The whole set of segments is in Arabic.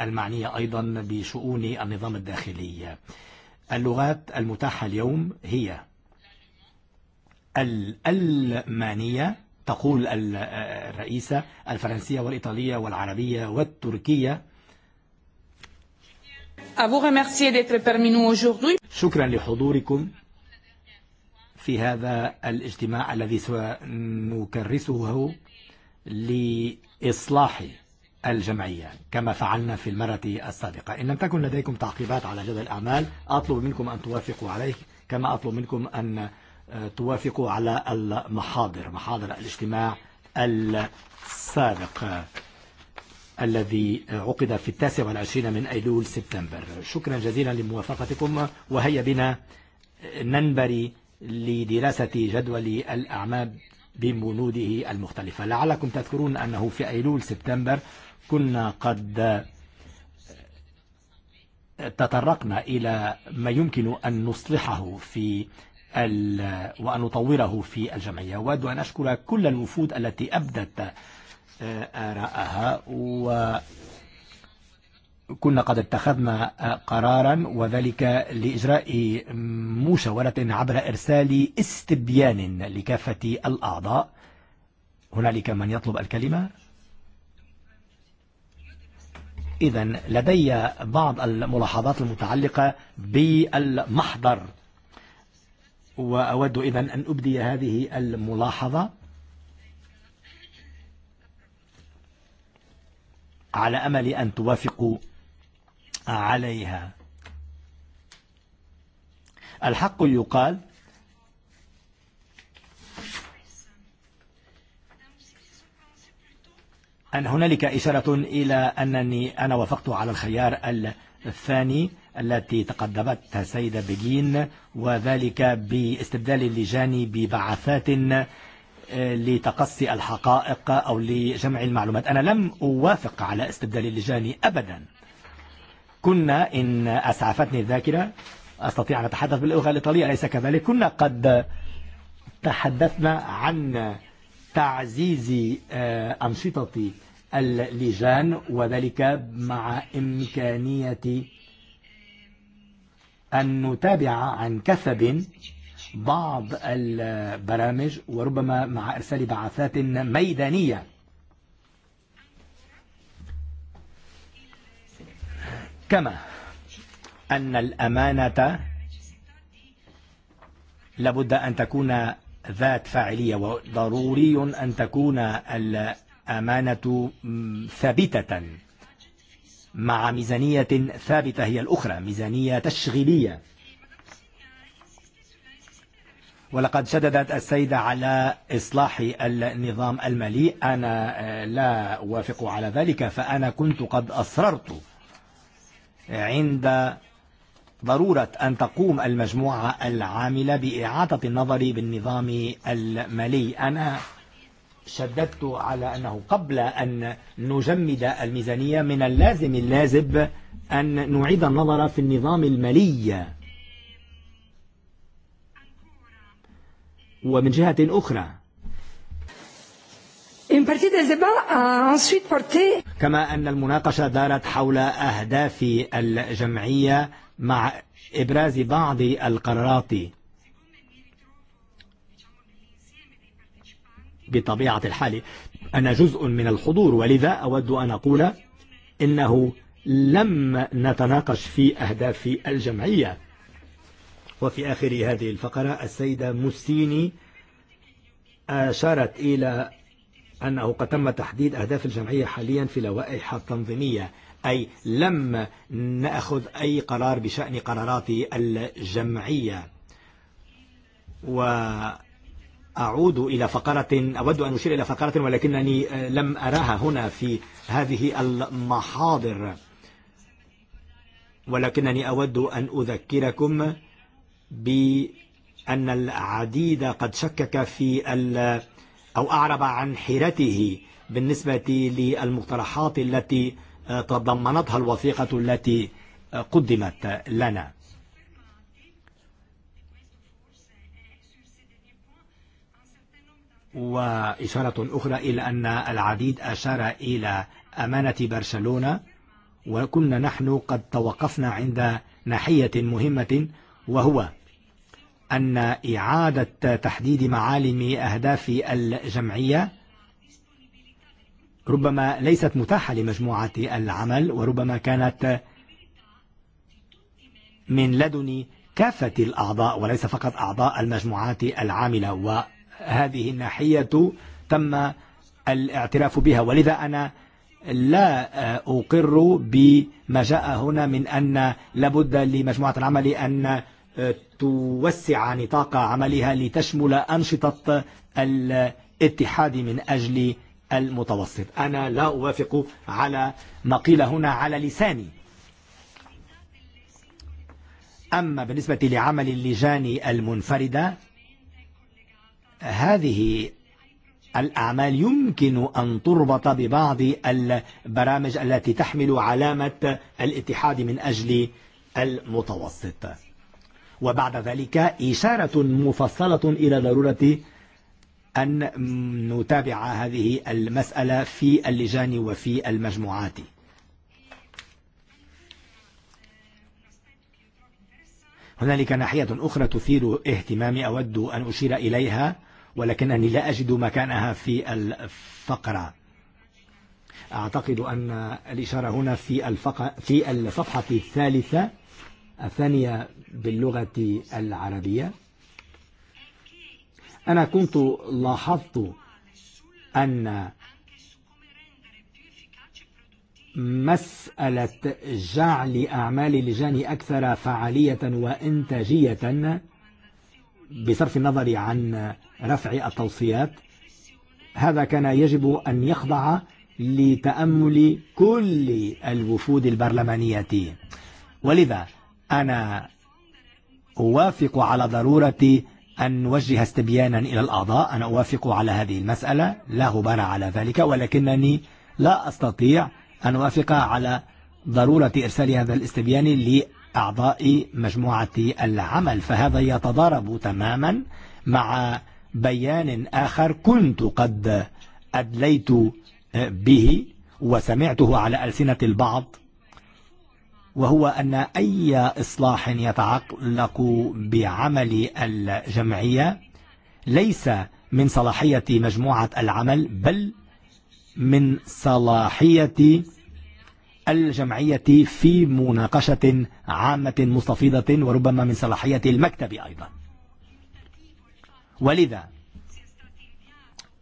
المعنية أيضا بشؤون النظام الداخلي اللغات المتاحة اليوم هي الألمانية تقول الرئيسة الفرنسية والإيطالية والعربية والتركية شكرا لحضوركم في هذا الاجتماع الذي سنكرسه لإصلاح الجمعية كما فعلنا في المرة السابقة إن لم تكن لديكم تعقيبات على جدول الأعمال أطلب منكم أن توافقوا عليه كما أطلب منكم أن توافقوا على المحاضر محاضر الاجتماع السابق الذي عقد في التاسع والعشرين من أيلول سبتمبر شكرا جزيلا لموافقتكم وهيا بنا ننبري لدراسة جدول الأعمال بمنوده المختلفة لعلكم تذكرون أنه في أيلول سبتمبر كنا قد تطرقنا إلى ما يمكن أن نصلحه في وأن نطوره في الجمعية أود أن أشكر كل الوفود التي أبدت آراءها وكنا قد اتخذنا قرارا وذلك لإجراء مشاورة عبر إرسال استبيان لكافة الأعضاء هنالك من يطلب الكلمة؟ إذا لدي بعض الملاحظات المتعلقة بالمحضر وأود إذا أن أبدي هذه الملاحظة على أمل أن توافقوا عليها الحق يقال أن هنالك إشارة إلى أنني أنا وافقت على الخيار الثاني التي تقدمتها السيدة بيجين وذلك باستبدال اللجان ببعثات لتقصي الحقائق أو لجمع المعلومات أنا لم أوافق على استبدال اللجان أبدا كنا إن أسعفتني الذاكرة أستطيع أن أتحدث باللغة الإيطالية ليس كذلك كنا قد تحدثنا عن تعزيز أنشطتي اللجان وذلك مع إمكانية أن نتابع عن كثب بعض البرامج وربما مع إرسال بعثات ميدانية كما أن الأمانة لابد أن تكون ذات فاعلية وضروري أن تكون الأمانة ثابتة مع ميزانية ثابتة هي الأخرى ميزانية تشغيلية ولقد شددت السيدة على إصلاح النظام المالي أنا لا أوافق على ذلك فأنا كنت قد أصررت عند ضرورة أن تقوم المجموعة العاملة بإعادة النظر بالنظام المالي أنا شددت على أنه قبل أن نجمد الميزانية من اللازم اللازب أن نعيد النظر في النظام المالي ومن جهة أخرى كما أن المناقشة دارت حول أهداف الجمعية مع إبراز بعض القرارات بطبيعة الحال أنا جزء من الحضور ولذا أود أن أقول إنه لم نتناقش في أهداف الجمعية وفي آخر هذه الفقرة السيدة موسيني أشارت إلى أنه قد تم تحديد أهداف الجمعية حاليا في لوائح التنظيمية أي لم نأخذ أي قرار بشأن قرارات الجمعية وأخذ أعود إلى فقرة أود أن أشير إلى فقرة ولكنني لم أراها هنا في هذه المحاضر ولكنني أود أن أذكركم بأن العديد قد شكك في أو أعرب عن حيرته بالنسبة للمقترحات التي تضمنتها الوثيقة التي قدمت لنا وإشارة أخرى إلى أن العديد أشار إلى أمانة برشلونة وكنا نحن قد توقفنا عند ناحية مهمة وهو أن إعادة تحديد معالم أهداف الجمعية ربما ليست متاحة لمجموعة العمل وربما كانت من لدن كافة الأعضاء وليس فقط أعضاء المجموعات العاملة هذه الناحية تم الاعتراف بها ولذا أنا لا أقر بما جاء هنا من أن لابد لمجموعة العمل أن توسع نطاق عملها لتشمل أنشطة الاتحاد من أجل المتوسط أنا لا أوافق على ما قيل هنا على لساني أما بالنسبة لعمل اللجان المنفردة هذه الأعمال يمكن أن تربط ببعض البرامج التي تحمل علامة الاتحاد من أجل المتوسط وبعد ذلك إشارة مفصلة إلى ضرورة أن نتابع هذه المسألة في اللجان وفي المجموعات هنالك ناحية أخرى تثير اهتمامي أود أن أشير إليها ولكن أني لا أجد مكانها في الفقرة أعتقد أن الإشارة هنا في الفقرة في الصفحة الثالثة الثانية باللغة العربية أنا كنت لاحظت أن مسألة جعل أعمال اللجان أكثر فعالية وإنتاجية بصرف النظر عن رفع التوصيات هذا كان يجب أن يخضع لتأمل كل الوفود البرلمانية ولذا أنا أوافق على ضرورة أن نوجه استبيانا إلى الأعضاء أنا أوافق على هذه المسألة لا غبار على ذلك ولكنني لا أستطيع أن أوافق على ضرورة إرسال هذا الاستبيان لأعضاء أعضاء مجموعة العمل فهذا يتضارب تماما مع بيان آخر كنت قد أدليت به وسمعته على ألسنة البعض وهو أن أي إصلاح يتعلق بعمل الجمعية ليس من صلاحية مجموعة العمل بل من صلاحية الجمعية في مناقشة عامة مستفيضة وربما من صلاحية المكتب أيضا ولذا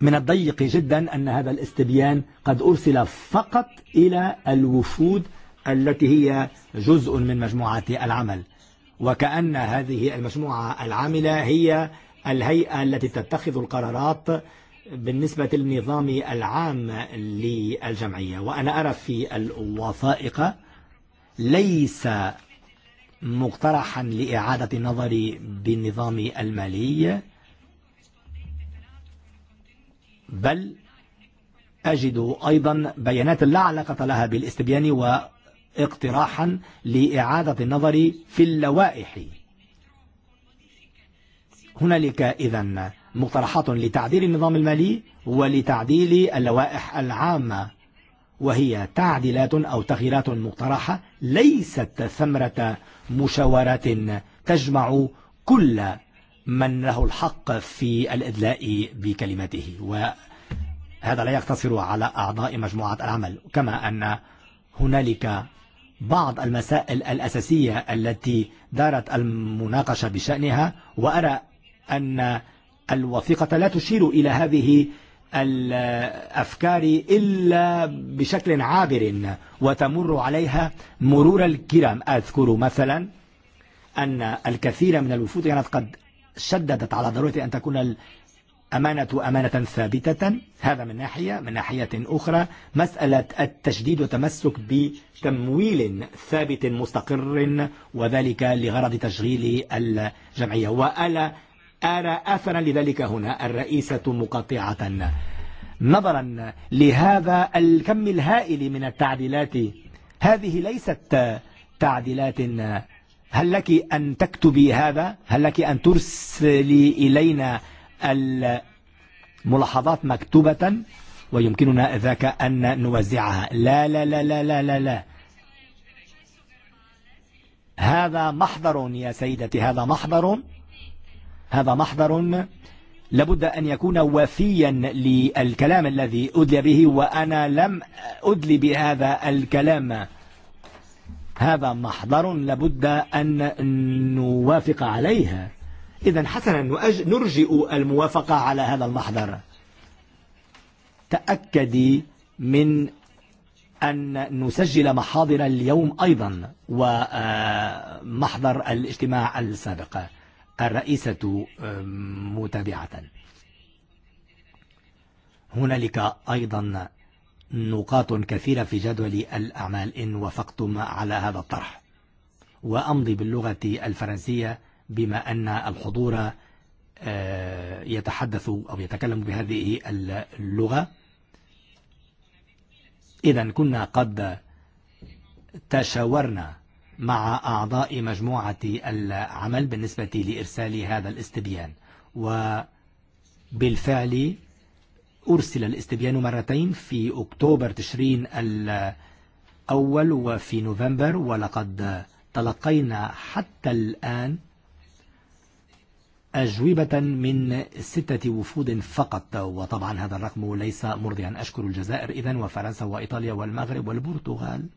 من الضيق جدا أن هذا الاستبيان قد أرسل فقط إلى الوفود التي هي جزء من مجموعة العمل وكأن هذه المجموعة العاملة هي الهيئة التي تتخذ القرارات بالنسبة للنظام العام للجمعية وأنا أرى في الوثائق ليس مقترحا لإعادة النظر بالنظام المالي بل أجد أيضا بيانات لا علاقة لها بالاستبيان واقتراحا لإعادة النظر في اللوائح هنالك إذن مقترحات لتعديل النظام المالي ولتعديل اللوائح العامة وهي تعديلات أو تغييرات مقترحة ليست ثمرة مشاورات تجمع كل من له الحق في الإدلاء بكلمته وهذا لا يقتصر على أعضاء مجموعة العمل كما أن هنالك بعض المسائل الأساسية التي دارت المناقشة بشأنها وأرى أن الوثيقة لا تشير إلى هذه الأفكار إلا بشكل عابر وتمر عليها مرور الكرام أذكر مثلا أن الكثير من الوفود كانت قد شددت على ضرورة أن تكون أمانة أمانة ثابتة هذا من ناحية من ناحية أخرى مسألة التشديد وتمسك بتمويل ثابت مستقر وذلك لغرض تشغيل الجمعية وألا أرى أثرا لذلك هنا الرئيسة مقطعة نظرا لهذا الكم الهائل من التعديلات هذه ليست تعديلات هل لك أن تكتبي هذا؟ هل لك أن ترسلي إلينا الملاحظات مكتوبة ويمكننا ذاك أن نوزعها لا لا لا لا لا لا, لا. هذا محضر يا سيدتي هذا محضر هذا محضر لابد أن يكون وفيا للكلام الذي أدلي به وأنا لم أدلي بهذا الكلام هذا محضر لابد أن نوافق عليها إذن حسنا نرجئ الموافقة على هذا المحضر تأكدي من أن نسجل محاضر اليوم أيضا ومحضر الاجتماع السابق الرئيسة متابعة هنالك أيضا نقاط كثيرة في جدول الأعمال إن وافقتم على هذا الطرح وأمضي باللغة الفرنسية بما أن الحضور يتحدث أو يتكلم بهذه اللغة إذا كنا قد تشاورنا مع أعضاء مجموعة العمل بالنسبة لإرسال هذا الاستبيان وبالفعل أرسل الاستبيان مرتين في أكتوبر تشرين الأول وفي نوفمبر ولقد تلقينا حتى الآن أجوبة من ستة وفود فقط وطبعا هذا الرقم ليس مرضيا أشكر الجزائر إذن وفرنسا وإيطاليا والمغرب والبرتغال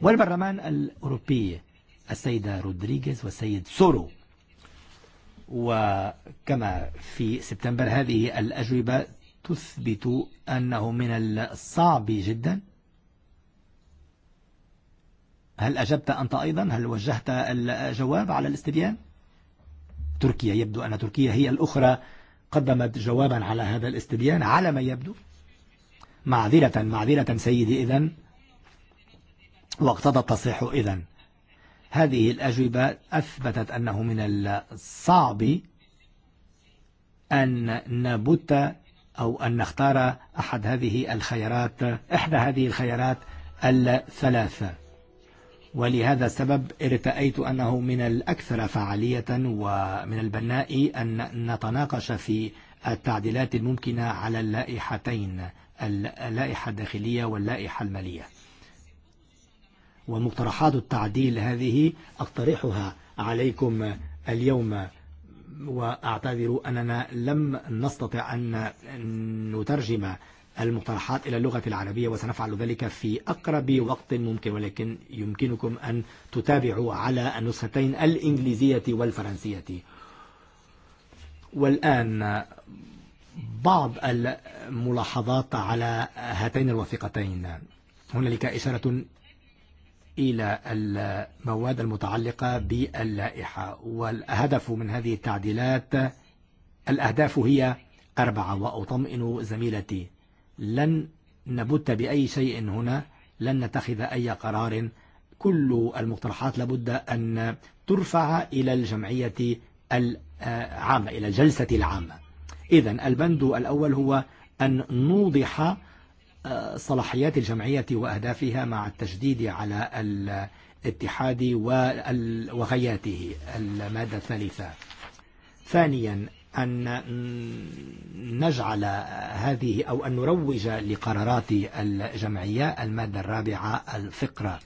والبرلمان الأوروبي السيدة رودريغيز والسيد سورو وكما في سبتمبر هذه الأجوبة تثبت أنه من الصعب جدا هل أجبت أنت أيضا؟ هل وجهت الجواب على الاستبيان؟ تركيا يبدو أن تركيا هي الأخرى قدمت جوابا على هذا الاستبيان على ما يبدو معذرة معذرة سيدي إذن واقتضت التصريح إذن هذه الأجوبة أثبتت أنه من الصعب أن نبت أو أن نختار أحد هذه الخيارات إحدى هذه الخيارات الثلاثة ولهذا السبب ارتأيت أنه من الأكثر فعالية ومن البناء أن نتناقش في التعديلات الممكنة على اللائحتين اللائحة الداخلية واللائحة المالية ومقترحات التعديل هذه أقترحها عليكم اليوم وأعتذر أننا لم نستطع أن نترجم المقترحات إلى اللغة العربية وسنفعل ذلك في أقرب وقت ممكن ولكن يمكنكم أن تتابعوا على النسختين الإنجليزية والفرنسية والآن بعض الملاحظات على هاتين الوثيقتين هنالك إشارة إلى المواد المتعلقة باللائحة والهدف من هذه التعديلات الأهداف هي أربعة وأطمئن زميلتي لن نبت بأي شيء هنا لن نتخذ أي قرار كل المقترحات لابد أن ترفع إلى الجمعية العامة إلى الجلسة العامة إذا البند الأول هو أن نوضح صلاحيات الجمعية وأهدافها مع التشديد على الاتحاد وغياته المادة الثالثة ثانيا أن نجعل هذه أو أن نروج لقرارات الجمعية المادة الرابعة الفقرة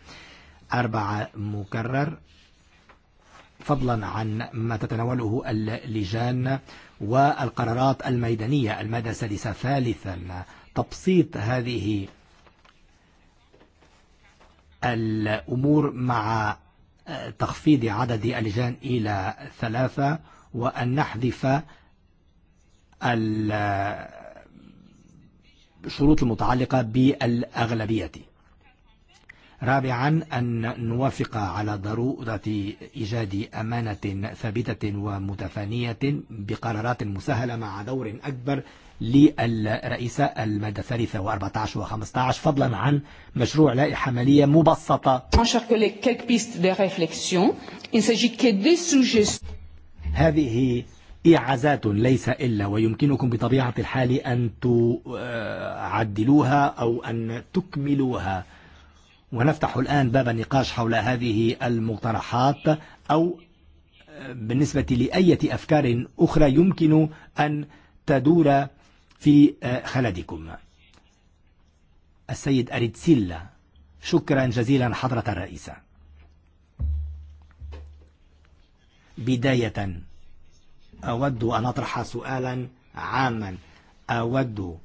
أربعة مكرر فضلا عن ما تتناوله اللجان والقرارات الميدانية المادة السادسة ثالثا تبسيط هذه الأمور مع تخفيض عدد اللجان إلى ثلاثة وأن نحذف الشروط المتعلقة بالأغلبية رابعا أن نوافق على ضرورة إيجاد أمانة ثابتة ومتفانية بقرارات مسهلة مع دور أكبر للرئيسة المادة الثالثة و14 و15 فضلا عن مشروع لائحة مالية مبسطة هذه إعازات ليس إلا ويمكنكم بطبيعة الحال أن تعدلوها أو أن تكملوها ونفتح الآن باب النقاش حول هذه المقترحات أو بالنسبة لأية أفكار أخرى يمكن أن تدور في خلدكم السيد أريد سيلا شكرا جزيلا حضرة الرئيسة بداية أود أن أطرح سؤالا عاما أود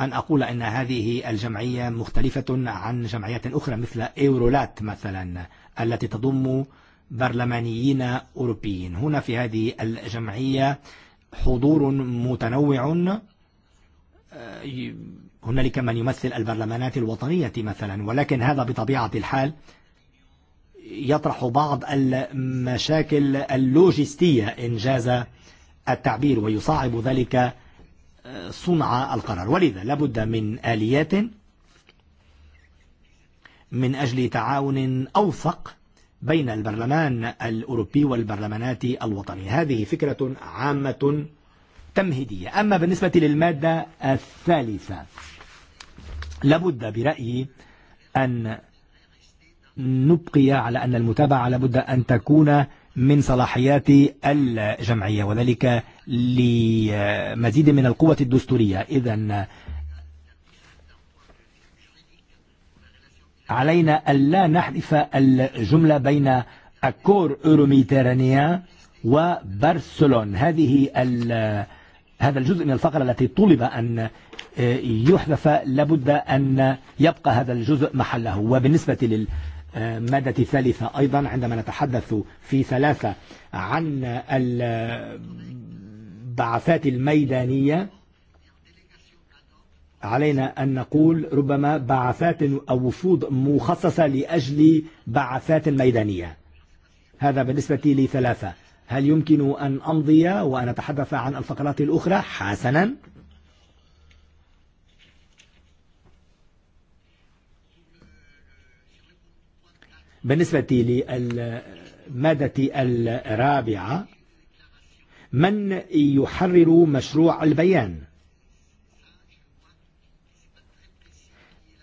أن أقول أن هذه الجمعية مختلفة عن جمعيات أخرى مثل إيرولات مثلا التي تضم برلمانيين أوروبيين هنا في هذه الجمعية حضور متنوع هنالك من يمثل البرلمانات الوطنية مثلا ولكن هذا بطبيعة الحال يطرح بعض المشاكل اللوجستية إنجاز التعبير ويصعب ذلك صنع القرار ولذا لابد من آليات من أجل تعاون أوثق بين البرلمان الأوروبي والبرلمانات الوطني هذه فكرة عامة تمهيدية أما بالنسبة للمادة الثالثة لابد برأيي أن نبقي على أن المتابعة لابد أن تكون من صلاحيات الجمعية وذلك لمزيد من القوة الدستورية إذن علينا ألا نحذف الجملة بين أكور أوروميترانيا وبرسلون هذه هذا الجزء من الفقرة التي طلب أن يحذف لابد أن يبقى هذا الجزء محله وبالنسبة للمادة الثالثة أيضا عندما نتحدث في ثلاثة عن البعثات الميدانية علينا أن نقول ربما بعثات أو وفود مخصصة لأجل بعثات ميدانية هذا بالنسبة لي ثلاثة هل يمكن أن أمضي وأن أتحدث عن الفقرات الأخرى حسنا بالنسبة للمادة الرابعة من يحرر مشروع البيان؟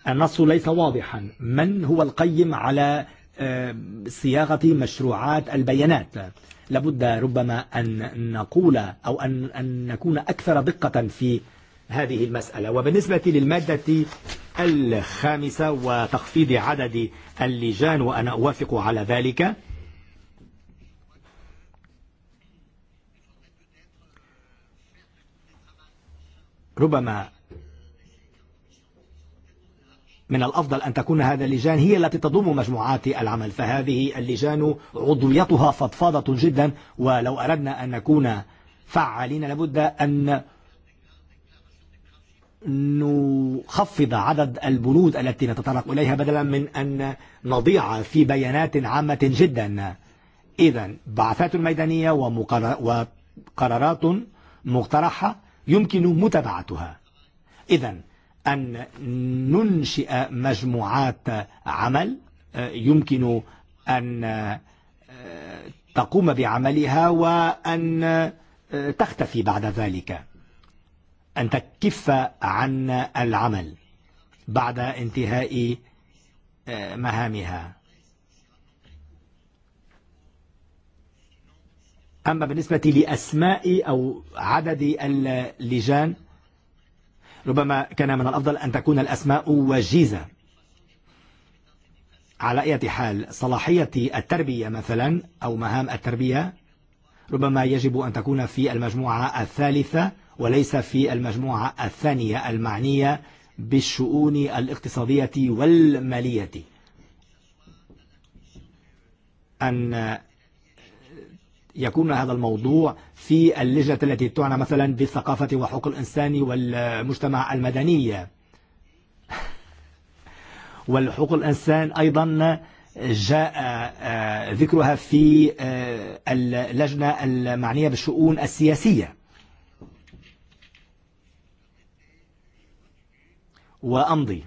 النص ليس واضحا من هو القيم على صياغة مشروعات البيانات لابد ربما أن نقول أو أن, أن نكون أكثر دقة في هذه المسألة وبالنسبة للمادة الخامسة وتخفيض عدد اللجان وأنا أوافق على ذلك ربما من الأفضل أن تكون هذا اللجان هي التي تضم مجموعات العمل فهذه اللجان عضويتها فضفاضة جدا ولو أردنا أن نكون فعالين لابد أن نخفض عدد البنود التي نتطرق إليها بدلا من أن نضيع في بيانات عامة جدا إذا بعثات ميدانية وقرارات مقترحة يمكن متابعتها إذا أن ننشئ مجموعات عمل يمكن أن تقوم بعملها وأن تختفي بعد ذلك أن تكف عن العمل بعد انتهاء مهامها أما بالنسبة لأسماء أو عدد اللجان ربما كان من الأفضل أن تكون الأسماء وجيزة على أي حال صلاحية التربية مثلا أو مهام التربية ربما يجب أن تكون في المجموعة الثالثة وليس في المجموعة الثانية المعنية بالشؤون الاقتصادية والمالية أن يكون هذا الموضوع في اللجنة التي تعنى مثلا بالثقافة وحقوق الإنسان والمجتمع المدنية والحقوق الإنسان أيضا جاء ذكرها في اللجنة المعنية بالشؤون السياسية وأمضي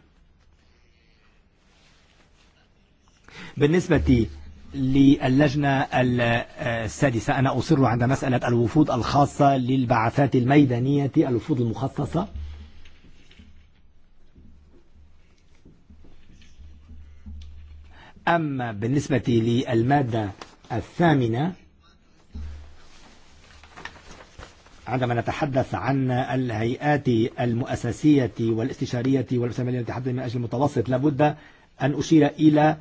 بالنسبة للجنة السادسة أنا أصر عند مسألة الوفود الخاصة للبعثات الميدانية الوفود المخصصة أما بالنسبة للمادة الثامنة عندما نتحدث عن الهيئات المؤسسية والاستشارية والمسامية للتحدث من أجل المتوسط لابد أن أشير إلى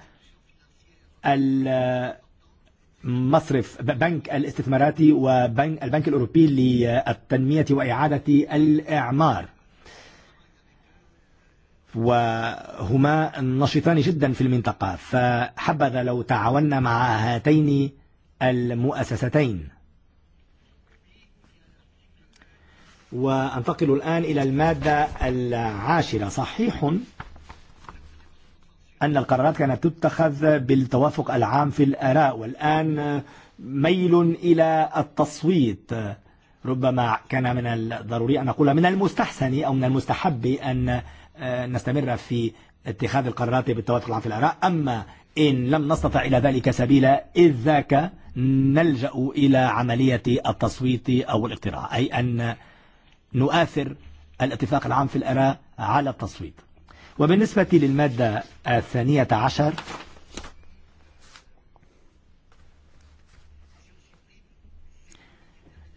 المصرف بنك الاستثمارات وبنك البنك الاوروبي للتنمية وإعادة الاعمار وهما نشطان جدا في المنطقة فحبذا لو تعاوننا مع هاتين المؤسستين وانتقل الآن إلى المادة العاشرة صحيح أن القرارات كانت تتخذ بالتوافق العام في الآراء والآن ميل إلى التصويت ربما كان من الضروري أن أقول من المستحسن أو من المستحب أن نستمر في اتخاذ القرارات بالتوافق العام في الآراء أما إن لم نستطع إلى ذلك سبيلا إذ ذاك نلجأ إلى عملية التصويت أو الاقتراع أي أن نؤثر الاتفاق العام في الآراء على التصويت وبالنسبة للمادة الثانية عشر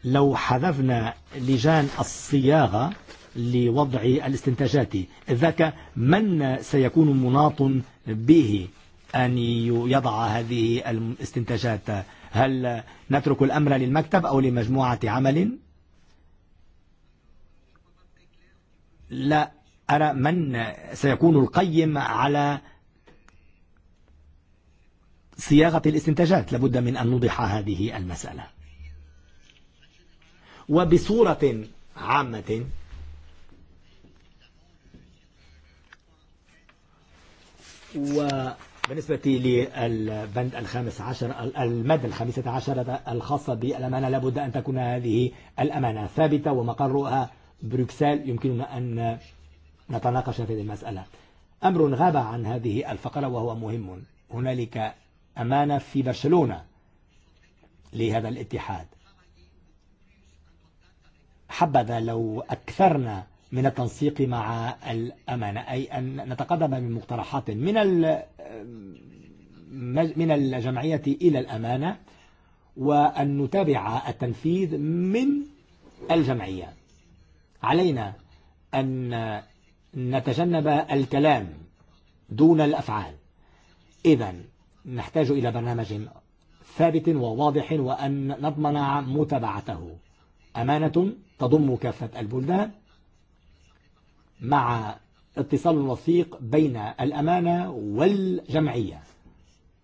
لو حذفنا لجان الصياغة لوضع الاستنتاجات ذاك من سيكون مناط به أن يضع هذه الاستنتاجات هل نترك الأمر للمكتب أو لمجموعة عمل؟ لا أرى من سيكون القيم على صياغة الاستنتاجات لابد من أن نوضح هذه المسألة وبصورة عامة وبالنسبة للبند الخامس عشر المادة الخامسة عشر الخاصة بالأمانة لابد أن تكون هذه الأمانة ثابتة ومقرها بروكسال يمكننا أن نتناقش في هذه المسألة أمر غاب عن هذه الفقرة وهو مهم هنالك أمانة في برشلونة لهذا الاتحاد حبذا لو أكثرنا من التنسيق مع الأمانة أي أن نتقدم من مقترحات من من الجمعية إلى الأمانة وأن نتابع التنفيذ من الجمعية علينا أن نتجنب الكلام دون الأفعال إذا نحتاج إلى برنامج ثابت وواضح وأن نضمن متابعته أمانة تضم كافة البلدان مع اتصال وثيق بين الأمانة والجمعية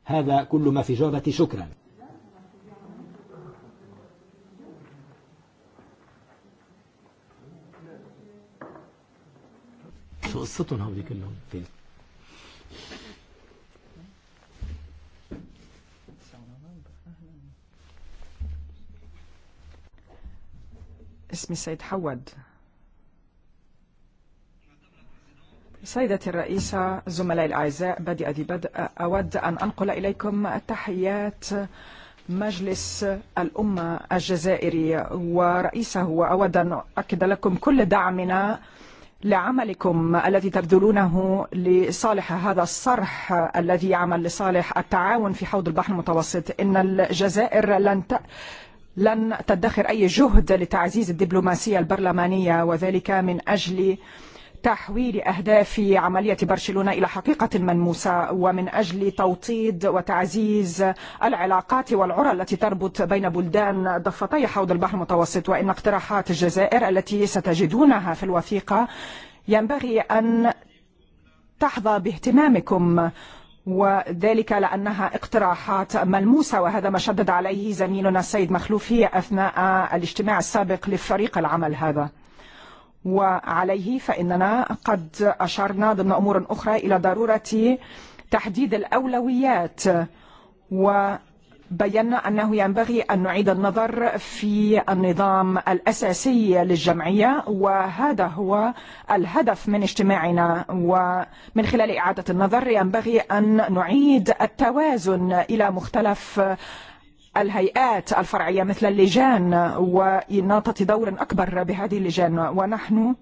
هذا كل ما في جوابتي شكراً متوسط هودي كلهم فين اسمي سيد حود سيدتي الرئيسة زملائي الأعزاء بدي أدي بدء أود أن أنقل إليكم تحيات مجلس الأمة الجزائري ورئيسه وأود أن أؤكد لكم كل دعمنا لعملكم الذي تبذلونه لصالح هذا الصرح الذي يعمل لصالح التعاون في حوض البحر المتوسط إن الجزائر لن ت... لن تدخر أي جهد لتعزيز الدبلوماسية البرلمانية وذلك من أجل تحويل أهداف عملية برشلونة إلى حقيقة ملموسة ومن أجل توطيد وتعزيز العلاقات والعرى التي تربط بين بلدان ضفتي حوض البحر المتوسط وإن اقتراحات الجزائر التي ستجدونها في الوثيقة ينبغي أن تحظى باهتمامكم وذلك لأنها اقتراحات ملموسة وهذا ما شدد عليه زميلنا السيد مخلوفي أثناء الاجتماع السابق لفريق العمل هذا وعليه فإننا قد أشرنا ضمن أمور أخرى إلى ضرورة تحديد الأولويات وبينا أنه ينبغي أن نعيد النظر في النظام الأساسي للجمعية وهذا هو الهدف من اجتماعنا ومن خلال إعادة النظر ينبغي أن نعيد التوازن إلى مختلف الهيئات الفرعية مثل اللجان وأن تدور أكبر بهذه اللجان ونحن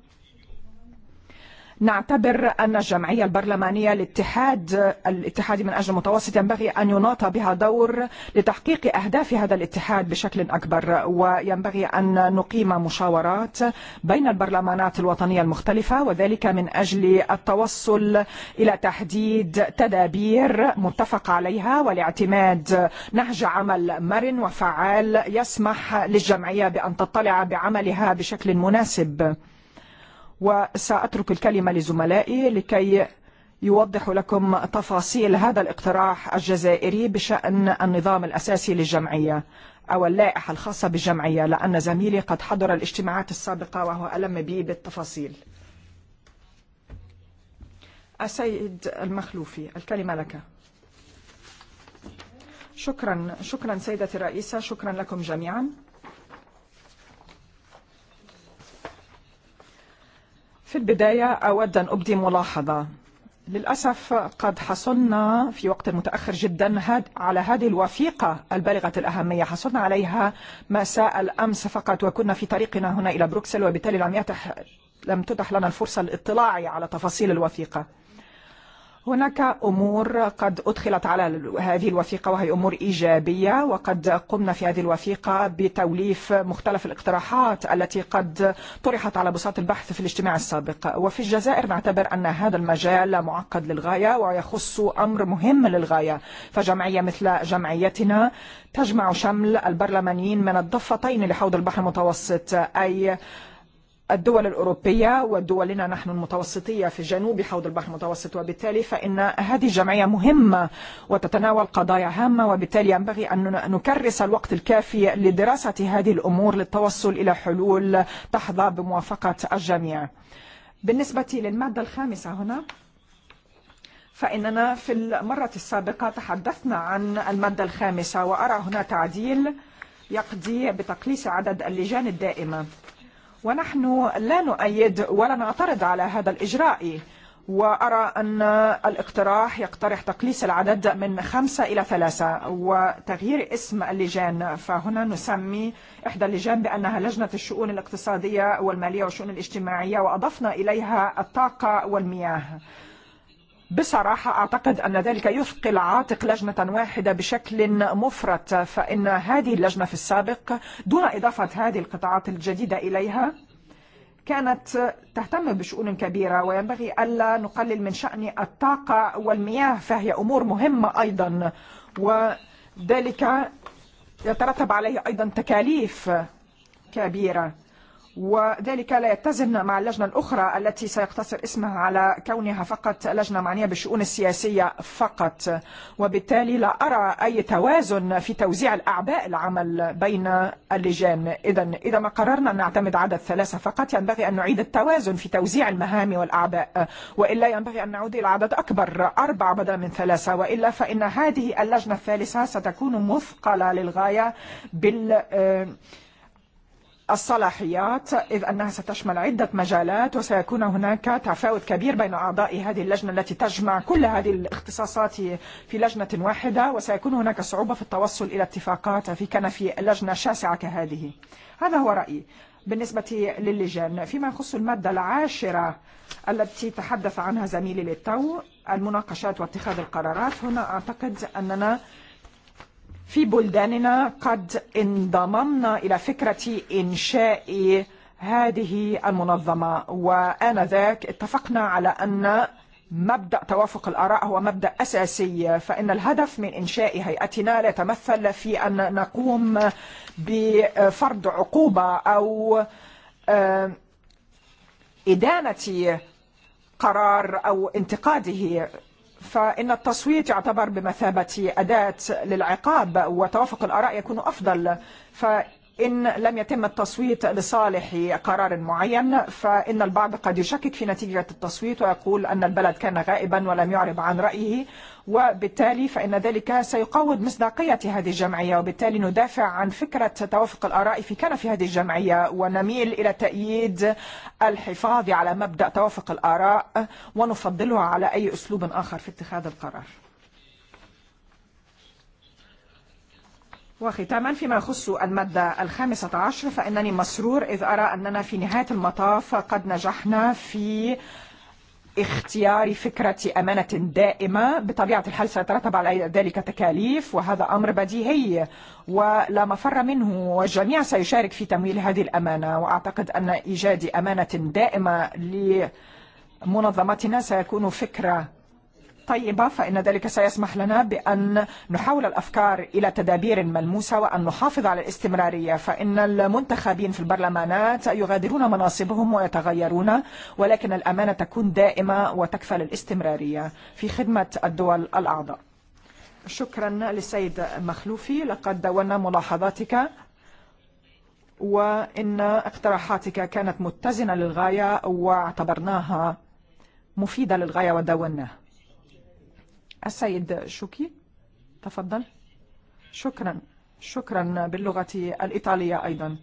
نعتبر أن الجمعية البرلمانية الاتحاد الاتحاد من أجل المتوسط ينبغي أن يناط بها دور لتحقيق أهداف هذا الاتحاد بشكل أكبر وينبغي أن نقيم مشاورات بين البرلمانات الوطنية المختلفة وذلك من أجل التوصل إلى تحديد تدابير متفق عليها والاعتماد نهج عمل مرن وفعال يسمح للجمعية بأن تطلع بعملها بشكل مناسب وسأترك الكلمة لزملائي لكي يوضح لكم تفاصيل هذا الاقتراح الجزائري بشأن النظام الأساسي للجمعية أو اللائحة الخاصة بالجمعية لأن زميلي قد حضر الاجتماعات السابقة وهو ألم بي بالتفاصيل السيد المخلوفي الكلمة لك شكرا شكرا سيدة الرئيسة شكرا لكم جميعا في البداية أود أن أبدي ملاحظة للأسف قد حصلنا في وقت متأخر جدا على هذه الوثيقة البالغة الأهمية حصلنا عليها مساء الأمس فقط وكنا في طريقنا هنا إلى بروكسل وبالتالي لم يتح لم تتح لنا الفرصة الاطلاع على تفاصيل الوثيقة هناك أمور قد أدخلت على هذه الوثيقة وهي أمور إيجابية وقد قمنا في هذه الوثيقة بتوليف مختلف الاقتراحات التي قد طرحت على بساط البحث في الاجتماع السابق وفي الجزائر نعتبر أن هذا المجال معقد للغاية ويخص أمر مهم للغاية فجمعية مثل جمعيتنا تجمع شمل البرلمانيين من الضفتين لحوض البحر المتوسط أي الدول الأوروبية ودولنا نحن المتوسطية في جنوب حوض البحر المتوسط وبالتالي فإن هذه الجمعية مهمة وتتناول قضايا هامة وبالتالي ينبغي أن نكرس الوقت الكافي لدراسة هذه الأمور للتوصل إلى حلول تحظى بموافقة الجميع بالنسبة للمادة الخامسة هنا فإننا في المرة السابقة تحدثنا عن المادة الخامسة وأرى هنا تعديل يقضي بتقليص عدد اللجان الدائمة ونحن لا نؤيد ولا نعترض على هذا الإجراء وأرى أن الاقتراح يقترح تقليص العدد من خمسة إلى ثلاثة وتغيير اسم اللجان فهنا نسمي إحدى اللجان بأنها لجنة الشؤون الاقتصادية والمالية والشؤون الاجتماعية وأضفنا إليها الطاقة والمياه بصراحة أعتقد أن ذلك يثقل عاتق لجنة واحدة بشكل مفرط فإن هذه اللجنة في السابق دون إضافة هذه القطاعات الجديدة إليها كانت تهتم بشؤون كبيرة وينبغي ألا نقلل من شأن الطاقة والمياه فهي أمور مهمة أيضا وذلك يترتب عليه أيضا تكاليف كبيرة وذلك لا يتزن مع اللجنة الأخرى التي سيقتصر اسمها على كونها فقط لجنة معنية بالشؤون السياسية فقط وبالتالي لا أرى أي توازن في توزيع الأعباء العمل بين اللجان إذا إذا ما قررنا أن نعتمد عدد ثلاثة فقط ينبغي أن نعيد التوازن في توزيع المهام والأعباء وإلا ينبغي أن نعود إلى عدد أكبر أربعة بدلا من ثلاثة وإلا فإن هذه اللجنة الثالثة ستكون مثقلة للغاية بال الصلاحيات إذ أنها ستشمل عدة مجالات وسيكون هناك تفاوت كبير بين أعضاء هذه اللجنة التي تجمع كل هذه الاختصاصات في لجنة واحدة وسيكون هناك صعوبة في التوصل إلى اتفاقات في كنف لجنة شاسعة كهذه هذا هو رأيي بالنسبة للجان فيما يخص المادة العاشرة التي تحدث عنها زميلي للتو المناقشات واتخاذ القرارات هنا أعتقد أننا في بلداننا قد انضممنا إلى فكرة إنشاء هذه المنظمة وآنذاك اتفقنا على أن مبدأ توافق الأراء هو مبدأ أساسي فإن الهدف من إنشاء هيئتنا لا يتمثل في أن نقوم بفرض عقوبة أو إدانة قرار أو انتقاده فإن التصويت يعتبر بمثابة أداة للعقاب وتوافق الآراء يكون أفضل فإن إن لم يتم التصويت لصالح قرار معين فإن البعض قد يشكك في نتيجة التصويت ويقول أن البلد كان غائبا ولم يعرب عن رأيه وبالتالي فإن ذلك سيقوض مصداقية هذه الجمعية وبالتالي ندافع عن فكرة توافق الآراء في كان في هذه الجمعية ونميل إلى تأييد الحفاظ على مبدأ توافق الآراء ونفضلها على أي أسلوب آخر في اتخاذ القرار وختاما فيما يخص المادة الخامسة عشر فإنني مسرور إذ أرى أننا في نهاية المطاف قد نجحنا في اختيار فكرة أمانة دائمة بطبيعة الحال سيترتب على ذلك تكاليف وهذا أمر بديهي ولا مفر منه والجميع سيشارك في تمويل هذه الأمانة وأعتقد أن إيجاد أمانة دائمة لمنظمتنا سيكون فكرة طيبة فإن ذلك سيسمح لنا بأن نحول الأفكار إلى تدابير ملموسة وأن نحافظ على الاستمرارية فإن المنتخبين في البرلمانات يغادرون مناصبهم ويتغيرون ولكن الأمانة تكون دائمة وتكفل الاستمرارية في خدمة الدول الأعضاء شكرا للسيد مخلوفي لقد دونا ملاحظاتك وإن اقتراحاتك كانت متزنة للغاية واعتبرناها مفيدة للغاية ودوناه السيد شوكي تفضل شكرا شكرا باللغة الإيطالية أيضا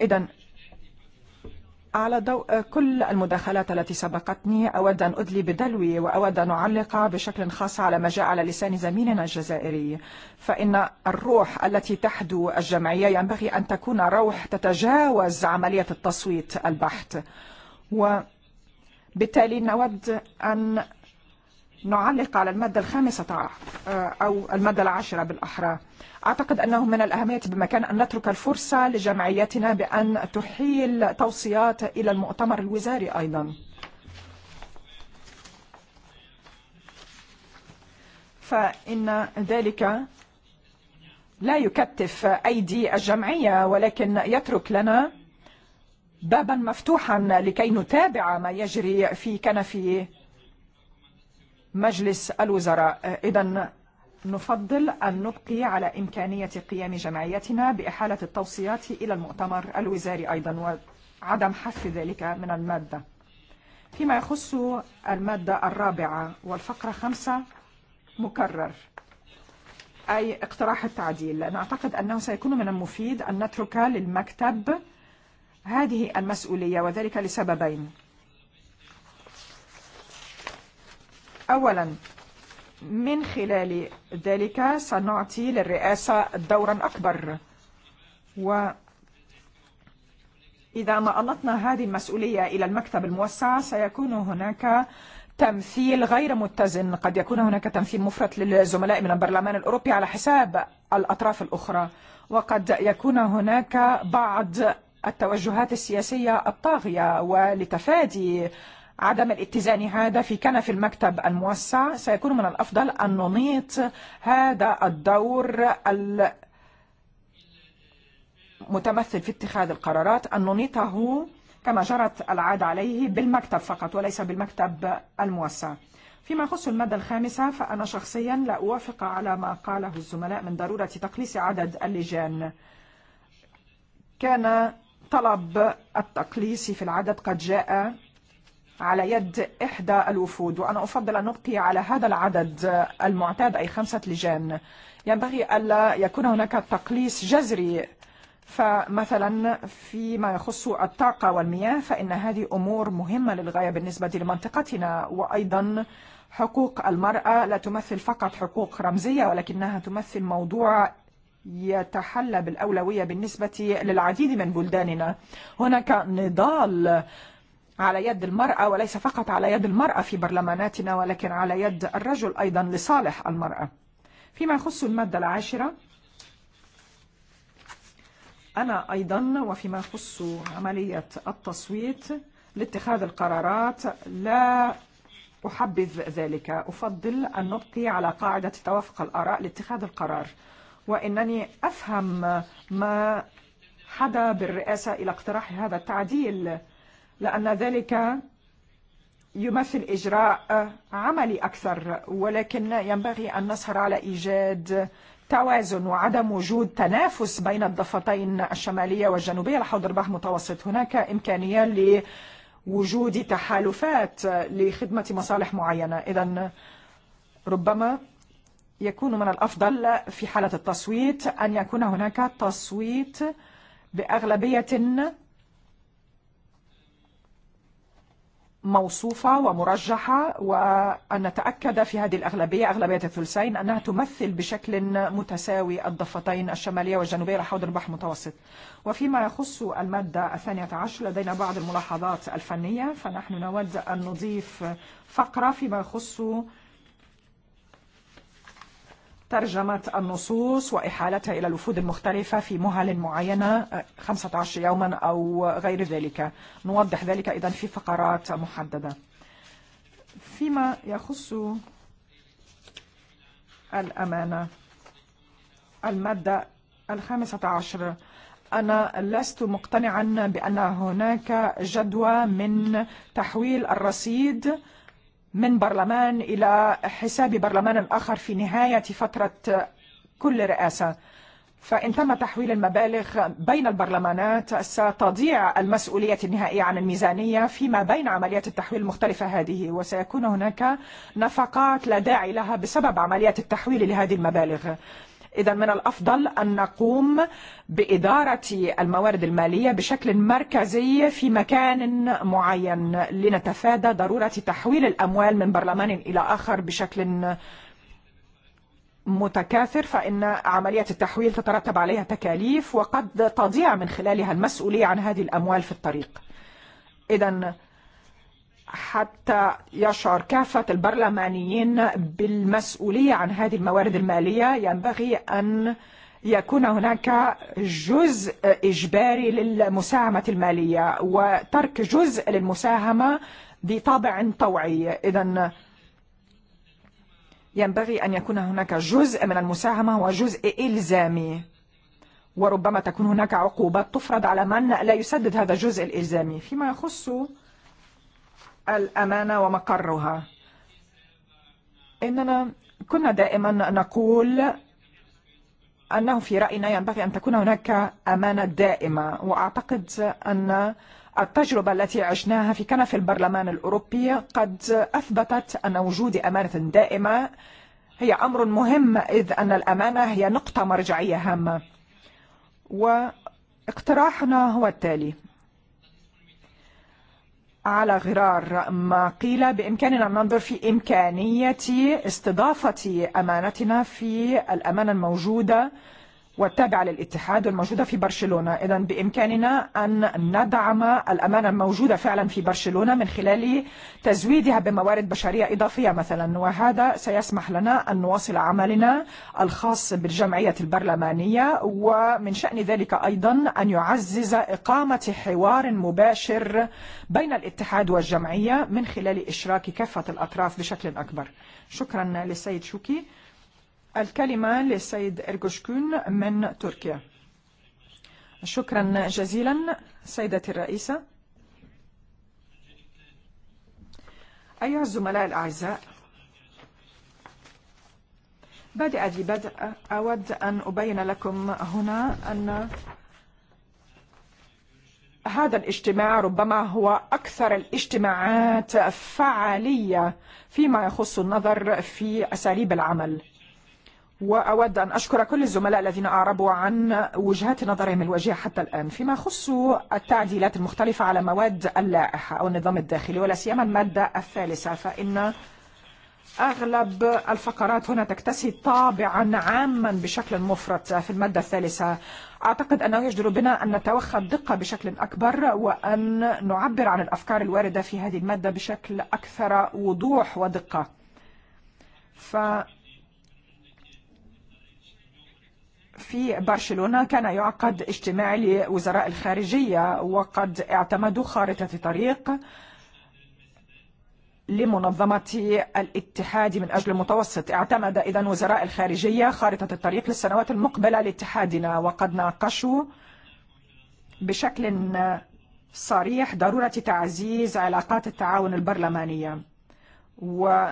إذا على ضوء كل المداخلات التي سبقتني أود أن أدلي بدلوي وأود أن أعلق بشكل خاص على ما جاء على لسان زميلنا الجزائري فإن الروح التي تحدو الجمعية ينبغي أن تكون روح تتجاوز عملية التصويت البحث وبالتالي نود أن نعلق على المادة الخامسة أو المادة العاشرة بالأحرى أعتقد أنه من الأهمية بمكان أن نترك الفرصة لجمعيتنا بأن تحيل توصيات إلى المؤتمر الوزاري أيضا فإن ذلك لا يكتف أيدي الجمعية ولكن يترك لنا بابا مفتوحا لكي نتابع ما يجري في كنف مجلس الوزراء إذا نفضل أن نبقي على إمكانية قيام جمعيتنا بإحالة التوصيات إلى المؤتمر الوزاري أيضا وعدم حذف ذلك من المادة فيما يخص المادة الرابعة والفقرة خمسة مكرر أي اقتراح التعديل نعتقد أنه سيكون من المفيد أن نترك للمكتب هذه المسؤولية وذلك لسببين أولا من خلال ذلك سنعطي للرئاسة دورا أكبر وإذا ما ألطنا هذه المسؤولية إلى المكتب الموسع سيكون هناك تمثيل غير متزن قد يكون هناك تمثيل مفرط للزملاء من البرلمان الأوروبي على حساب الأطراف الأخرى وقد يكون هناك بعض التوجهات السياسية الطاغية ولتفادي عدم الاتزان هذا في كنف المكتب الموسع سيكون من الأفضل أن ننيط هذا الدور المتمثل في اتخاذ القرارات أن ننيطه كما جرت العادة عليه بالمكتب فقط وليس بالمكتب الموسع فيما يخص المادة الخامسة فأنا شخصيا لا أوافق على ما قاله الزملاء من ضرورة تقليص عدد اللجان كان طلب التقليص في العدد قد جاء على يد إحدى الوفود وأنا أفضل أن أبقي على هذا العدد المعتاد أي خمسة لجان ينبغي ألا يكون هناك تقليص جذري فمثلا فيما يخص الطاقة والمياه فإن هذه أمور مهمة للغاية بالنسبة لمنطقتنا وأيضا حقوق المرأة لا تمثل فقط حقوق رمزية ولكنها تمثل موضوع يتحلى بالأولوية بالنسبة للعديد من بلداننا هناك نضال على يد المرأة وليس فقط على يد المرأة في برلماناتنا ولكن على يد الرجل أيضا لصالح المرأة فيما يخص المادة العاشرة أنا أيضا وفيما يخص عملية التصويت لاتخاذ القرارات لا أحبذ ذلك أفضل أن نبقي على قاعدة توافق الأراء لاتخاذ القرار وإنني أفهم ما حدا بالرئاسة إلى اقتراح هذا التعديل لأن ذلك يمثل إجراء عملي أكثر ولكن ينبغي أن نسهر على إيجاد توازن وعدم وجود تنافس بين الضفتين الشمالية والجنوبية لحوض لحضرباه متوسط هناك إمكانية لوجود تحالفات لخدمة مصالح معينة إذا ربما يكون من الأفضل في حالة التصويت أن يكون هناك تصويت بأغلبية موصوفة ومرجحة وأن نتأكد في هذه الأغلبية أغلبية الثلثين أنها تمثل بشكل متساوي الضفتين الشمالية والجنوبية لحوض البحر المتوسط وفيما يخص المادة الثانية عشر لدينا بعض الملاحظات الفنية فنحن نود أن نضيف فقرة فيما يخص ترجمة النصوص وإحالتها إلى الوفود المختلفة في مهل معينة 15 يوما أو غير ذلك نوضح ذلك إذا في فقرات محددة فيما يخص الأمانة المادة الخامسة عشر أنا لست مقتنعا بأن هناك جدوى من تحويل الرصيد من برلمان إلى حساب برلمان آخر في نهاية فترة كل رئاسة فإن تم تحويل المبالغ بين البرلمانات ستضيع المسؤولية النهائية عن الميزانية فيما بين عمليات التحويل المختلفة هذه وسيكون هناك نفقات لا داعي لها بسبب عمليات التحويل لهذه المبالغ إذا من الأفضل أن نقوم بإدارة الموارد المالية بشكل مركزي في مكان معين لنتفادى ضرورة تحويل الأموال من برلمان إلى آخر بشكل متكاثر فإن عملية التحويل تترتب عليها تكاليف وقد تضيع من خلالها المسؤولية عن هذه الأموال في الطريق إذا حتى يشعر كافة البرلمانيين بالمسؤولية عن هذه الموارد المالية ينبغي أن يكون هناك جزء إجباري للمساهمة المالية وترك جزء للمساهمة بطابع طوعي إذا ينبغي أن يكون هناك جزء من المساهمة وجزء إلزامي وربما تكون هناك عقوبات تفرض على من لا يسدد هذا الجزء الإلزامي فيما يخص الأمانة ومقرها إننا كنا دائما نقول أنه في رأينا ينبغي أن تكون هناك أمانة دائمة وأعتقد أن التجربة التي عشناها في كنف البرلمان الأوروبي قد أثبتت أن وجود أمانة دائمة هي أمر مهم إذ أن الأمانة هي نقطة مرجعية هامة واقتراحنا هو التالي على غرار ما قيل بإمكاننا أن ننظر في إمكانية استضافة أمانتنا في الأمانة الموجودة والتابعة للاتحاد والموجودة في برشلونة إذا بإمكاننا أن ندعم الأمانة الموجودة فعلا في برشلونة من خلال تزويدها بموارد بشرية إضافية مثلا وهذا سيسمح لنا أن نواصل عملنا الخاص بالجمعية البرلمانية ومن شأن ذلك أيضا أن يعزز إقامة حوار مباشر بين الاتحاد والجمعية من خلال إشراك كافة الأطراف بشكل أكبر شكرا للسيد شوكي الكلمة للسيد إرجوشكون من تركيا شكرا جزيلا سيدتي الرئيسة أيها الزملاء الأعزاء بادئ ذي بدء أود أن أبين لكم هنا أن هذا الاجتماع ربما هو أكثر الاجتماعات فعالية فيما يخص النظر في أساليب العمل وأود أن أشكر كل الزملاء الذين أعربوا عن وجهات نظرهم الواجهة حتى الآن فيما يخص التعديلات المختلفة على مواد اللائحة أو النظام الداخلي ولا سيما المادة الثالثة فإن أغلب الفقرات هنا تكتسي طابعا عاما بشكل مفرط في المادة الثالثة أعتقد أنه يجدر بنا أن نتوخى الدقة بشكل أكبر وأن نعبر عن الأفكار الواردة في هذه المادة بشكل أكثر وضوح ودقة ف في برشلونة كان يعقد اجتماع لوزراء الخارجية وقد اعتمدوا خارطة طريق لمنظمة الاتحاد من أجل المتوسط اعتمد إذا وزراء الخارجية خارطة الطريق للسنوات المقبلة لاتحادنا وقد ناقشوا بشكل صريح ضرورة تعزيز علاقات التعاون البرلمانية و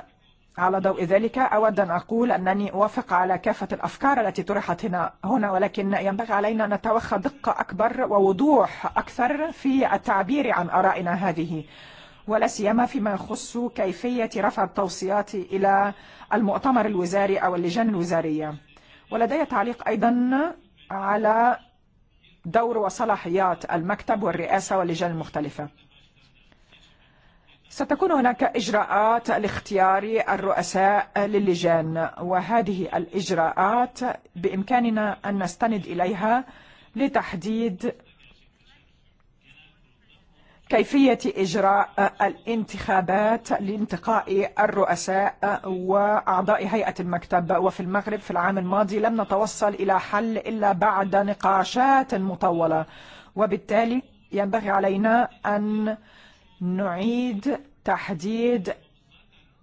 على ضوء ذلك أود أن أقول أنني أوافق على كافة الأفكار التي طرحت هنا, هنا ولكن ينبغي علينا أن نتوخى دقة أكبر ووضوح أكثر في التعبير عن أرائنا هذه ولا سيما فيما يخص كيفية رفع التوصيات إلى المؤتمر الوزاري أو اللجان الوزارية ولدي تعليق أيضا على دور وصلاحيات المكتب والرئاسة واللجان المختلفة ستكون هناك إجراءات لاختيار الرؤساء للجان وهذه الإجراءات بإمكاننا أن نستند إليها لتحديد كيفية إجراء الانتخابات لانتقاء الرؤساء وأعضاء هيئة المكتب وفي المغرب في العام الماضي لم نتوصل إلى حل إلا بعد نقاشات مطولة وبالتالي ينبغي علينا أن نعيد تحديد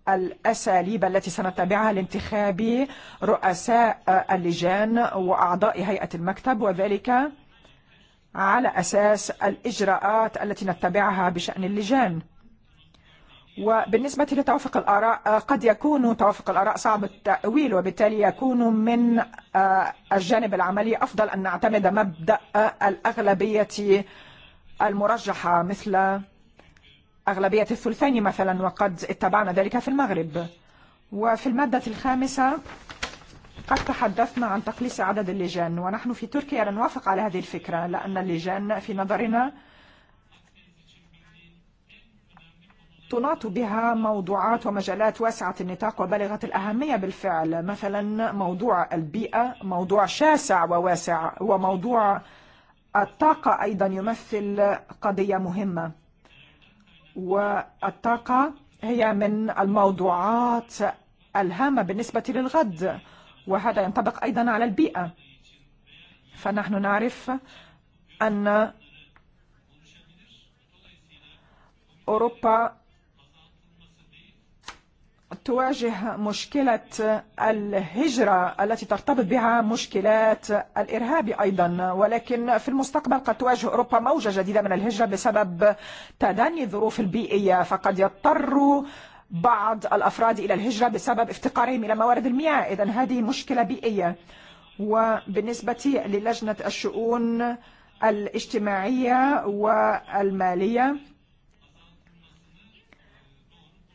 الأساليب التي سنتبعها لانتخاب رؤساء اللجان وأعضاء هيئة المكتب وذلك على أساس الإجراءات التي نتبعها بشأن اللجان وبالنسبة لتوافق الآراء قد يكون توافق الآراء صعب التأويل وبالتالي يكون من الجانب العملي أفضل أن نعتمد مبدأ الأغلبية المرجحة مثل أغلبية الثلثين مثلا وقد اتبعنا ذلك في المغرب وفي المادة الخامسة قد تحدثنا عن تقليص عدد اللجان ونحن في تركيا لا نوافق على هذه الفكرة لأن اللجان في نظرنا تناط بها موضوعات ومجالات واسعة النطاق وبلغة الأهمية بالفعل مثلا موضوع البيئة موضوع شاسع وواسع وموضوع الطاقة أيضا يمثل قضية مهمة والطاقة هي من الموضوعات الهامة بالنسبة للغد وهذا ينطبق أيضا على البيئة فنحن نعرف أن أوروبا تواجه مشكلة الهجرة التي ترتبط بها مشكلات الإرهاب أيضا ولكن في المستقبل قد تواجه أوروبا موجة جديدة من الهجرة بسبب تداني الظروف البيئية فقد يضطر بعض الأفراد إلى الهجرة بسبب افتقارهم إلى موارد المياه إذا هذه مشكلة بيئية وبالنسبة للجنة الشؤون الاجتماعية والمالية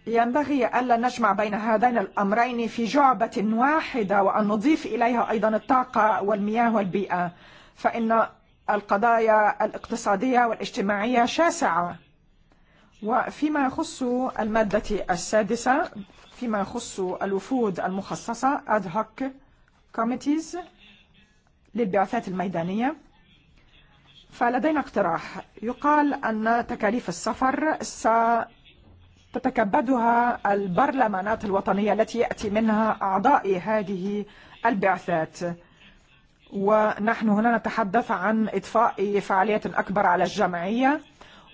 ينبغي ألا نجمع بين هذين الأمرين في جعبة واحدة وأن نضيف إليها أيضا الطاقة والمياه والبيئة فإن القضايا الاقتصادية والاجتماعية شاسعة وفيما يخص المادة السادسة فيما يخص الوفود المخصصة ad hoc committees للبعثات الميدانية فلدينا اقتراح يقال أن تكاليف السفر ستكون تتكبدها البرلمانات الوطنية التي يأتي منها أعضاء هذه البعثات ونحن هنا نتحدث عن إطفاء فعالية أكبر على الجمعية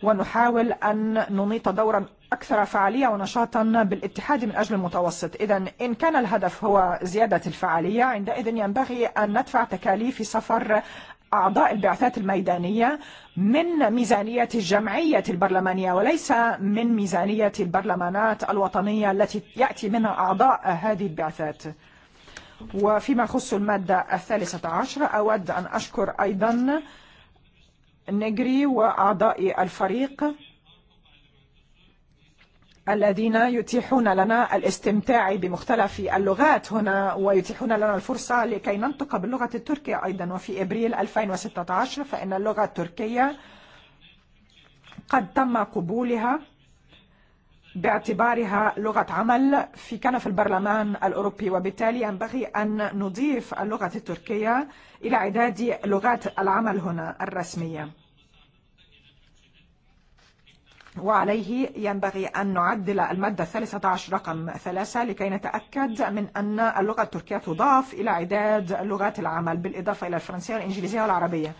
ونحاول أن ننيط دورا أكثر فعالية ونشاطا بالاتحاد من أجل المتوسط إذا إن كان الهدف هو زيادة الفعالية عندئذ ينبغي أن ندفع تكاليف سفر أعضاء البعثات الميدانية من ميزانية الجمعية البرلمانية وليس من ميزانية البرلمانات الوطنية التي يأتي منها أعضاء هذه البعثات وفيما يخص المادة الثالثة عشر أود أن أشكر أيضا نجري وأعضاء الفريق الذين يتيحون لنا الاستمتاع بمختلف اللغات هنا ويتيحون لنا الفرصة لكي ننطق باللغة التركية أيضا وفي إبريل 2016 فإن اللغة التركية قد تم قبولها باعتبارها لغة عمل في كنف البرلمان الأوروبي وبالتالي ينبغي أن نضيف اللغة التركية إلى عداد لغات العمل هنا الرسمية وعليه ينبغي أن نعدل المادة الثالثة عشر رقم ثلاثة لكي نتأكد من أن اللغة التركية تضاف إلى عداد لغات العمل بالإضافة إلى الفرنسية والإنجليزية والعربية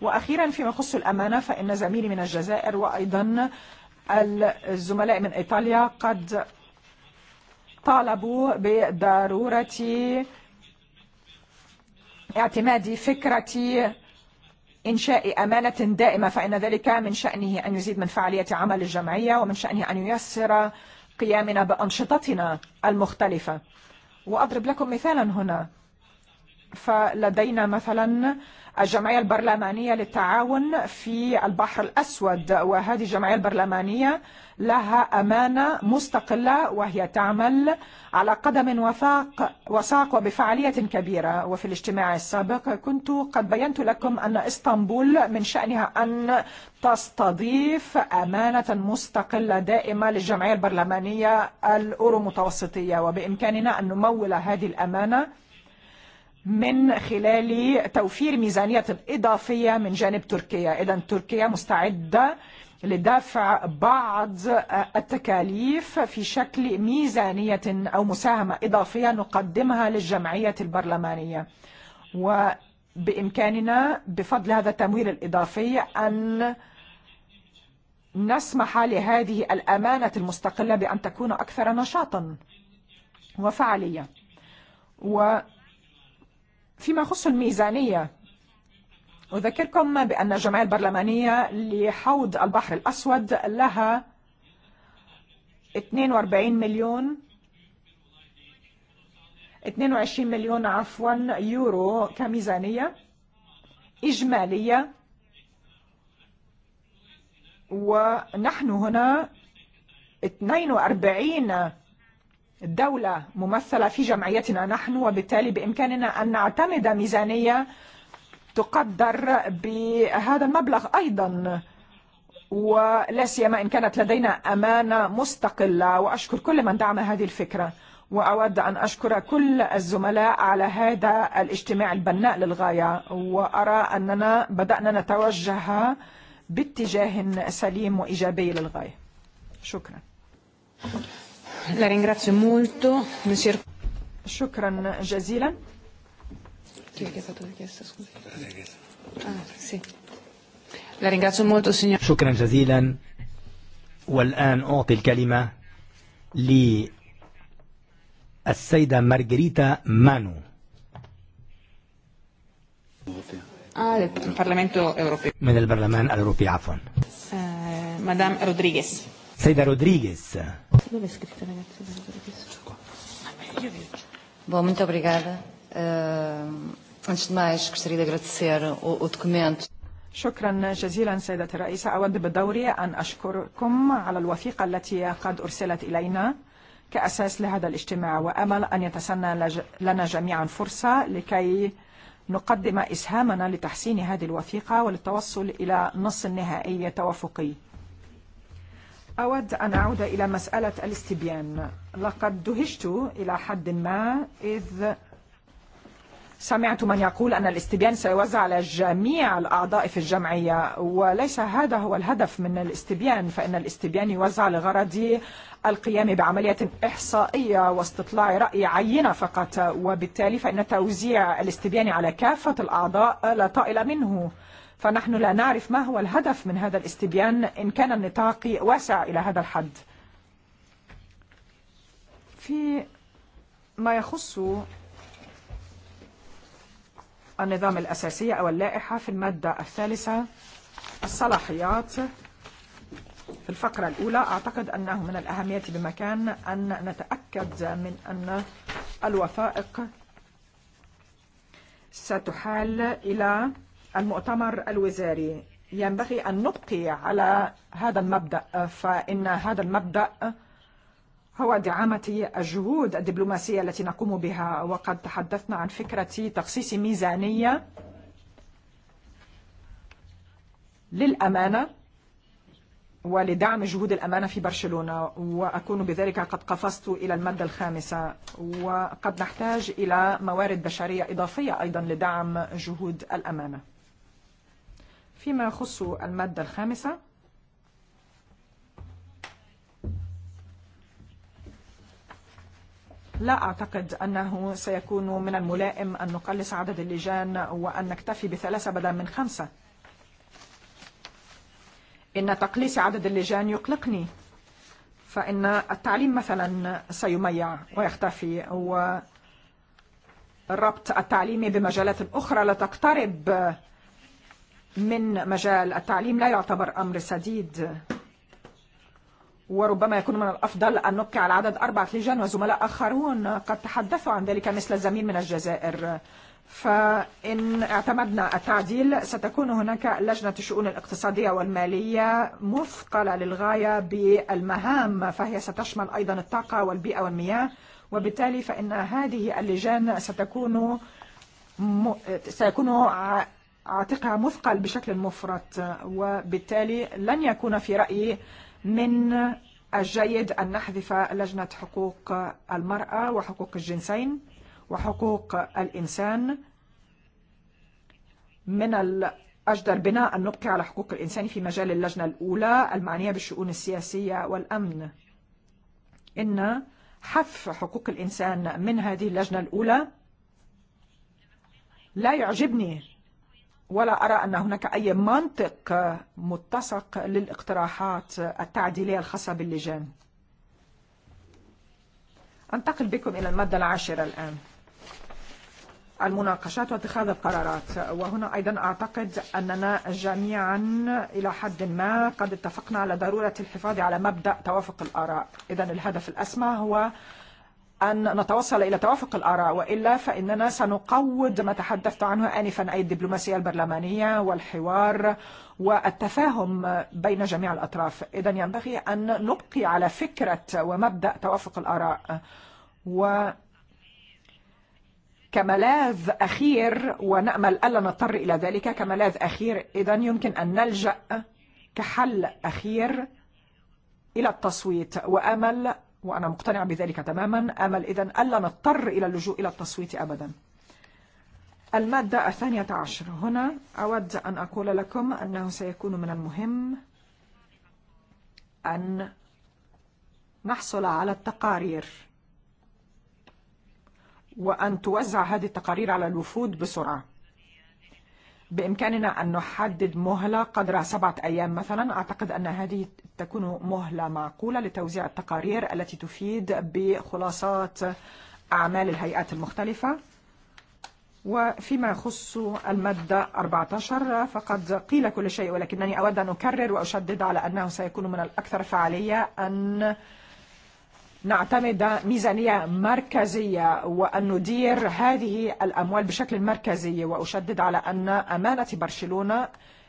وأخيرا فيما يخص الأمانة فإن زميلي من الجزائر وأيضا الزملاء من إيطاليا قد طالبوا بضرورة اعتماد فكرة إنشاء أمانة دائمة فإن ذلك من شأنه أن يزيد من فعالية عمل الجمعية ومن شأنه أن ييسر قيامنا بأنشطتنا المختلفة وأضرب لكم مثالا هنا فلدينا مثلا الجمعية البرلمانية للتعاون في البحر الأسود وهذه الجمعية البرلمانية لها أمانة مستقلة وهي تعمل على قدم وثاق وساق وبفعالية كبيرة وفي الاجتماع السابق كنت قد بينت لكم أن إسطنبول من شأنها أن تستضيف أمانة مستقلة دائمة للجمعية البرلمانية الأورو متوسطية وبإمكاننا أن نمول هذه الأمانة من خلال توفير ميزانية إضافية من جانب تركيا إذا تركيا مستعدة لدفع بعض التكاليف في شكل ميزانية أو مساهمة إضافية نقدمها للجمعية البرلمانية وبإمكاننا بفضل هذا التمويل الإضافي أن نسمح لهذه الأمانة المستقلة بأن تكون أكثر نشاطا وفعالية وفعالية فيما يخص الميزانية أذكركم بأن الجمعية البرلمانية لحوض البحر الأسود لها 42 مليون 22 مليون عفوا يورو كميزانية إجمالية ونحن هنا 42 الدولة ممثلة في جمعيتنا نحن وبالتالي بإمكاننا أن نعتمد ميزانية تقدر بهذا المبلغ أيضا ولا سيما إن كانت لدينا أمانة مستقلة وأشكر كل من دعم هذه الفكرة وأود أن أشكر كل الزملاء على هذا الاجتماع البناء للغاية وأرى أننا بدأنا نتوجه باتجاه سليم وإيجابي للغاية شكرا La ringrazio molto, Monsieur. Shukran jazilan. Chi è che ha fatto richiesta, scusi? Ah, sì. La ringrazio molto, signor. شكرا جزيلا والآن أعطي الكلمة للسيدة مارغريتا مانو من البرلمان الأوروبي عفوا مدام رودريغيز Sejda Rodriguez. Dove è scritta ragazzi? Bom, muito obrigada. Uh, antes de mais, gostaria de agradecer o, o documento. شكرا جزيلا سيدة الرئيسة أود بدوري أن أشكركم على الوثيقة التي قد أرسلت إلينا كأساس لهذا الاجتماع وأمل أن يتسنى لنا جميعا فرصة لكي نقدم إسهامنا لتحسين هذه الوثيقة وللتوصل إلى نص نهائي توافقي أود أن أعود إلى مسألة الاستبيان لقد دهشت إلى حد ما إذ سمعت من يقول أن الاستبيان سيوزع على جميع الأعضاء في الجمعية وليس هذا هو الهدف من الاستبيان فإن الاستبيان يوزع لغرض القيام بعملية إحصائية واستطلاع رأي عينة فقط وبالتالي فإن توزيع الاستبيان على كافة الأعضاء لا طائل منه فنحن لا نعرف ما هو الهدف من هذا الاستبيان إن كان النطاق واسع إلى هذا الحد في ما يخص النظام الأساسي أو اللائحة في المادة الثالثة الصلاحيات في الفقرة الأولى أعتقد أنه من الأهمية بمكان أن نتأكد من أن الوثائق ستحال إلى المؤتمر الوزاري ينبغي أن نبقي على هذا المبدأ فإن هذا المبدأ هو دعامة الجهود الدبلوماسية التي نقوم بها وقد تحدثنا عن فكرة تخصيص ميزانية للأمانة ولدعم جهود الأمانة في برشلونة وأكون بذلك قد قفزت إلى المادة الخامسة وقد نحتاج إلى موارد بشرية إضافية أيضا لدعم جهود الأمانة فيما يخص المادة الخامسة لا أعتقد أنه سيكون من الملائم أن نقلص عدد اللجان وأن نكتفي بثلاثة بدلا من خمسة إن تقليص عدد اللجان يقلقني فإن التعليم مثلا سيميع ويختفي وربط التعليم بمجالات أخرى لتقترب من مجال التعليم لا يعتبر أمر سديد وربما يكون من الأفضل أن نبقي على عدد أربعة لجان وزملاء آخرون قد تحدثوا عن ذلك مثل الزميل من الجزائر فإن اعتمدنا التعديل ستكون هناك لجنة الشؤون الاقتصادية والمالية مثقلة للغاية بالمهام فهي ستشمل أيضا الطاقة والبيئة والمياه وبالتالي فإن هذه اللجان ستكون م... سيكون عاتقها مثقل بشكل مفرط وبالتالي لن يكون في رأيي من الجيد أن نحذف لجنة حقوق المرأة وحقوق الجنسين وحقوق الإنسان من أجدر بنا أن نبقي على حقوق الإنسان في مجال اللجنة الأولى المعنية بالشؤون السياسية والأمن إن حذف حقوق الإنسان من هذه اللجنة الأولى لا يعجبني ولا أرى أن هناك أي منطق متسق للاقتراحات التعديلية الخاصة باللجان أنتقل بكم إلى المادة العاشرة الآن المناقشات واتخاذ القرارات وهنا أيضا أعتقد أننا جميعا إلى حد ما قد اتفقنا على ضرورة الحفاظ على مبدأ توافق الآراء إذا الهدف الأسمى هو أن نتوصل إلى توافق الآراء وإلا فإننا سنقود ما تحدثت عنه آنفا أي الدبلوماسية البرلمانية والحوار والتفاهم بين جميع الأطراف إذا ينبغي أن نبقي على فكرة ومبدأ توافق الآراء و كملاذ أخير ونأمل ألا نضطر إلى ذلك كملاذ أخير إذا يمكن أن نلجأ كحل أخير إلى التصويت وأمل وأنا مقتنع بذلك تماما أمل إذن ألا نضطر إلى اللجوء إلى التصويت أبدا المادة الثانية عشر هنا أود أن أقول لكم أنه سيكون من المهم أن نحصل على التقارير وأن توزع هذه التقارير على الوفود بسرعة بإمكاننا أن نحدد مهلة قدرها سبعة أيام مثلا أعتقد أن هذه تكون مهلة معقولة لتوزيع التقارير التي تفيد بخلاصات أعمال الهيئات المختلفة وفيما يخص المادة 14 فقد قيل كل شيء ولكنني أود أن أكرر وأشدد على أنه سيكون من الأكثر فعالية أن نعتمد ميزانية مركزية وأن ندير هذه الأموال بشكل مركزي وأشدد على أن أمانة برشلونة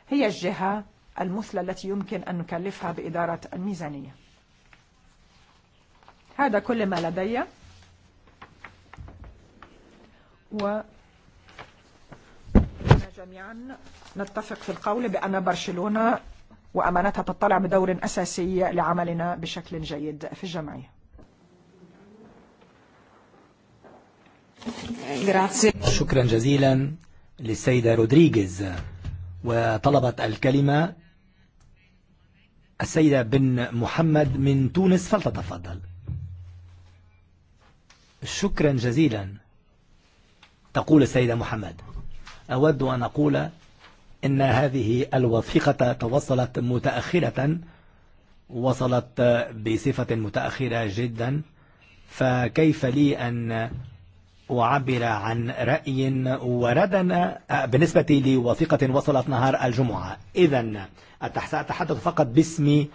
هي الجهة المثلى التي يمكن أن نكلفها بإدارة الميزانية هذا كل ما لدي و جميعا نتفق في القول بأن برشلونة وأمانتها تطلع بدور أساسي لعملنا بشكل جيد في الجمعية Grazie. شكرا جزيلا للسيدة رودريغيز وطلبت الكلمة السيدة بن محمد من تونس فلتتفضل شكرا جزيلا تقول السيدة محمد أود أن أقول إن هذه الوثيقة توصلت متأخرة وصلت بصفة متأخرة جدا فكيف لي أن وعبر عن رأي وردنا بالنسبة لوثيقة وصلت نهار الجمعة إذا أتحدث فقط باسم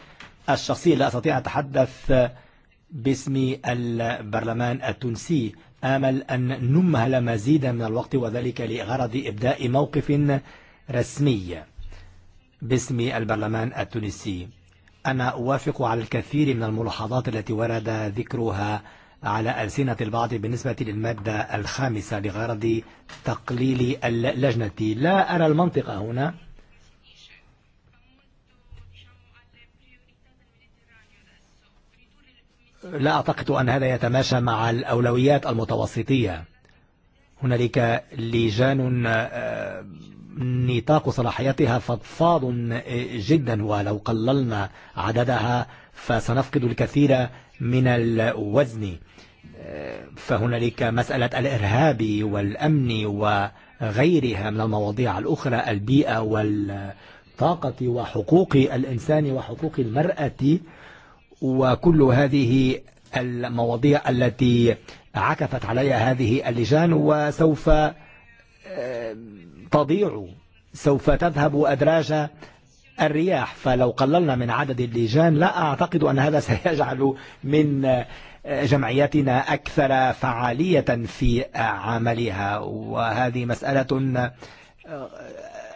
الشخصي لا أستطيع أن أتحدث باسم البرلمان التونسي آمل أن نمهل مزيدا من الوقت وذلك لغرض إبداء موقف رسمي باسم البرلمان التونسي أنا أوافق على الكثير من الملاحظات التي ورد ذكرها على ألسنة البعض بالنسبة للمادة الخامسة لغرض تقليل اللجنة لا أرى المنطقة هنا لا أعتقد أن هذا يتماشى مع الأولويات المتوسطية هناك لجان نطاق صلاحياتها فضفاض جدا ولو قللنا عددها فسنفقد الكثير من الوزن فهناك مسألة الإرهاب والأمن وغيرها من المواضيع الأخرى البيئة والطاقة وحقوق الإنسان وحقوق المرأة وكل هذه المواضيع التي عكفت عليها هذه اللجان وسوف تضيع سوف تذهب أدراجة الرياح فلو قللنا من عدد اللجان لا أعتقد أن هذا سيجعل من جمعيتنا أكثر فعالية في عملها وهذه مسألة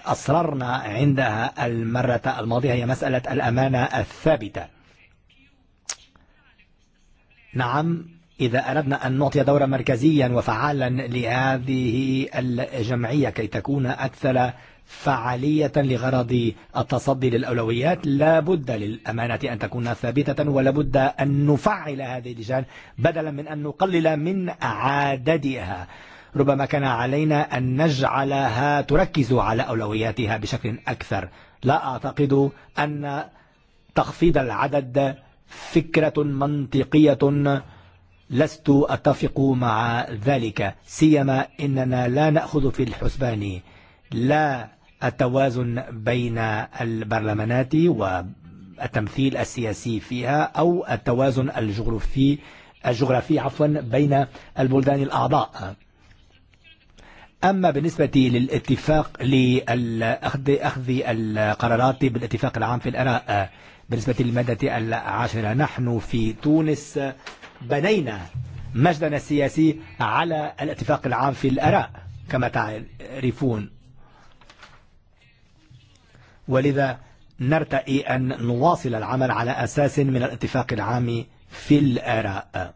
أصررنا عندها المرة الماضية هي مسألة الأمانة الثابتة نعم إذا أردنا أن نعطي دورا مركزيا وفعالا لهذه الجمعية كي تكون أكثر فعالية فعالية لغرض التصدي للأولويات لا بد للأمانة أن تكون ثابتة ولا بد أن نفعل هذه اللجان بدلا من أن نقلل من عددها ربما كان علينا أن نجعلها تركز على أولوياتها بشكل أكثر لا أعتقد أن تخفيض العدد فكرة منطقية لست أتفق مع ذلك سيما إننا لا نأخذ في الحسبان لا التوازن بين البرلمانات والتمثيل السياسي فيها أو التوازن الجغرافي الجغرافي عفوا بين البلدان الأعضاء أما بالنسبة للاتفاق لأخذ القرارات بالاتفاق العام في الأراء بالنسبة للمادة العاشرة نحن في تونس بنينا مجدنا السياسي على الاتفاق العام في الأراء كما تعرفون ولذا نرتقي أن نواصل العمل على أساس من الاتفاق العام في الآراء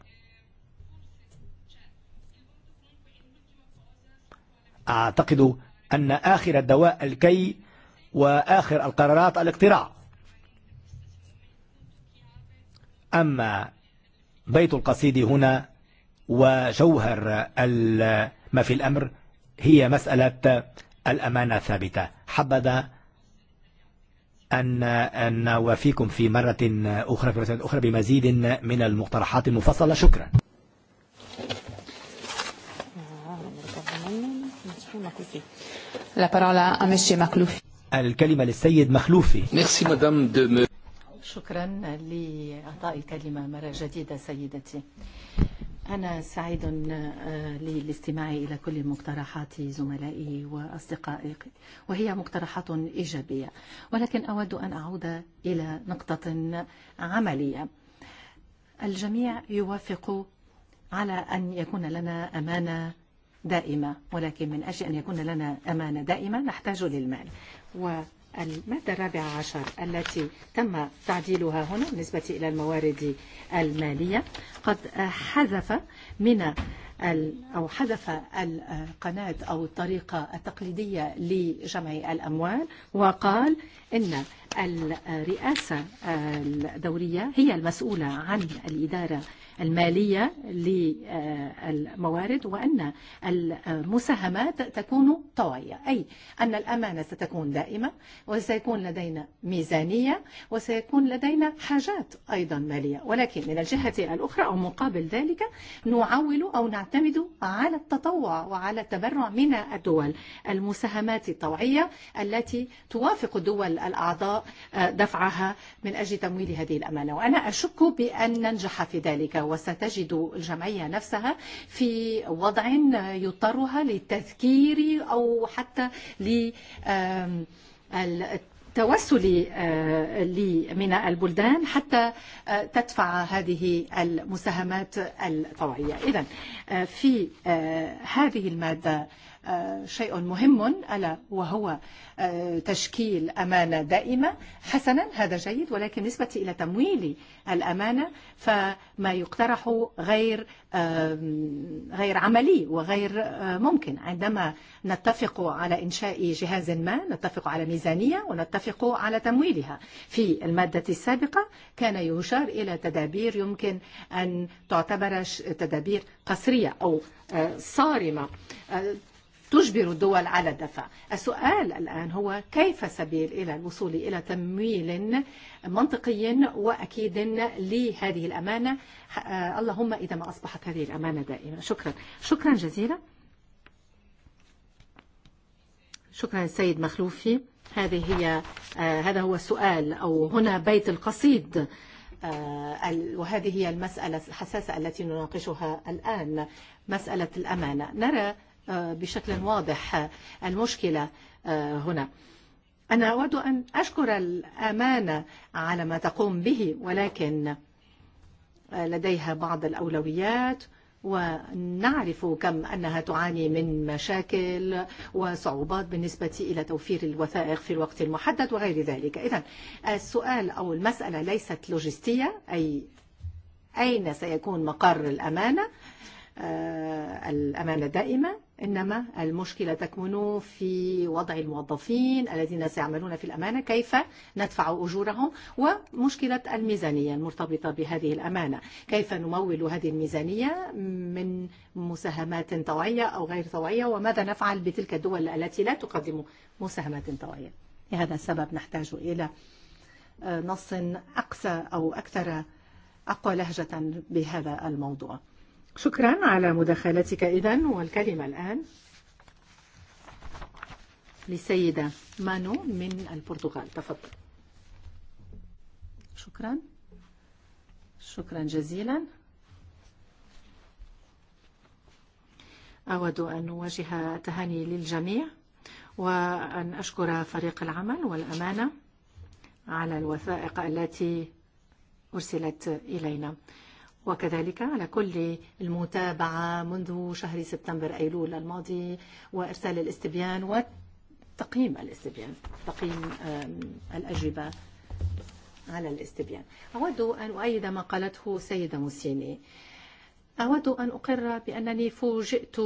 أعتقد أن آخر الدواء الكي وآخر القرارات الاقتراع أما بيت القصيد هنا وجوهر ما في الأمر هي مسألة الأمانة الثابتة حبذا أن نوافيكم في مرة أخرى في مرة أخرى بمزيد من المقترحات المفصلة شكرا. الكلمة للسيد مخلوفي. شكرا لإعطاء الكلمة مرة جديدة سيدتي. أنا سعيد للاستماع إلى كل مقترحات زملائي وأصدقائي وهي مقترحات إيجابية ولكن أود أن أعود إلى نقطة عملية الجميع يوافق على أن يكون لنا أمانة دائمة ولكن من أجل أن يكون لنا أمانة دائمة نحتاج للمال المادة الرابعة عشر التي تم تعديلها هنا بالنسبة إلى الموارد المالية قد حذف من أو حذف القناة أو الطريقة التقليدية لجمع الأموال وقال إن الرئاسة الدورية هي المسؤولة عن الإدارة المالية للموارد وأن المساهمات تكون طوعية أي أن الأمانة ستكون دائمة وسيكون لدينا ميزانية وسيكون لدينا حاجات أيضا مالية ولكن من الجهة الأخرى أو مقابل ذلك نعول أو نعتمد على التطوع وعلى التبرع من الدول المساهمات الطوعية التي توافق الدول الأعضاء دفعها من أجل تمويل هذه الأمانة وأنا أشك بأن ننجح في ذلك وستجد الجمعية نفسها في وضع يضطرها للتذكير أو حتى ل التوسل من البلدان حتى تدفع هذه المساهمات الطوعية إذا في هذه المادة شيء مهم ألا وهو تشكيل أمانة دائمة حسنا هذا جيد ولكن نسبة إلى تمويل الأمانة فما يقترح غير غير عملي وغير ممكن عندما نتفق على إنشاء جهاز ما نتفق على ميزانية ونتفق على تمويلها في المادة السابقة كان يشار إلى تدابير يمكن أن تعتبر تدابير قصرية أو صارمة تجبر الدول على الدفع السؤال الآن هو كيف سبيل إلى الوصول إلى تمويل منطقي وأكيد لهذه الأمانة اللهم إذا ما أصبحت هذه الأمانة دائما شكرا شكرا جزيلا شكرا السيد مخلوفي هذه هي هذا هو السؤال أو هنا بيت القصيد وهذه هي المسألة الحساسة التي نناقشها الآن مسألة الأمانة نرى بشكل واضح المشكلة هنا أنا أود أن أشكر الأمانة على ما تقوم به ولكن لديها بعض الأولويات ونعرف كم أنها تعاني من مشاكل وصعوبات بالنسبة إلى توفير الوثائق في الوقت المحدد وغير ذلك إذن السؤال أو المسألة ليست لوجستية أي أين سيكون مقر الأمانة الأمانة الدائمة إنما المشكلة تكمن في وضع الموظفين الذين سيعملون في الأمانة كيف ندفع أجورهم ومشكلة الميزانية المرتبطة بهذه الأمانة كيف نمول هذه الميزانية من مساهمات طوعية أو غير طوعية وماذا نفعل بتلك الدول التي لا تقدم مساهمات طوعية لهذا السبب نحتاج إلى نص أقسى أو أكثر أقوى لهجة بهذا الموضوع شكرا على مداخلتك إذن والكلمة الآن لسيدة مانو من البرتغال تفضل شكرا شكرا جزيلا أود أن أوجه تهاني للجميع وأن أشكر فريق العمل والأمانة على الوثائق التي أرسلت إلينا وكذلك على كل المتابعة منذ شهر سبتمبر أيلول الماضي وإرسال الاستبيان وتقييم الاستبيان تقييم الأجوبة على الاستبيان أود أن أؤيد ما قالته سيدة موسيني أود أن أقر بأنني فوجئت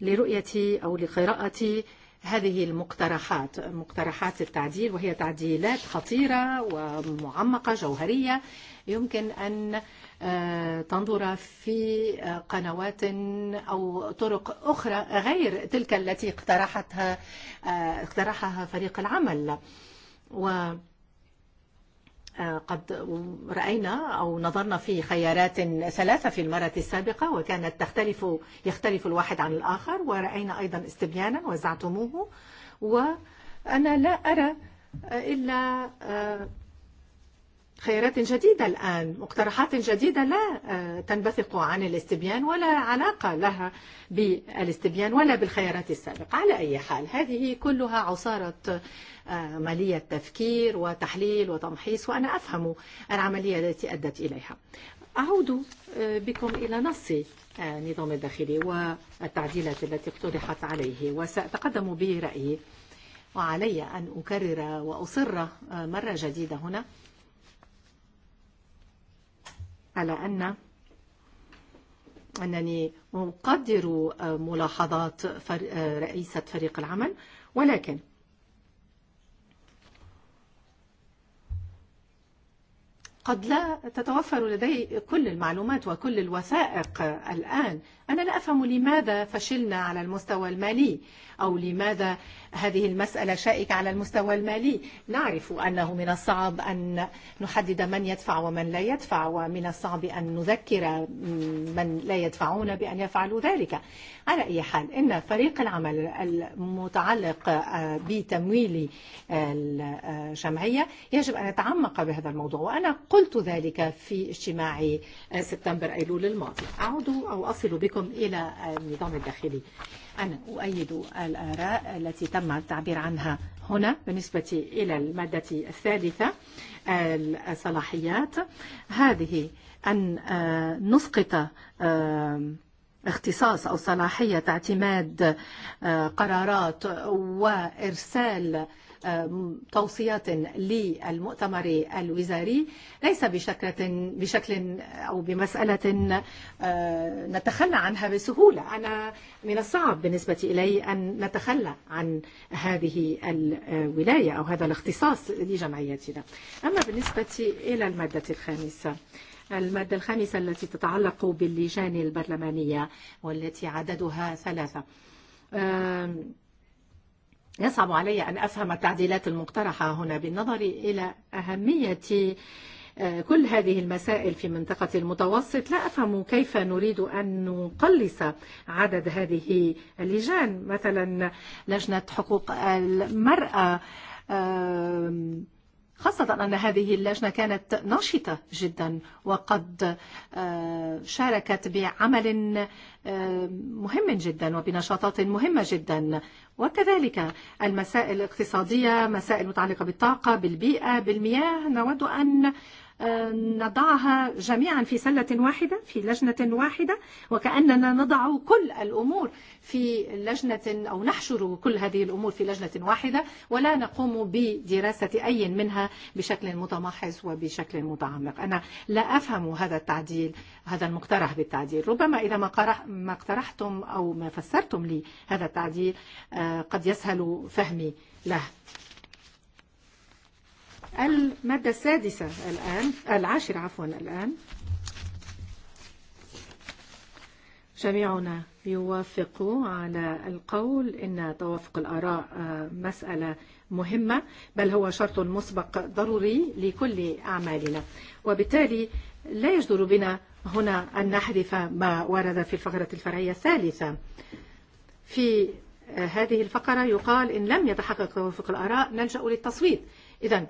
لرؤيتي أو لقراءتي هذه المقترحات مقترحات التعديل وهي تعديلات خطيرة ومعمقة جوهرية يمكن أن تنظر في قنوات أو طرق أخرى غير تلك التي اقترحتها اقترحها فريق العمل و قد رأينا أو نظرنا في خيارات ثلاثة في المرة السابقة وكانت تختلف يختلف الواحد عن الآخر ورأينا أيضا استبيانا وزعتموه وأنا لا أرى إلا خيارات جديدة الآن مقترحات جديدة لا تنبثق عن الاستبيان ولا علاقة لها بالاستبيان ولا بالخيارات السابقة على أي حال هذه كلها عصارة عملية تفكير وتحليل وتمحيص وأنا أفهم العملية التي أدت إليها أعود بكم إلى نص نظام الداخلي والتعديلات التي اقترحت عليه وسأتقدم به رأيي وعلي أن أكرر وأصر مرة جديدة هنا على أن أنني أقدر ملاحظات رئيسة فريق العمل ولكن قد لا تتوفر لدي كل المعلومات وكل الوثائق الآن أنا لا أفهم لماذا فشلنا على المستوى المالي أو لماذا هذه المسألة شائكة على المستوى المالي نعرف أنه من الصعب أن نحدد من يدفع ومن لا يدفع ومن الصعب أن نذكر من لا يدفعون بأن يفعلوا ذلك على أي حال إن فريق العمل المتعلق بتمويل الجمعية يجب أن يتعمق بهذا الموضوع وأنا قلت ذلك في اجتماع سبتمبر أيلول الماضي أعود أو أصل بكم بكم إلى النظام الداخلي أنا أؤيد الآراء التي تم التعبير عنها هنا بالنسبة إلى المادة الثالثة الصلاحيات هذه أن نسقط اختصاص أو صلاحية اعتماد قرارات وإرسال توصيات للمؤتمر الوزاري ليس بشكل, بشكل او بمساله نتخلى عنها بسهوله انا من الصعب بالنسبة الي أن نتخلى عن هذه الولايه أو هذا الاختصاص لجمعيتنا اما بالنسبة إلى المادة الخامسة المادة الخامسة التي تتعلق باللجان البرلمانية والتي عددها ثلاثة يصعب علي أن أفهم التعديلات المقترحة هنا بالنظر إلى أهمية كل هذه المسائل في منطقة المتوسط لا أفهم كيف نريد أن نقلص عدد هذه اللجان مثلا لجنة حقوق المرأة خاصة أن هذه اللجنة كانت نشطة جدا وقد شاركت بعمل مهم جدا وبنشاطات مهمة جدا وكذلك المسائل الاقتصادية مسائل متعلقة بالطاقة بالبيئة بالمياه نود أن نضعها جميعا في سلة واحدة في لجنة واحدة وكأننا نضع كل الأمور في لجنة أو نحشر كل هذه الأمور في لجنة واحدة ولا نقوم بدراسة أي منها بشكل متمحص وبشكل متعمق أنا لا أفهم هذا التعديل هذا المقترح بالتعديل ربما إذا ما اقترحتم أو ما فسرتم لي هذا التعديل قد يسهل فهمي له المادة السادسة الآن العاشرة عفوا الآن جميعنا يوافق على القول إن توافق الآراء مسألة مهمة بل هو شرط مسبق ضروري لكل أعمالنا وبالتالي لا يجدر بنا هنا أن نحذف ما ورد في الفقرة الفرعية الثالثة في هذه الفقرة يقال إن لم يتحقق توافق الآراء نلجأ للتصويت إذن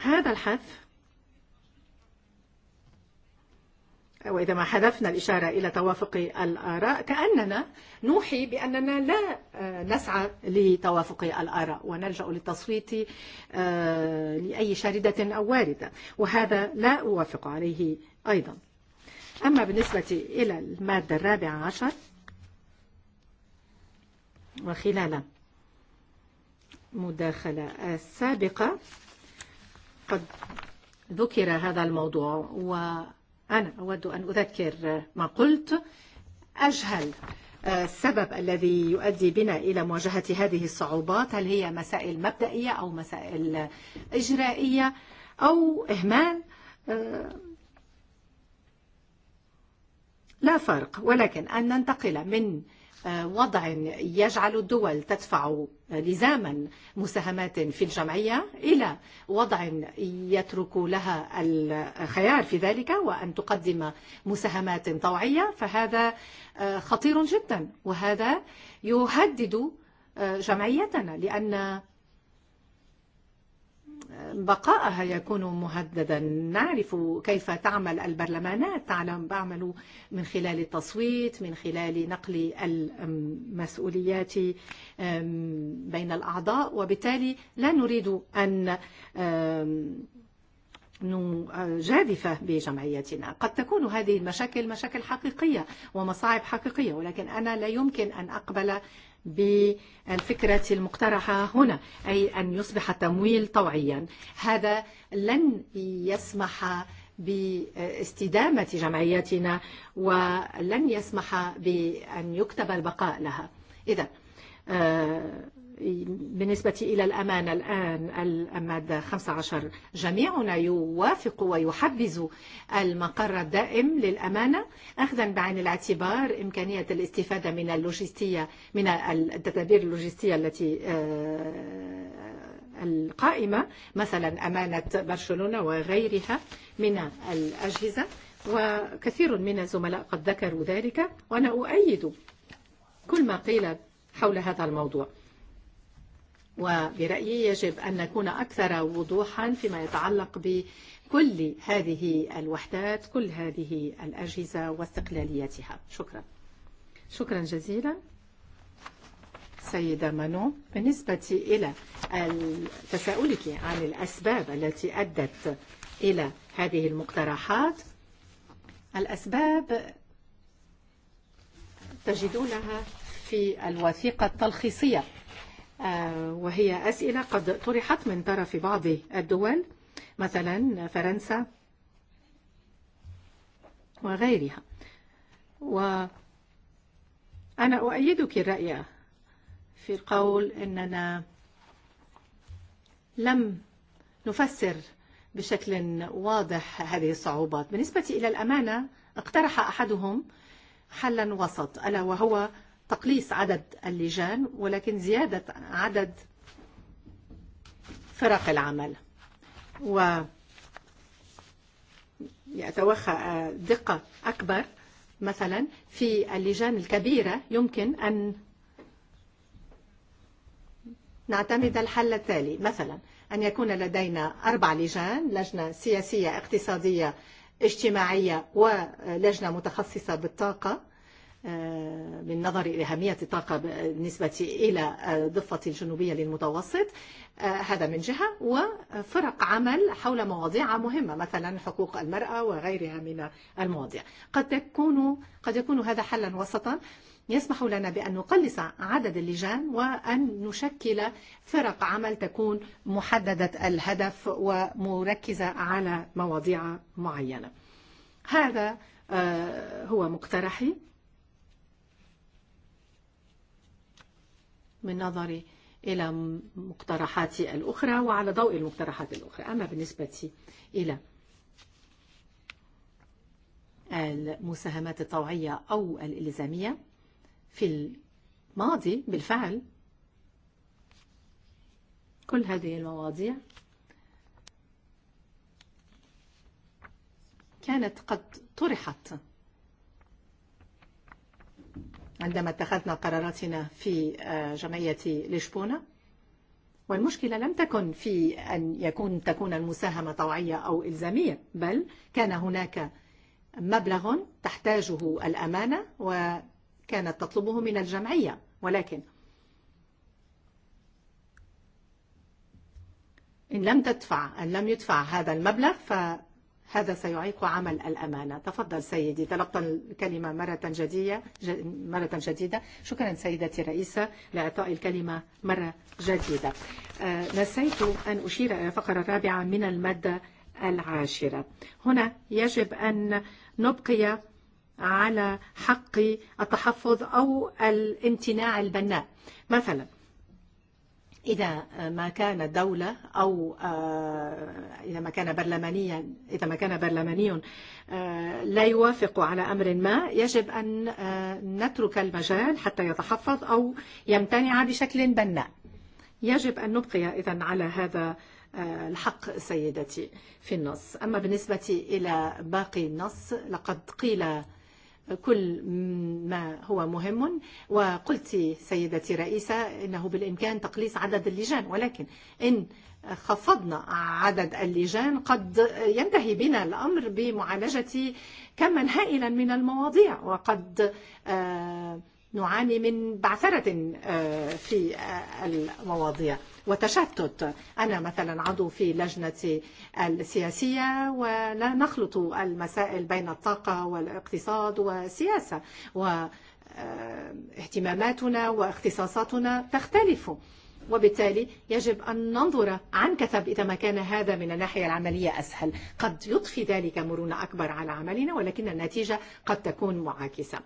هذا الحذف وإذا ما حذفنا الإشارة إلى توافق الآراء كأننا نوحي بأننا لا نسعى لتوافق الآراء ونلجأ للتصويت لأي شاردة أو واردة وهذا لا أوافق عليه أيضا أما بالنسبة إلى المادة الرابعة عشر وخلال مداخلة السابقة قد ذكر هذا الموضوع وأنا أود أن أذكر ما قلت أجهل السبب الذي يؤدي بنا إلى مواجهة هذه الصعوبات هل هي مسائل مبدئية أو مسائل إجرائية أو إهمال لا فرق ولكن أن ننتقل من وضع يجعل الدول تدفع لزاما مساهمات في الجمعية إلى وضع يترك لها الخيار في ذلك وأن تقدم مساهمات طوعية فهذا خطير جدا وهذا يهدد جمعيتنا لأن بقائها يكون مهددا نعرف كيف تعمل البرلمانات تعلم بعمل من خلال التصويت من خلال نقل المسؤوليات بين الأعضاء وبالتالي لا نريد أن جاذفة بجمعيتنا قد تكون هذه المشاكل مشاكل حقيقية ومصاعب حقيقية ولكن أنا لا يمكن أن أقبل بالفكرة المقترحة هنا أي أن يصبح التمويل طوعيا هذا لن يسمح باستدامة جمعيتنا ولن يسمح بأن يكتب البقاء لها إذا بالنسبة إلى الأمانة الآن المادة 15 جميعنا يوافق ويحبز المقر الدائم للأمانة أخذا بعين الاعتبار إمكانية الاستفادة من اللوجستية من التدابير اللوجستية التي القائمة مثلا أمانة برشلونة وغيرها من الأجهزة وكثير من الزملاء قد ذكروا ذلك وأنا أؤيد كل ما قيل حول هذا الموضوع وبرأيي يجب أن نكون أكثر وضوحا فيما يتعلق بكل هذه الوحدات كل هذه الأجهزة واستقلاليتها شكرا شكرا جزيلا سيدة مانو بالنسبة إلى تساؤلك عن الأسباب التي أدت إلى هذه المقترحات الأسباب تجدونها في الوثيقة التلخيصية وهي أسئلة قد طرحت من طرف بعض الدول مثلا فرنسا وغيرها وأنا أؤيدك الرأي في القول أننا لم نفسر بشكل واضح هذه الصعوبات بالنسبة إلى الأمانة اقترح أحدهم حلا وسط ألا وهو تقليص عدد اللجان ولكن زيادة عدد فرق العمل و يتوخى دقة أكبر مثلا في اللجان الكبيرة يمكن أن نعتمد الحل التالي مثلا أن يكون لدينا أربع لجان لجنة سياسية اقتصادية اجتماعية ولجنة متخصصة بالطاقة بالنظر إلى أهمية الطاقة بالنسبة إلى ضفة الجنوبية للمتوسط هذا من جهة وفرق عمل حول مواضيع مهمة مثلا حقوق المرأة وغيرها من المواضيع قد تكون قد يكون هذا حلا وسطا يسمح لنا بأن نقلص عدد اللجان وأن نشكل فرق عمل تكون محددة الهدف ومركزة على مواضيع معينة هذا هو مقترحي من نظري إلى مقترحات الأخرى وعلى ضوء المقترحات الأخرى أما بالنسبة إلى المساهمات الطوعية أو الإلزامية في الماضي بالفعل كل هذه المواضيع كانت قد طرحت عندما اتخذنا قراراتنا في جمعية لشبونة والمشكلة لم تكن في أن يكون تكون المساهمة طوعية أو إلزامية بل كان هناك مبلغ تحتاجه الأمانة وكانت تطلبه من الجمعية ولكن إن لم تدفع أن لم يدفع هذا المبلغ هذا سيعيق عمل الأمانة تفضل سيدي تلقى الكلمة مرة جديدة مرة جديدة شكرا سيدتي الرئيسة لإعطاء الكلمة مرة جديدة نسيت أن أشير إلى الفقرة الرابعة من المادة العاشرة هنا يجب أن نبقي على حق التحفظ أو الامتناع البناء مثلاً إذا ما كان دولة أو إذا ما كان برلمانيا إذا ما كان برلماني لا يوافق على أمر ما يجب أن نترك المجال حتى يتحفظ أو يمتنع بشكل بناء يجب أن نبقي إذا على هذا الحق سيدتي في النص أما بالنسبة إلى باقي النص لقد قيل كل ما هو مهم وقلت سيدتي رئيسة إنه بالإمكان تقليص عدد اللجان ولكن إن خفضنا عدد اللجان قد ينتهي بنا الأمر بمعالجة كما هائلا من المواضيع وقد نعاني من بعثرة في المواضيع وتشتت أنا مثلا عضو في لجنة السياسية ولا نخلط المسائل بين الطاقة والاقتصاد والسياسة واهتماماتنا واختصاصاتنا تختلف وبالتالي يجب أن ننظر عن كثب إذا ما كان هذا من الناحية العملية أسهل قد يضفي ذلك مرونة أكبر على عملنا ولكن النتيجة قد تكون معاكسة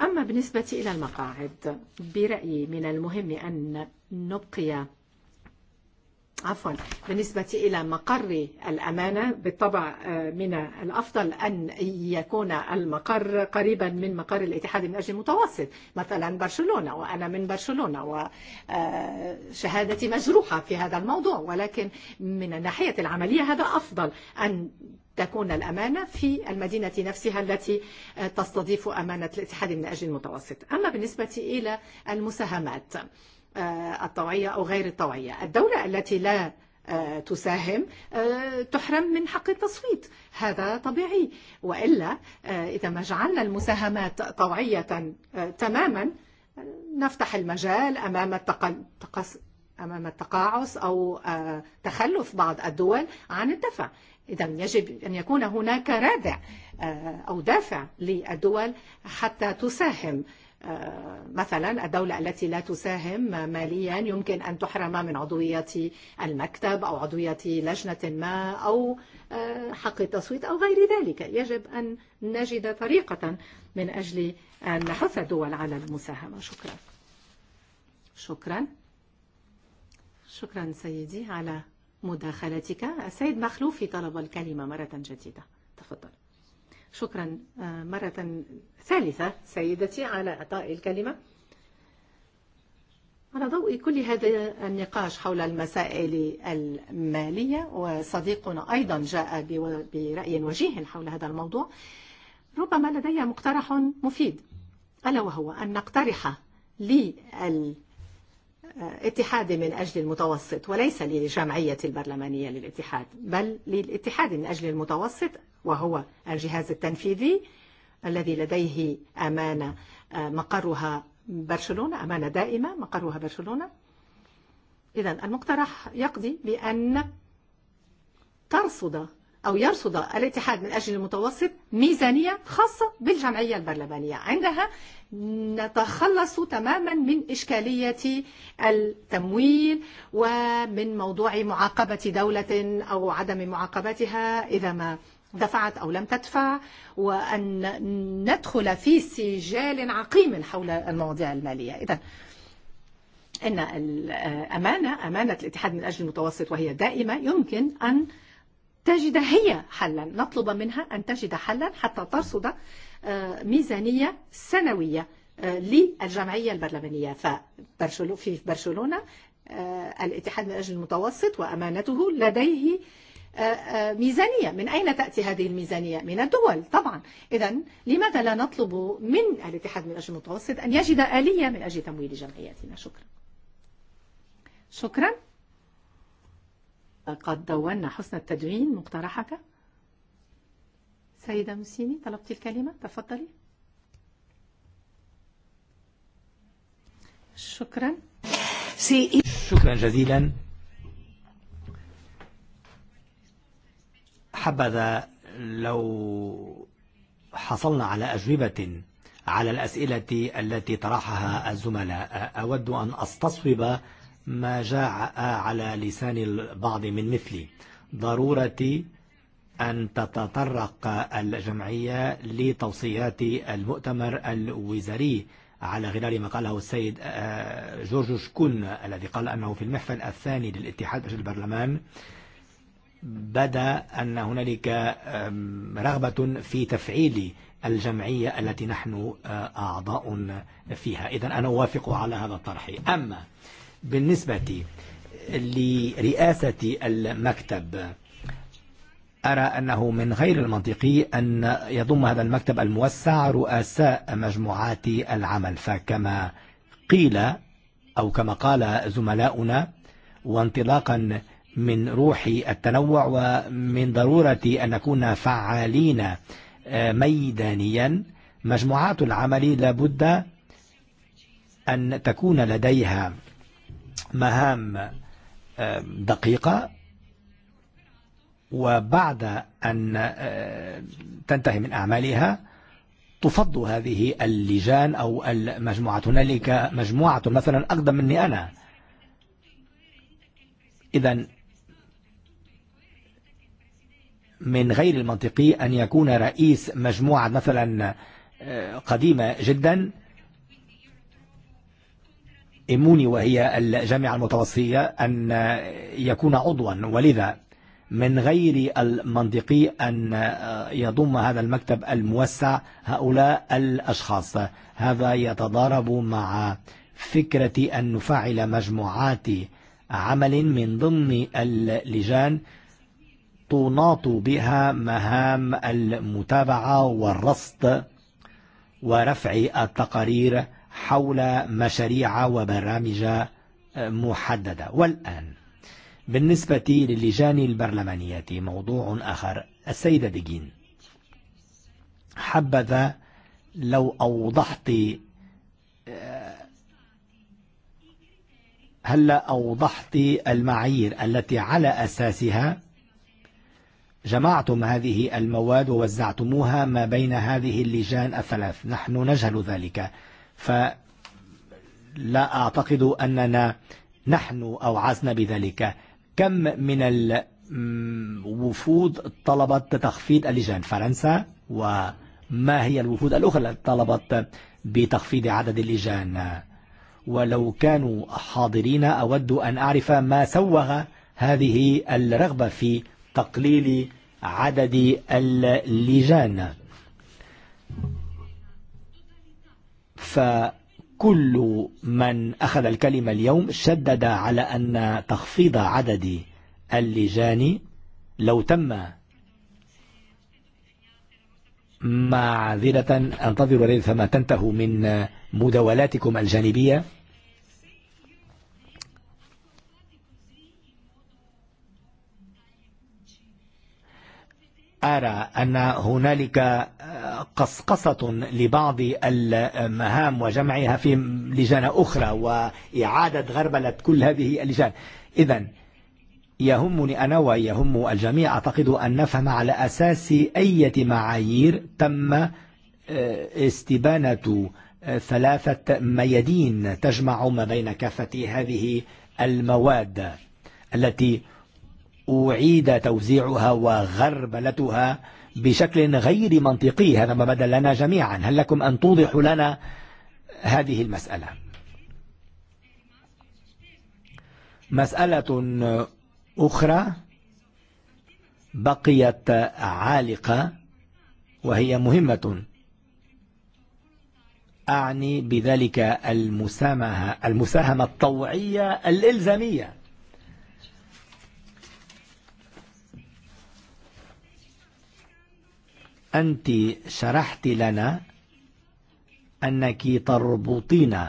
أما بالنسبة إلى المقاعد برأيي من المهم أن نبقي عفوا بالنسبة إلى مقر الأمانة بالطبع من الأفضل أن يكون المقر قريبا من مقر الاتحاد من أجل المتوسط مثلا برشلونة وأنا من برشلونة وشهادتي مجروحة في هذا الموضوع ولكن من الناحية العملية هذا أفضل أن تكون الأمانة في المدينة نفسها التي تستضيف أمانة الاتحاد من أجل المتوسط أما بالنسبة إلى المساهمات الطوعية أو غير الطوعية الدولة التي لا تساهم تحرم من حق التصويت هذا طبيعي وإلا إذا ما جعلنا المساهمات طوعية تماما نفتح المجال أمام التقاعس أو تخلف بعض الدول عن الدفع إذا يجب أن يكون هناك رادع أو دافع للدول حتى تساهم مثلا الدولة التي لا تساهم ماليا يمكن أن تحرم من عضوية المكتب أو عضوية لجنة ما أو حق التصويت أو غير ذلك يجب أن نجد طريقة من أجل أن نحث الدول على المساهمة شكرا شكرا شكرا سيدي على مداخلتك السيد مخلوفي طلب الكلمة مرة جديدة تفضل شكرا مرة ثالثة سيدتي على إعطاء الكلمة على ضوء كل هذا النقاش حول المسائل المالية وصديقنا أيضا جاء برأي وجيه حول هذا الموضوع ربما لدي مقترح مفيد ألا وهو أن نقترح للمسائل اتحاد من أجل المتوسط وليس لجمعية البرلمانية للاتحاد بل للاتحاد من أجل المتوسط وهو الجهاز التنفيذي الذي لديه أمانة مقرها برشلونة أمانة دائمة مقرها برشلونة إذا المقترح يقضي بأن ترصد أو يرصد الاتحاد من أجل المتوسط ميزانية خاصة بالجمعية البرلمانية عندها نتخلص تماما من إشكالية التمويل ومن موضوع معاقبة دولة أو عدم معاقبتها إذا ما دفعت أو لم تدفع وأن ندخل في سجال عقيم حول المواضيع المالية إذا إن الأمانة أمانة الاتحاد من أجل المتوسط وهي دائمة يمكن أن تجد هي حلا نطلب منها أن تجد حلا حتى ترصد ميزانية سنوية للجمعية البرلمانية في برشلونة الاتحاد من أجل المتوسط وأمانته لديه ميزانية من أين تأتي هذه الميزانية؟ من الدول طبعا إذا لماذا لا نطلب من الاتحاد من أجل المتوسط أن يجد آلية من أجل تمويل جمعياتنا شكرا شكرا قد دونا حسن التدوين مقترحك سيدة مسيني طلبت الكلمة تفضلي شكرا شكرا جزيلا حبذا لو حصلنا على أجوبة على الأسئلة التي طرحها الزملاء أود أن أستصوب ما جاء على لسان البعض من مثلي ضرورة أن تتطرق الجمعية لتوصيات المؤتمر الوزاري على غرار ما قاله السيد جورج شكون الذي قال أنه في المحفل الثاني للاتحاد في البرلمان بدا أن هنالك رغبة في تفعيل الجمعية التي نحن أعضاء فيها إذا أنا أوافق على هذا الطرح أما بالنسبة لرئاسة المكتب أرى أنه من غير المنطقي أن يضم هذا المكتب الموسع رؤساء مجموعات العمل فكما قيل أو كما قال زملاؤنا وانطلاقا من روح التنوع ومن ضرورة أن نكون فعالين ميدانيا مجموعات العمل لابد أن تكون لديها مهام دقيقة وبعد أن تنتهي من أعمالها تفض هذه اللجان أو المجموعة هنالك مجموعة مثلا أقدم مني أنا إذا من غير المنطقي أن يكون رئيس مجموعة مثلا قديمة جدا إموني وهي الجامعة المتوسطية أن يكون عضوا ولذا من غير المنطقي أن يضم هذا المكتب الموسع هؤلاء الأشخاص هذا يتضارب مع فكرة أن نفعل مجموعات عمل من ضمن اللجان تناط بها مهام المتابعة والرصد ورفع التقارير حول مشاريع وبرامج محددة والآن بالنسبة للجان البرلمانية موضوع آخر السيدة ديجين حبذا لو أوضحت هل أوضحت المعايير التي على أساسها جمعتم هذه المواد ووزعتموها ما بين هذه اللجان الثلاث نحن نجهل ذلك فلا أعتقد أننا نحن أو عزنا بذلك كم من الوفود طلبت تخفيض اللجان فرنسا وما هي الوفود الأخرى طلبت بتخفيض عدد اللجان ولو كانوا حاضرين أود أن أعرف ما سوغ هذه الرغبة في تقليل عدد اللجان فكل من أخذ الكلمة اليوم شدد على أن تخفيض عدد اللجان لو تم معذرة أنتظر ريثما تنتهوا من مداولاتكم الجانبية أرى أن هنالك قصقصة لبعض المهام وجمعها في لجان أخرى وإعادة غربلة كل هذه اللجان إذا يهمني أنا ويهم الجميع أعتقد أن نفهم على أساس أي معايير تم استبانة ثلاثة ميادين تجمع ما بين كافة هذه المواد التي أعيد توزيعها وغربلتها بشكل غير منطقي هذا ما بدل لنا جميعا هل لكم أن توضحوا لنا هذه المسألة مسألة أخرى بقيت عالقة وهي مهمة أعني بذلك المساهمة الطوعية الإلزامية أنت شرحت لنا أنك تربطين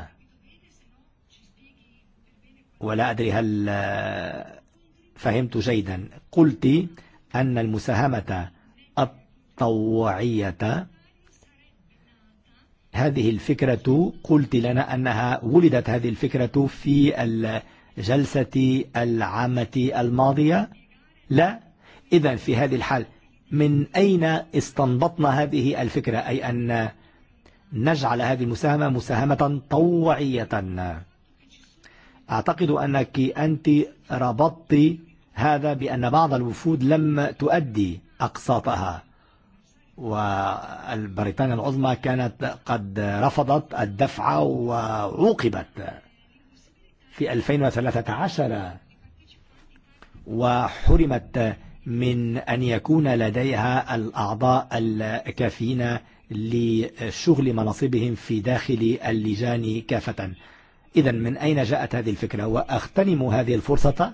ولا أدري هل فهمت جيدا قلت أن المساهمة الطوعية هذه الفكرة قلت لنا أنها ولدت هذه الفكرة في الجلسة العامة الماضية لا إذا في هذه الحال من أين استنبطنا هذه الفكرة أي أن نجعل هذه المساهمة مساهمة طوعية أعتقد أنك أنت ربطت هذا بأن بعض الوفود لم تؤدي أقساطها والبريطانيا العظمى كانت قد رفضت الدفع وعوقبت في 2013 وحرمت من أن يكون لديها الأعضاء الكافيين لشغل مناصبهم في داخل اللجان كافة إذا من أين جاءت هذه الفكرة وأغتنم هذه الفرصة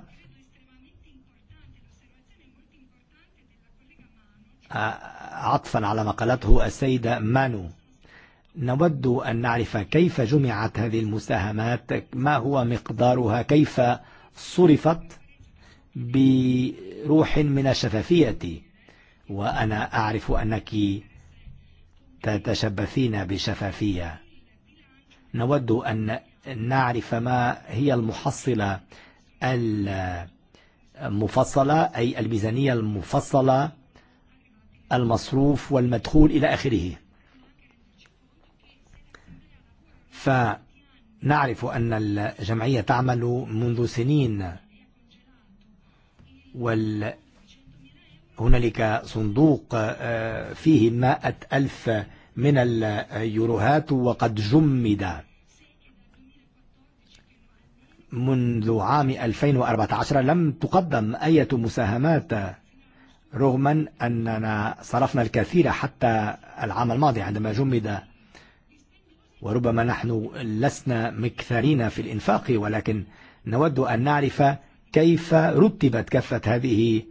عطفا على ما قالته السيدة مانو نود أن نعرف كيف جمعت هذه المساهمات ما هو مقدارها كيف صرفت روح من الشفافية وأنا أعرف أنك تتشبثين بشفافية نود أن نعرف ما هي المحصلة المفصلة أي الميزانية المفصلة المصروف والمدخول إلى آخره فنعرف أن الجمعية تعمل منذ سنين وال هنالك صندوق فيه مائة ألف من اليوروهات وقد جمد منذ عام 2014 لم تقدم أي مساهمات رغم أننا صرفنا الكثير حتى العام الماضي عندما جمد وربما نحن لسنا مكثرين في الإنفاق ولكن نود أن نعرف كيف رتبت كفة هذه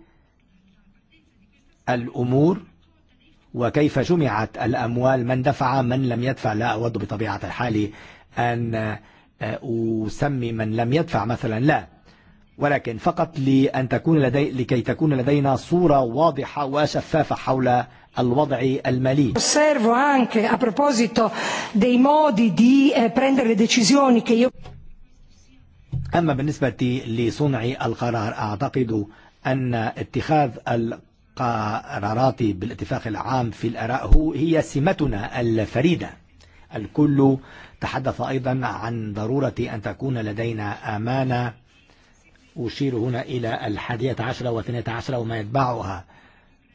الأمور وكيف جمعت الأموال من دفع من لم يدفع لا أود بطبيعة الحال أن أسمي من لم يدفع مثلا لا ولكن فقط لأن تكون لدي لكي تكون لدينا صورة واضحة وشفافة حول الوضع المالي. Osservo anche a proposito dei modi di eh, prendere decisioni che io أما بالنسبة لصنع القرار أعتقد أن اتخاذ القرارات بالاتفاق العام في الأراء هي سمتنا الفريدة الكل تحدث أيضا عن ضرورة أن تكون لدينا أمانة أشير هنا إلى الحادية عشرة واثنية عشرة وما يتبعها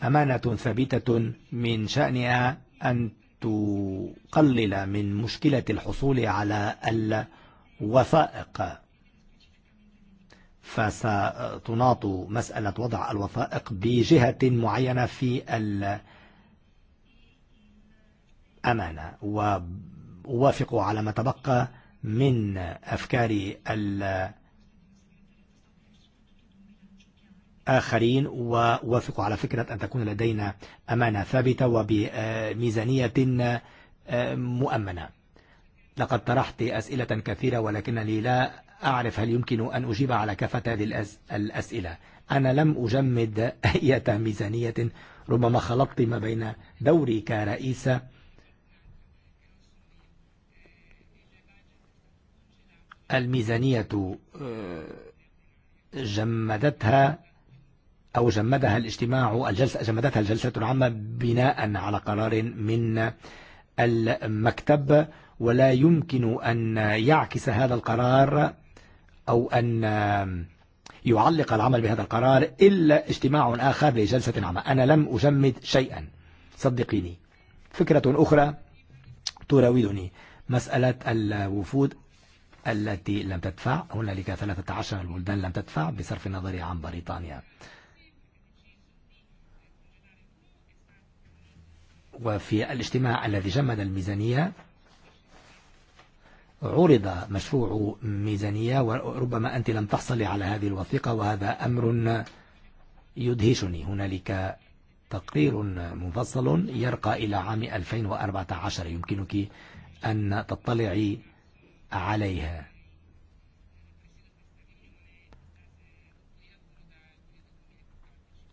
أمانة ثابتة من شأنها أن تقلل من مشكلة الحصول على الوثائق فستناط مسألة وضع الوثائق بجهة معينة في الأمانة وأوافق على ما تبقى من أفكار الآخرين ووافق على فكرة أن تكون لدينا أمانة ثابتة وبميزانية مؤمنة لقد طرحت أسئلة كثيرة ولكنني لا أعرف هل يمكن أن أجيب على كافة هذه الأسئلة أنا لم أجمد أي ميزانية ربما خلطت ما بين دوري كرئيس الميزانية جمدتها أو جمدها الاجتماع الجلسة جمدتها الجلسة العامة بناء على قرار من المكتب ولا يمكن أن يعكس هذا القرار أو أن يعلق العمل بهذا القرار إلا اجتماع آخر لجلسة عامة أنا لم أجمد شيئا صدقيني فكرة أخرى تراودني مسألة الوفود التي لم تدفع هنالك 13 البلدان لم تدفع بصرف النظر عن بريطانيا وفي الاجتماع الذي جمد الميزانية عرض مشروع ميزانية وربما أنت لم تحصلي على هذه الوثيقة وهذا أمر يدهشني هنالك تقرير مفصل يرقى إلى عام 2014 يمكنك أن تطلعي عليها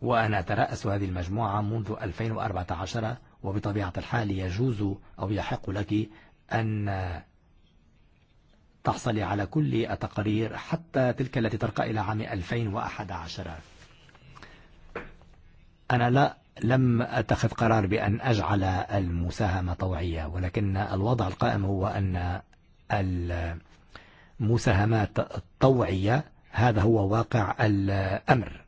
وأنا أترأس هذه المجموعة منذ 2014 وبطبيعة الحال يجوز أو يحق لك أن تحصل على كل التقارير حتى تلك التي ترقى إلى عام 2011 أنا لا لم أتخذ قرار بأن أجعل المساهمة طوعية ولكن الوضع القائم هو أن المساهمات الطوعية هذا هو واقع الأمر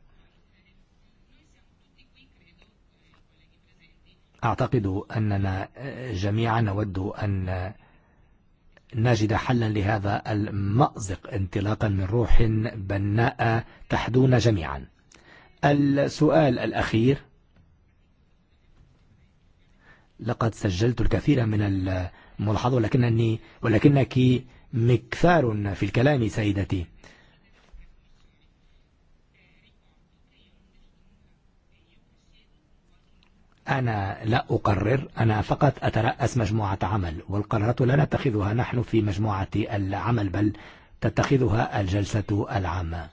أعتقد أننا جميعا نود أن نجد حلا لهذا المأزق انطلاقا من روح بناء تحدون جميعا السؤال الأخير لقد سجلت الكثير من الملحظة ولكنني ولكنك مكثار في الكلام سيدتي أنا لا أقرر أنا فقط أترأس مجموعة عمل والقرارات لا نتخذها نحن في مجموعة العمل بل تتخذها الجلسة العامة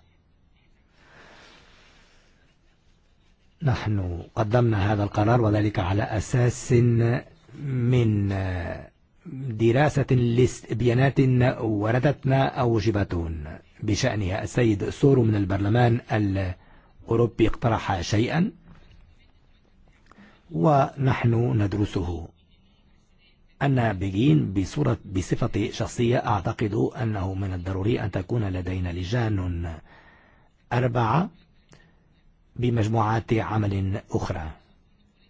نحن قدمنا هذا القرار وذلك على أساس من دراسة لاستبيانات وردتنا أو جبتون بشأنها السيد سورو من البرلمان الأوروبي اقترح شيئا ونحن ندرسه بيجين بصورة بصفة شخصية أعتقد أنه من الضروري أن تكون لدينا لجان أربعة بمجموعات عمل أخرى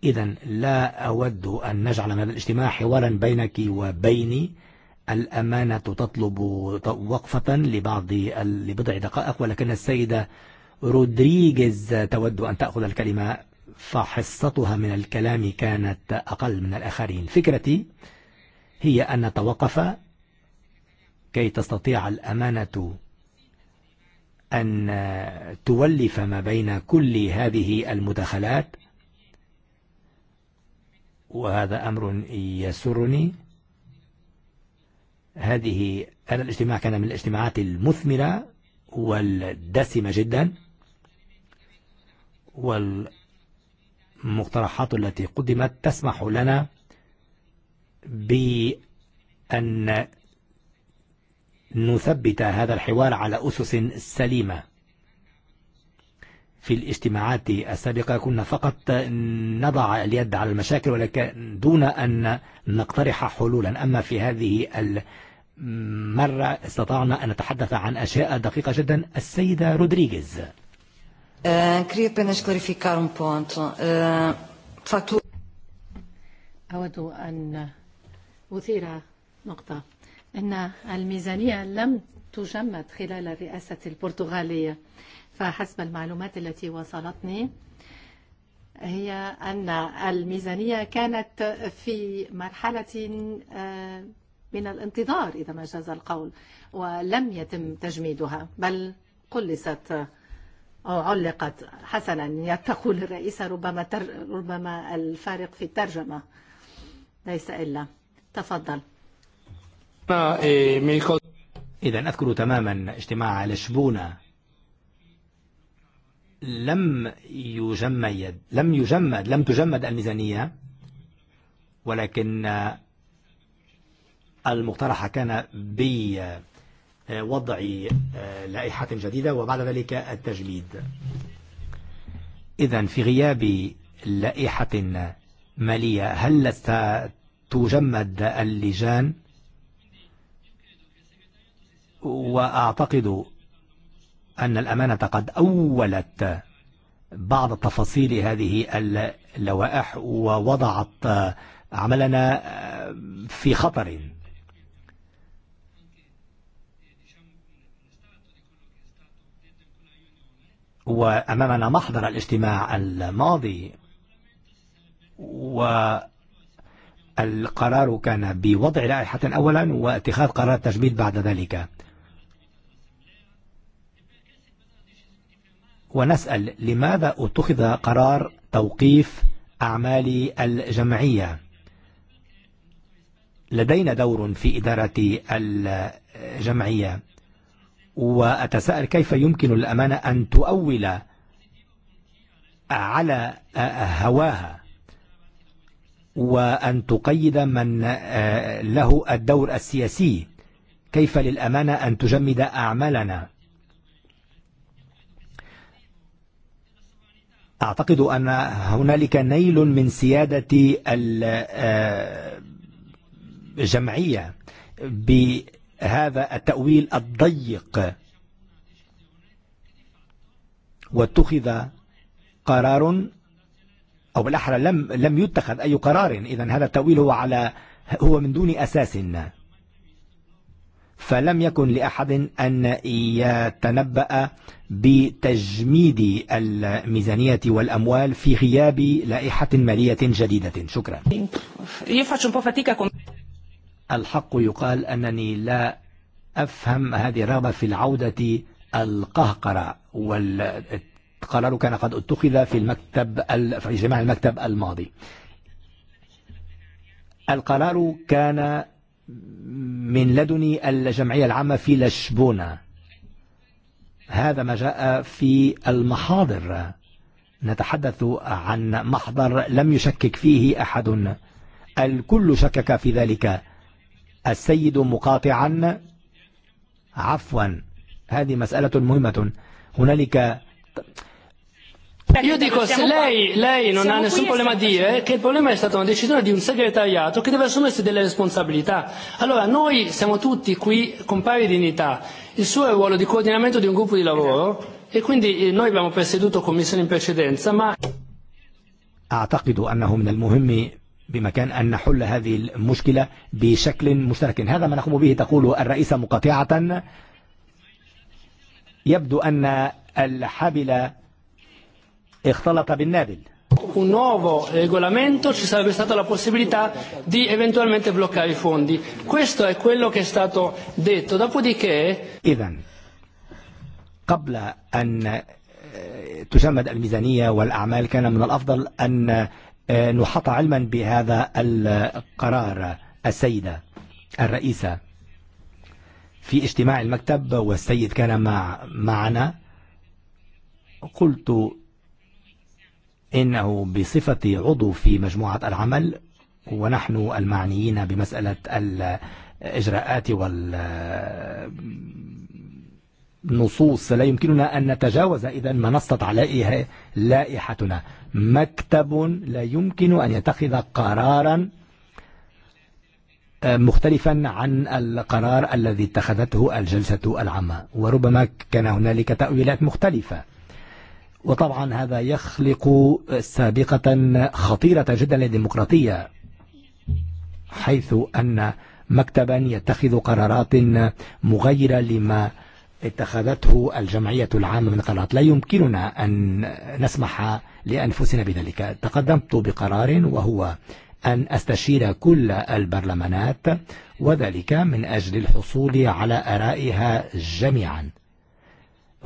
إذا لا أود أن نجعل من الاجتماع حوارا بينك وبيني الأمانة تطلب وقفة لبعض لبضع دقائق ولكن السيدة رودريغيز تود أن تأخذ الكلمة فحصتها من الكلام كانت أقل من الآخرين فكرتي هي أن نتوقف كي تستطيع الأمانة أن تولف ما بين كل هذه المدخلات وهذا أمر يسرني هذه هذا الاجتماع كان من الاجتماعات المثمرة والدسمة جدا وال المقترحات التي قدمت تسمح لنا بأن نثبت هذا الحوار على أسس سليمة في الاجتماعات السابقة كنا فقط نضع اليد على المشاكل ولكن دون أن نقترح حلولا أما في هذه المرة استطعنا أن نتحدث عن أشياء دقيقة جدا السيدة رودريغيز Uh, queria apenas clarificar um ponto. Uh, de facto... أود أن أثير نقطة أن الميزانية لم تجمد خلال الرئاسة البرتغالية فحسب المعلومات التي وصلتني هي أن الميزانية كانت في مرحلة من الانتظار إذا ما جاز القول ولم يتم تجميدها بل قلصت علقت حسنا يتقول الرئيس ربما تر ربما الفارق في الترجمة ليس إلا تفضل إذا أذكر تماما اجتماع على لشبونة لم يجمد لم يجمد لم تجمد الميزانية ولكن المقترح كان بي وضع لائحة جديدة وبعد ذلك التجميد إذا في غياب لائحة مالية هل ستجمد اللجان وأعتقد أن الأمانة قد أولت بعض تفاصيل هذه اللوائح ووضعت عملنا في خطر وأمامنا محضر الاجتماع الماضي والقرار كان بوضع لائحة أولا واتخاذ قرار التجميد بعد ذلك ونسأل لماذا اتخذ قرار توقيف أعمال الجمعية لدينا دور في إدارة الجمعية وأتساءل كيف يمكن الأمانة أن تؤول على هواها وأن تقيد من له الدور السياسي كيف للأمانة أن تجمد أعمالنا أعتقد أن هنالك نيل من سيادة الجمعية بأن هذا التأويل الضيق واتخذ قرار أو بالأحرى لم لم يتخذ أي قرار إذا هذا التأويل هو على هو من دون أساس فلم يكن لأحد أن يتنبأ بتجميد الميزانية والأموال في غياب لائحة مالية جديدة شكرا الحق يقال أنني لا أفهم هذه الرغبة في العودة القهقرة والقرار كان قد اتخذ في المكتب في اجتماع المكتب الماضي القرار كان من لدن الجمعية العامة في لشبونة هذا ما جاء في المحاضر نتحدث عن محضر لم يشكك فيه أحد الكل شكك في ذلك السيد مقاطعا عفوا هذه مسألة مهمة هنالك Io dico, se lei, lei non ha nessun e problema a dire che il problema è stata una decisione di un segretariato che deve assumersi delle responsabilità. Allora, noi siamo tutti qui con pari dignità. Il suo è il ruolo di coordinamento di un gruppo di lavoro e quindi eh, noi abbiamo presieduto commissioni in precedenza, ma... بمكان أن نحل هذه المشكلة بشكل مشترك هذا ما نقوم به تقول الرئيسة مقاطعة يبدو أن الحبل اختلط بالنابل un nuovo regolamento ci sarebbe stata la possibilità di eventualmente bloccare i fondi. Questo è quello che è stato detto. Dopodiché... إذن قبل أن eh, تجمد الميزانية والأعمال كان من الأفضل أن نحط علما بهذا القرار السيدة الرئيسة في اجتماع المكتب والسيد كان مع معنا قلت إنه بصفة عضو في مجموعة العمل ونحن المعنيين بمسألة الإجراءات والنصوص لا يمكننا أن نتجاوز إذن منصة على عليه لائحتنا مكتب لا يمكن أن يتخذ قرارا مختلفا عن القرار الذي اتخذته الجلسة العامة وربما كان هنالك تأويلات مختلفة وطبعا هذا يخلق سابقة خطيرة جدا للديمقراطية حيث أن مكتبا يتخذ قرارات مغيرة لما اتخذته الجمعية العامة من قرارات لا يمكننا أن نسمح لأنفسنا بذلك تقدمت بقرار وهو أن أستشير كل البرلمانات وذلك من أجل الحصول على أرائها جميعا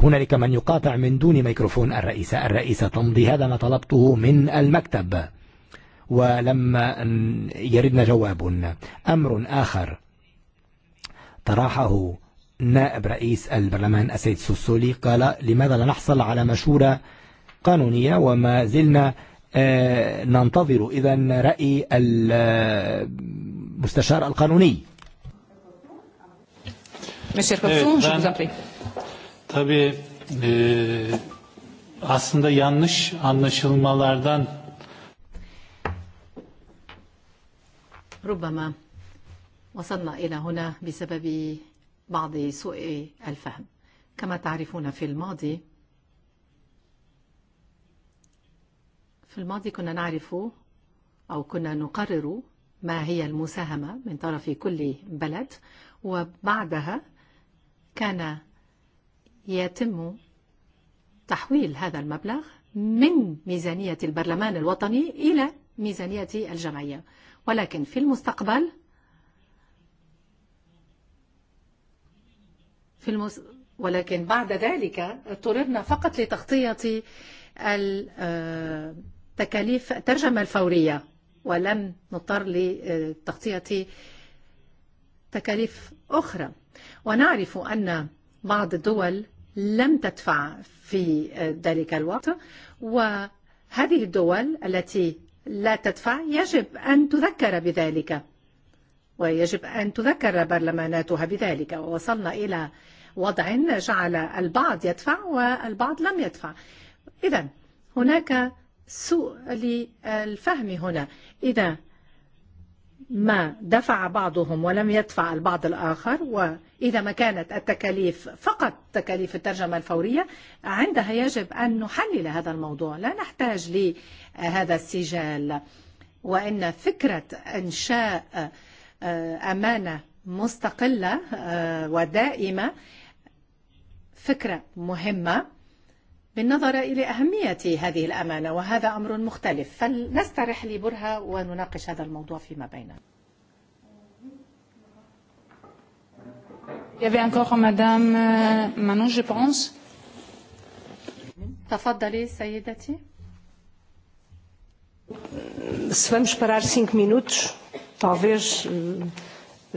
هنالك من يقاطع من دون ميكروفون الرئيسة الرئيسة تمضي هذا ما طلبته من المكتب ولما يردنا جواب أمر آخر طرحه نائب رئيس البرلمان السيد سوسولي قال لماذا لا نحصل على مشورة قانونية وما زلنا ننتظر إذا رأي المستشار القانوني e, ربما وصلنا إلى هنا بسبب بعض سوء الفهم كما تعرفون في الماضي في الماضي كنا نعرف أو كنا نقرر ما هي المساهمة من طرف كل بلد وبعدها كان يتم تحويل هذا المبلغ من ميزانية البرلمان الوطني إلى ميزانية الجمعية ولكن في المستقبل في المس... ولكن بعد ذلك اضطررنا فقط لتغطية تكاليف الترجمة الفورية ولم نضطر لتغطية تكاليف أخرى ونعرف أن بعض الدول لم تدفع في ذلك الوقت وهذه الدول التي لا تدفع يجب أن تذكر بذلك ويجب أن تذكر برلماناتها بذلك ووصلنا إلى وضع جعل البعض يدفع والبعض لم يدفع إذا هناك سوء للفهم هنا إذا ما دفع بعضهم ولم يدفع البعض الآخر وإذا ما كانت التكاليف فقط تكاليف الترجمة الفورية عندها يجب أن نحلل هذا الموضوع لا نحتاج لهذا السجال وإن فكرة إنشاء أمانة مستقلة ودائمة فكرة مهمة بالنظر إلى أهمية هذه الأمانة وهذا أمر مختلف فلنسترح لبرهة ونناقش هذا الموضوع فيما بيننا Il y avait encore Madame euh, Manon, je pense. تفضلي سيدتي. Se vamos parar cinco minutos, talvez eh,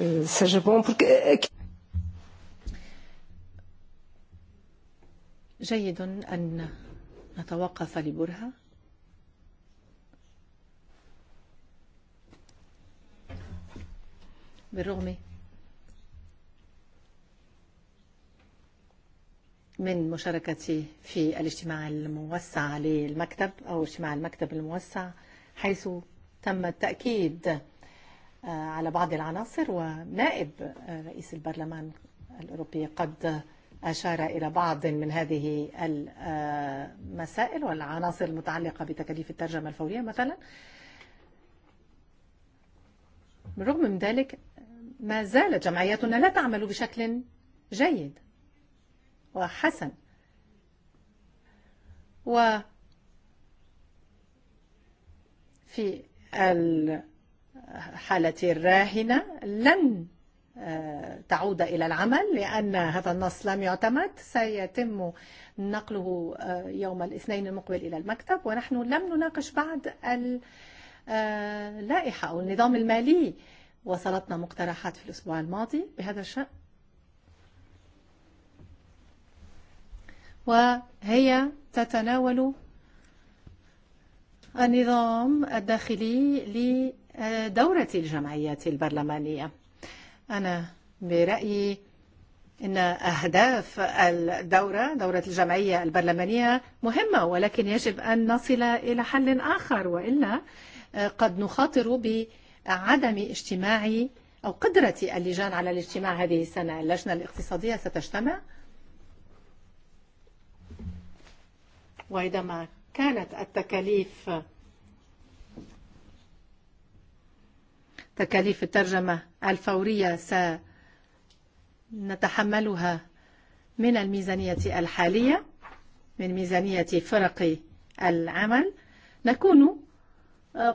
eh, seja bom, porque... جيد أن نتوقف لبرهة بالرغم من مشاركتي في الاجتماع الموسع للمكتب أو اجتماع المكتب الموسع حيث تم التأكيد على بعض العناصر ونائب رئيس البرلمان الأوروبي قد أشار إلى بعض من هذه المسائل والعناصر المتعلقة بتكاليف الترجمة الفورية مثلا بالرغم من ذلك ما زالت جمعياتنا لا تعمل بشكل جيد وحسن و في الحالة الراهنة لن تعود إلى العمل لأن هذا النص لم يعتمد سيتم نقله يوم الاثنين المقبل إلى المكتب ونحن لم نناقش بعد اللائحة أو النظام المالي وصلتنا مقترحات في الأسبوع الماضي بهذا الشأن وهي تتناول النظام الداخلي لدورة الجمعيات البرلمانية أنا برأيي إن أهداف الدورة دورة الجمعية البرلمانية مهمة ولكن يجب أن نصل إلى حل آخر وإلا قد نخاطر بعدم اجتماع أو قدرة اللجان على الاجتماع هذه السنة اللجنة الاقتصادية ستجتمع وإذا ما كانت التكاليف تكاليف الترجمة الفورية سنتحملها من الميزانية الحالية من ميزانية فرق العمل نكون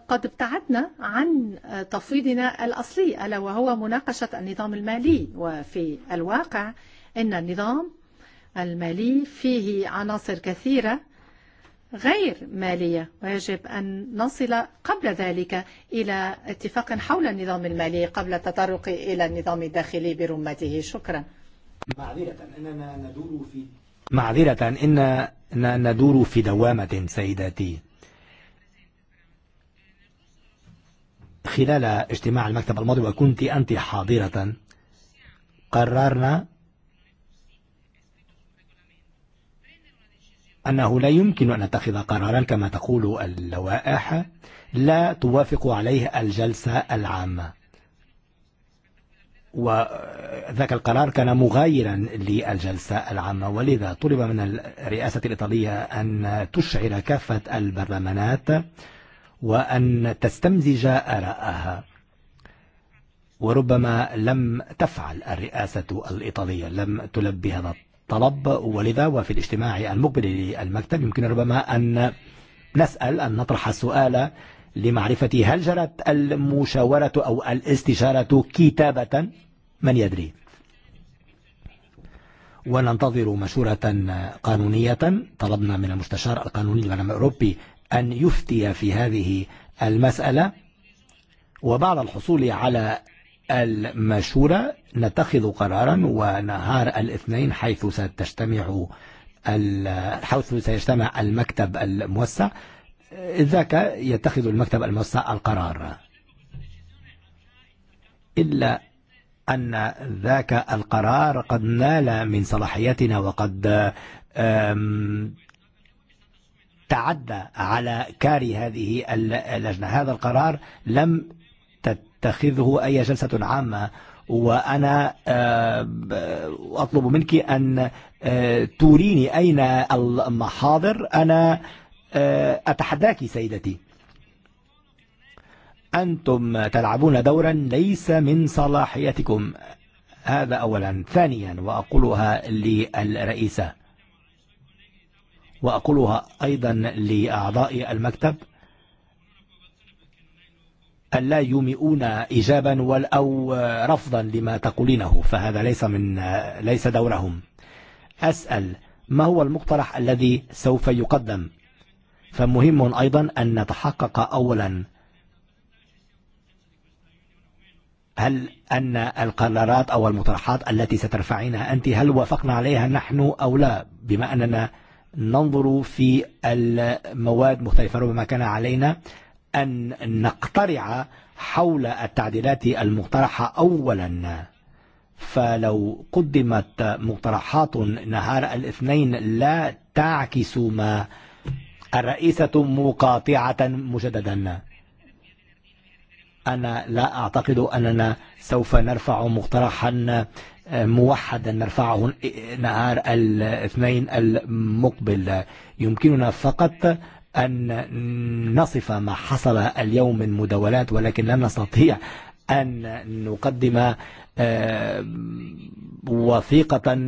قد ابتعدنا عن تفويضنا الأصلي ألا وهو مناقشة النظام المالي وفي الواقع إن النظام المالي فيه عناصر كثيرة غير مالية ويجب أن نصل قبل ذلك إلى اتفاق حول النظام المالي قبل التطرق إلى النظام الداخلي برمته شكرا معذرة أننا ندور في معذرة أننا ندور في دوامة سيداتي خلال اجتماع المكتب الماضي وكنت أنت حاضرة قررنا أنه لا يمكن أن نتخذ قرارا كما تقول اللوائح لا توافق عليه الجلسة العامة وذاك القرار كان مغايرا للجلسة العامة ولذا طلب من الرئاسة الإيطالية أن تشعر كافة البرلمانات وأن تستمزج أراءها وربما لم تفعل الرئاسة الإيطالية لم تلبي هذا طلب ولذا وفي الاجتماع المقبل للمكتب يمكن ربما أن نسأل أن نطرح السؤال لمعرفة هل جرت المشاورة أو الاستشارة كتابة من يدري وننتظر مشورة قانونية طلبنا من المستشار القانوني للعالم الأوروبي أن يفتي في هذه المسألة وبعد الحصول على المشورة نتخذ قرارا ونهار الاثنين حيث ستجتمع حيث سيجتمع المكتب الموسع ذاك يتخذ المكتب الموسع القرار إلا أن ذاك القرار قد نال من صلاحيتنا وقد تعدى على كاري هذه اللجنة هذا القرار لم تتخذه أي جلسة عامة وأنا أطلب منك أن توريني أين المحاضر أنا أتحداك سيدتي أنتم تلعبون دورا ليس من صلاحيتكم هذا أولا ثانيا وأقولها للرئيسة وأقولها أيضا لأعضاء المكتب ألا يومئون إجابا أو رفضا لما تقولينه فهذا ليس من ليس دورهم أسأل ما هو المقترح الذي سوف يقدم فمهم أيضا أن نتحقق أولا هل أن القرارات أو المطرحات التي سترفعينها أنت هل وافقنا عليها نحن أو لا بما أننا ننظر في المواد مختلفة ربما كان علينا أن نقترع حول التعديلات المقترحة أولا فلو قدمت مقترحات نهار الاثنين لا تعكس ما الرئيسة مقاطعة مجددا أنا لا أعتقد أننا سوف نرفع مقترحا موحدا نرفعه نهار الاثنين المقبل يمكننا فقط أن نصف ما حصل اليوم من مداولات ولكن لن نستطيع أن نقدم وثيقة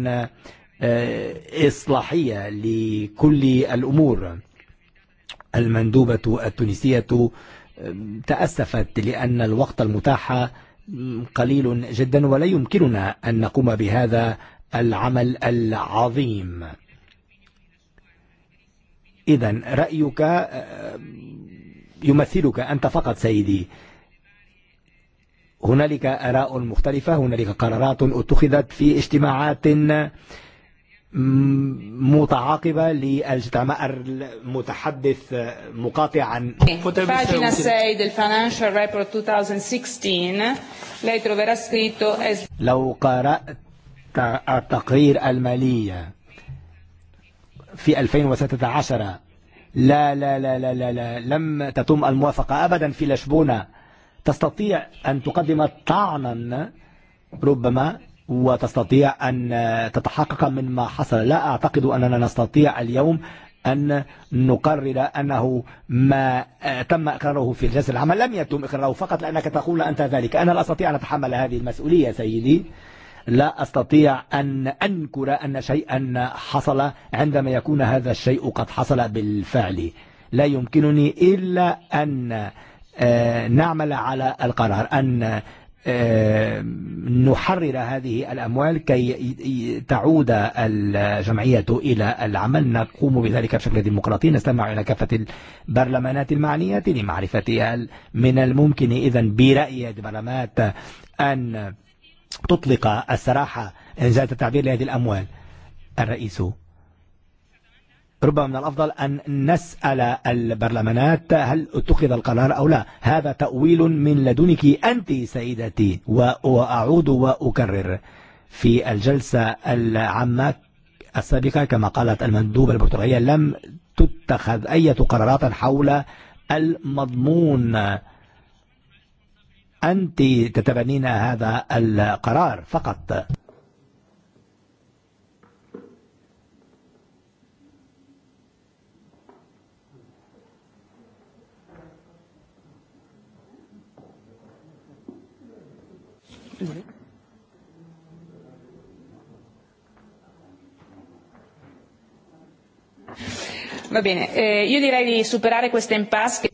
إصلاحية لكل الأمور المندوبة التونسية تأسفت لأن الوقت المتاح قليل جدا ولا يمكننا أن نقوم بهذا العمل العظيم إذا رأيك يمثلك أنت فقط سيدي هنالك آراء مختلفة هنالك قرارات اتخذت في اجتماعات متعاقبة للجتماع المتحدث مقاطعا فاجنا سيد الفنانشال Financial Report 2016 lei troverà scritto لو قرأت التقرير المالية في 2016 لا لا لا لا لا, لا لم تتم الموافقة أبدا في لشبونة تستطيع أن تقدم طعنا ربما وتستطيع أن تتحقق من ما حصل لا أعتقد أننا نستطيع اليوم أن نقرر أنه ما تم إقراره في الجلسة العامة لم يتم إقراره فقط لأنك تقول أنت ذلك أنا لا أستطيع أن أتحمل هذه المسؤولية سيدي لا أستطيع أن أنكر أن شيئا حصل عندما يكون هذا الشيء قد حصل بالفعل لا يمكنني إلا أن نعمل على القرار أن نحرر هذه الأموال كي تعود الجمعية إلى العمل نقوم بذلك بشكل ديمقراطي نستمع إلى كافة البرلمانات المعنية لمعرفة هل من الممكن إذن برأي البرلمانات أن تطلق السراحة ذات التعبير لهذه الأموال الرئيس ربما من الأفضل أن نسأل البرلمانات هل اتخذ القرار أو لا هذا تأويل من لدنك أنت سيدتي وأعود وأكرر في الجلسة العامة السابقة كما قالت المندوبة البرتغالية لم تتخذ أي قرارات حول المضمون أنت تتبنين هذا القرار فقط Va bene, eh, io direi di superare questa impasse.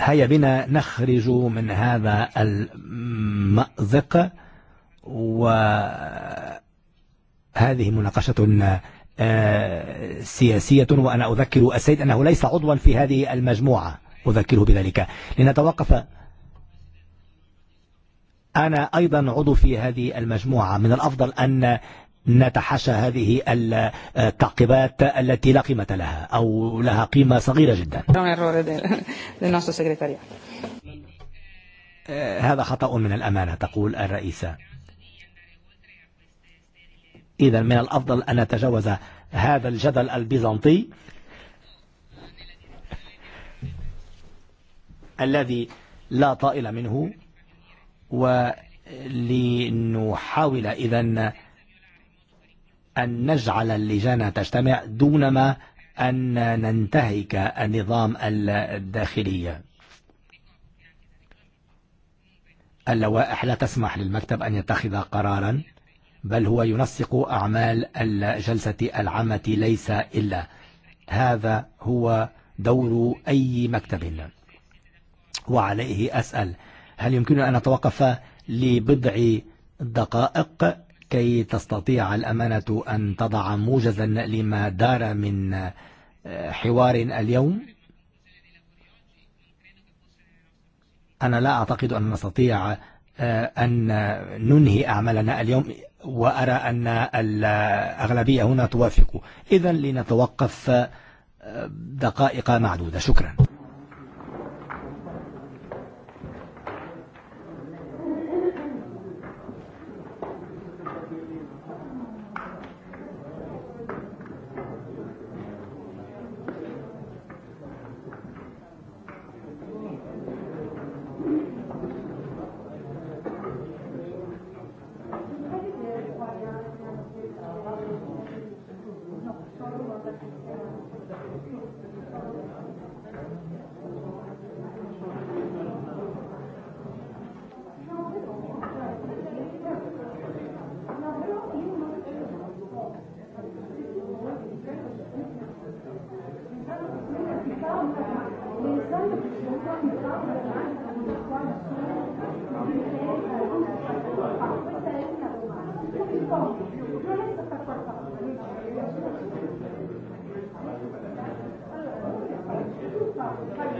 هيا بنا نخرج من هذا المأذق وهذه مناقشة سياسية وأنا أذكر السيد أنه ليس عضوا في هذه المجموعة أذكره بذلك لنتوقف أنا أيضا عضو في هذه المجموعة من الأفضل أن نتحشى هذه التعقيبات التي لا قيمة لها أو لها قيمة صغيرة جدا هذا خطأ من الأمانة تقول الرئيسة إذا من الأفضل أن نتجاوز هذا الجدل البيزنطي الذي لا طائل منه ولنحاول إذن أن نجعل اللجان تجتمع دونما أن ننتهك النظام الداخلية اللوائح لا تسمح للمكتب أن يتخذ قرارا بل هو ينسق أعمال الجلسة العامة ليس إلا هذا هو دور أي مكتب وعليه أسأل هل يمكن أن نتوقف لبضع دقائق كي تستطيع الأمانة أن تضع موجزا لما دار من حوار اليوم أنا لا أعتقد أن نستطيع أن ننهي أعمالنا اليوم وأرى أن الأغلبية هنا توافق إذا لنتوقف دقائق معدودة شكرا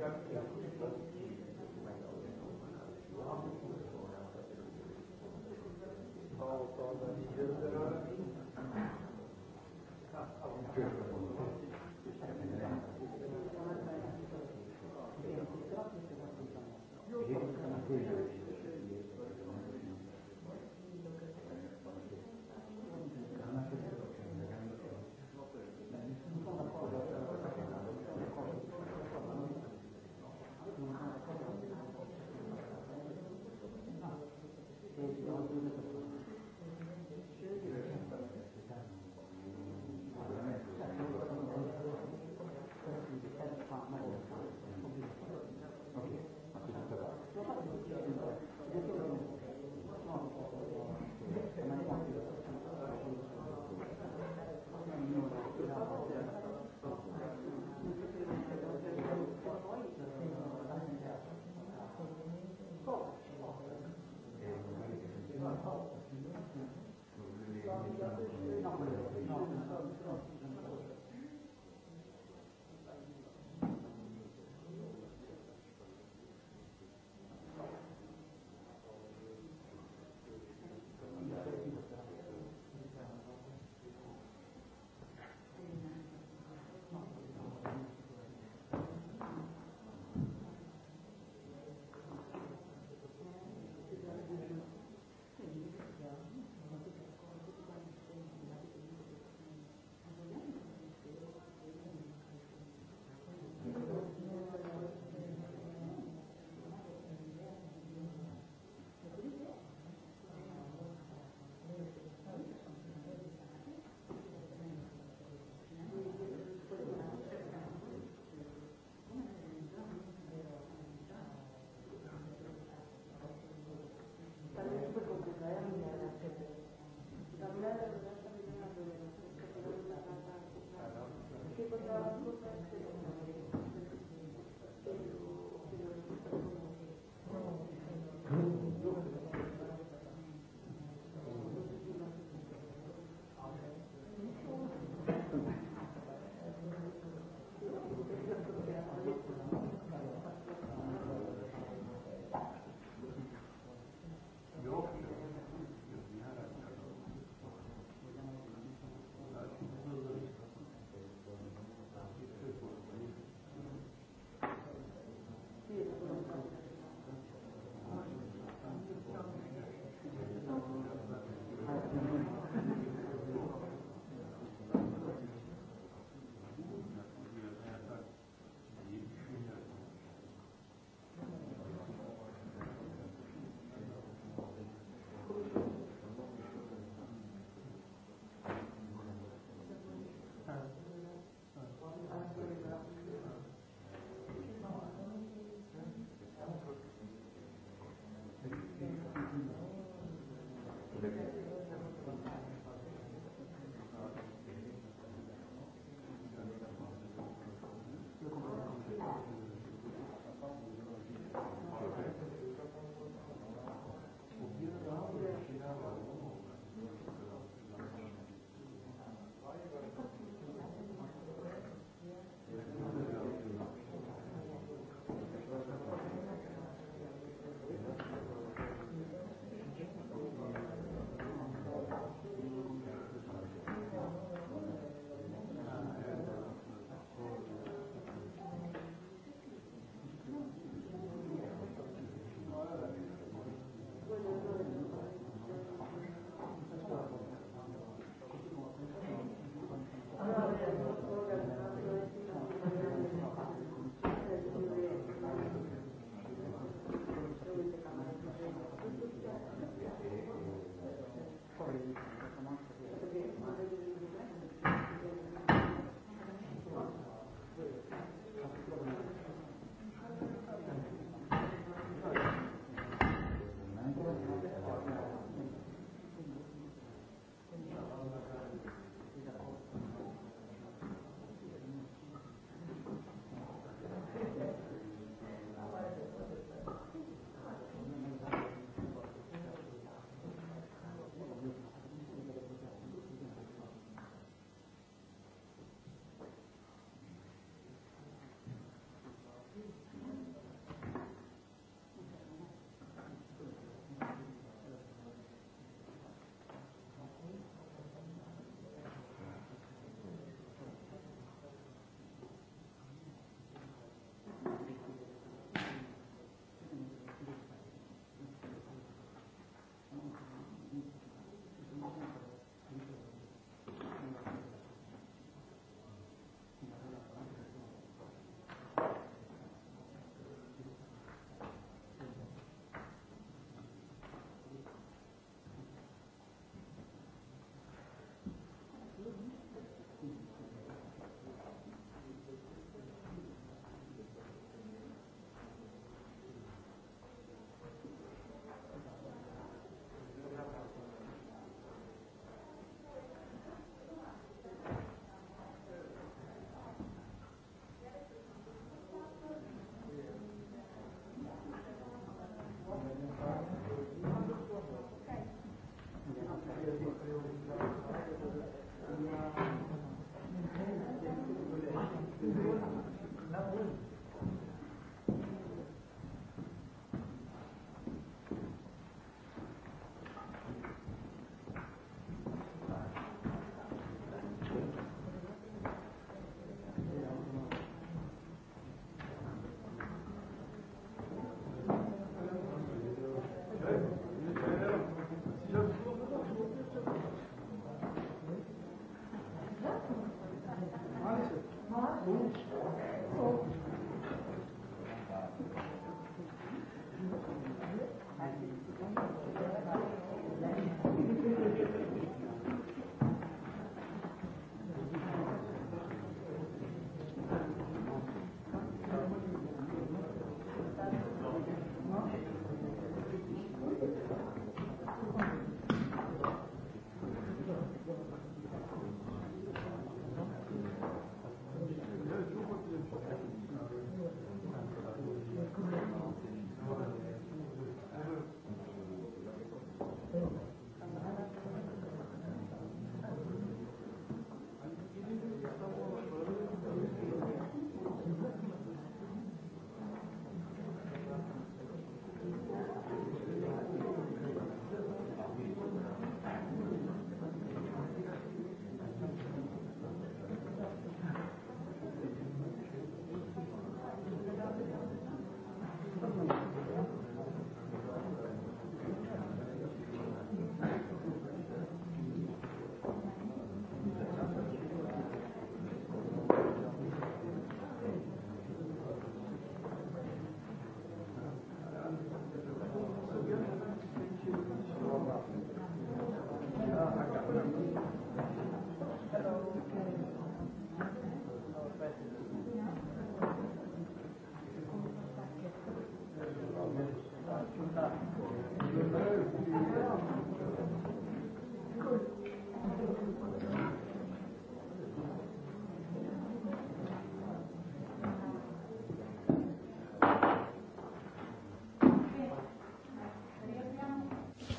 Yeah, yeah. Thank you.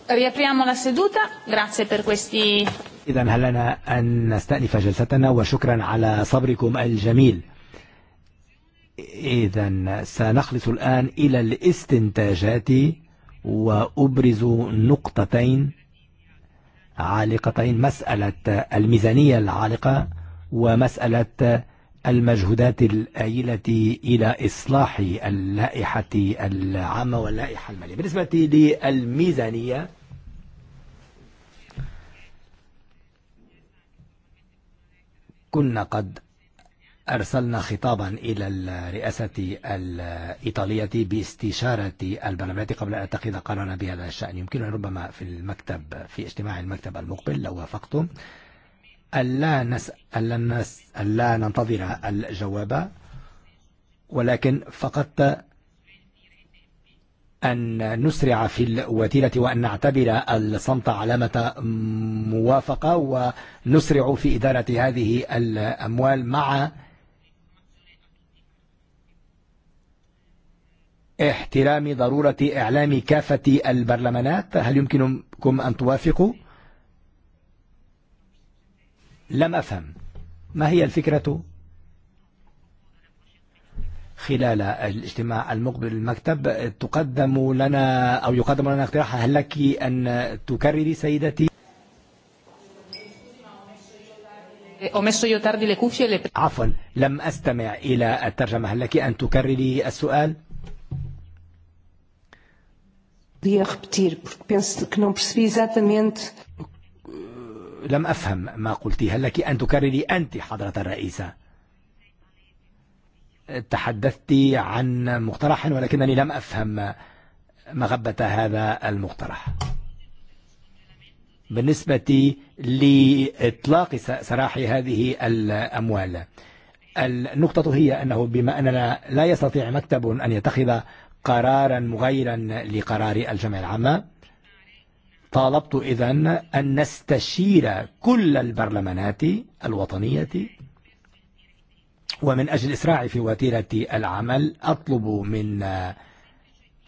Riapriamo la seduta, grazie per questi... إذا هل لنا أن نستأنف جلستنا وشكرا على صبركم الجميل إذا سنخلص الآن إلى الاستنتاجات وأبرز نقطتين عالقتين مسألة الميزانية العالقة ومسألة المجهودات الآيلة إلى إصلاح اللائحة العامة واللائحة المالية بالنسبة للميزانية كنا قد أرسلنا خطابا إلى الرئاسة الإيطالية باستشارة البرلمانات قبل أن أتخذ قرارا بهذا الشأن يمكنني ربما في المكتب في اجتماع المكتب المقبل لو وافقتم ألا, نسأل ألا, نس... ألا ننتظر الجواب ولكن فقط أن نسرع في الوتيرة وأن نعتبر الصمت علامة موافقة ونسرع في إدارة هذه الأموال مع احترام ضرورة إعلام كافة البرلمانات هل يمكنكم أن توافقوا؟ لم أفهم ما هي الفكرة خلال الاجتماع المقبل المكتب تقدم لنا أو يقدم لنا اقتراح هل لك أن تكرري سيدتي e عفوا لم أستمع إلى الترجمة هل لك أن تكرري السؤال podia repetir, porque penso que não percebi exatamente. لم أفهم ما قلتيه هل لك أن تكرري أنت حضرة الرئيسة تحدثت عن مقترح ولكنني لم أفهم مغبة هذا المقترح بالنسبة لإطلاق سراح هذه الأموال النقطة هي أنه بما أننا لا يستطيع مكتب أن يتخذ قرارا مغيرا لقرار الجمع العامة طالبت إذن أن نستشير كل البرلمانات الوطنية ومن أجل إسراع في وتيرة العمل أطلب من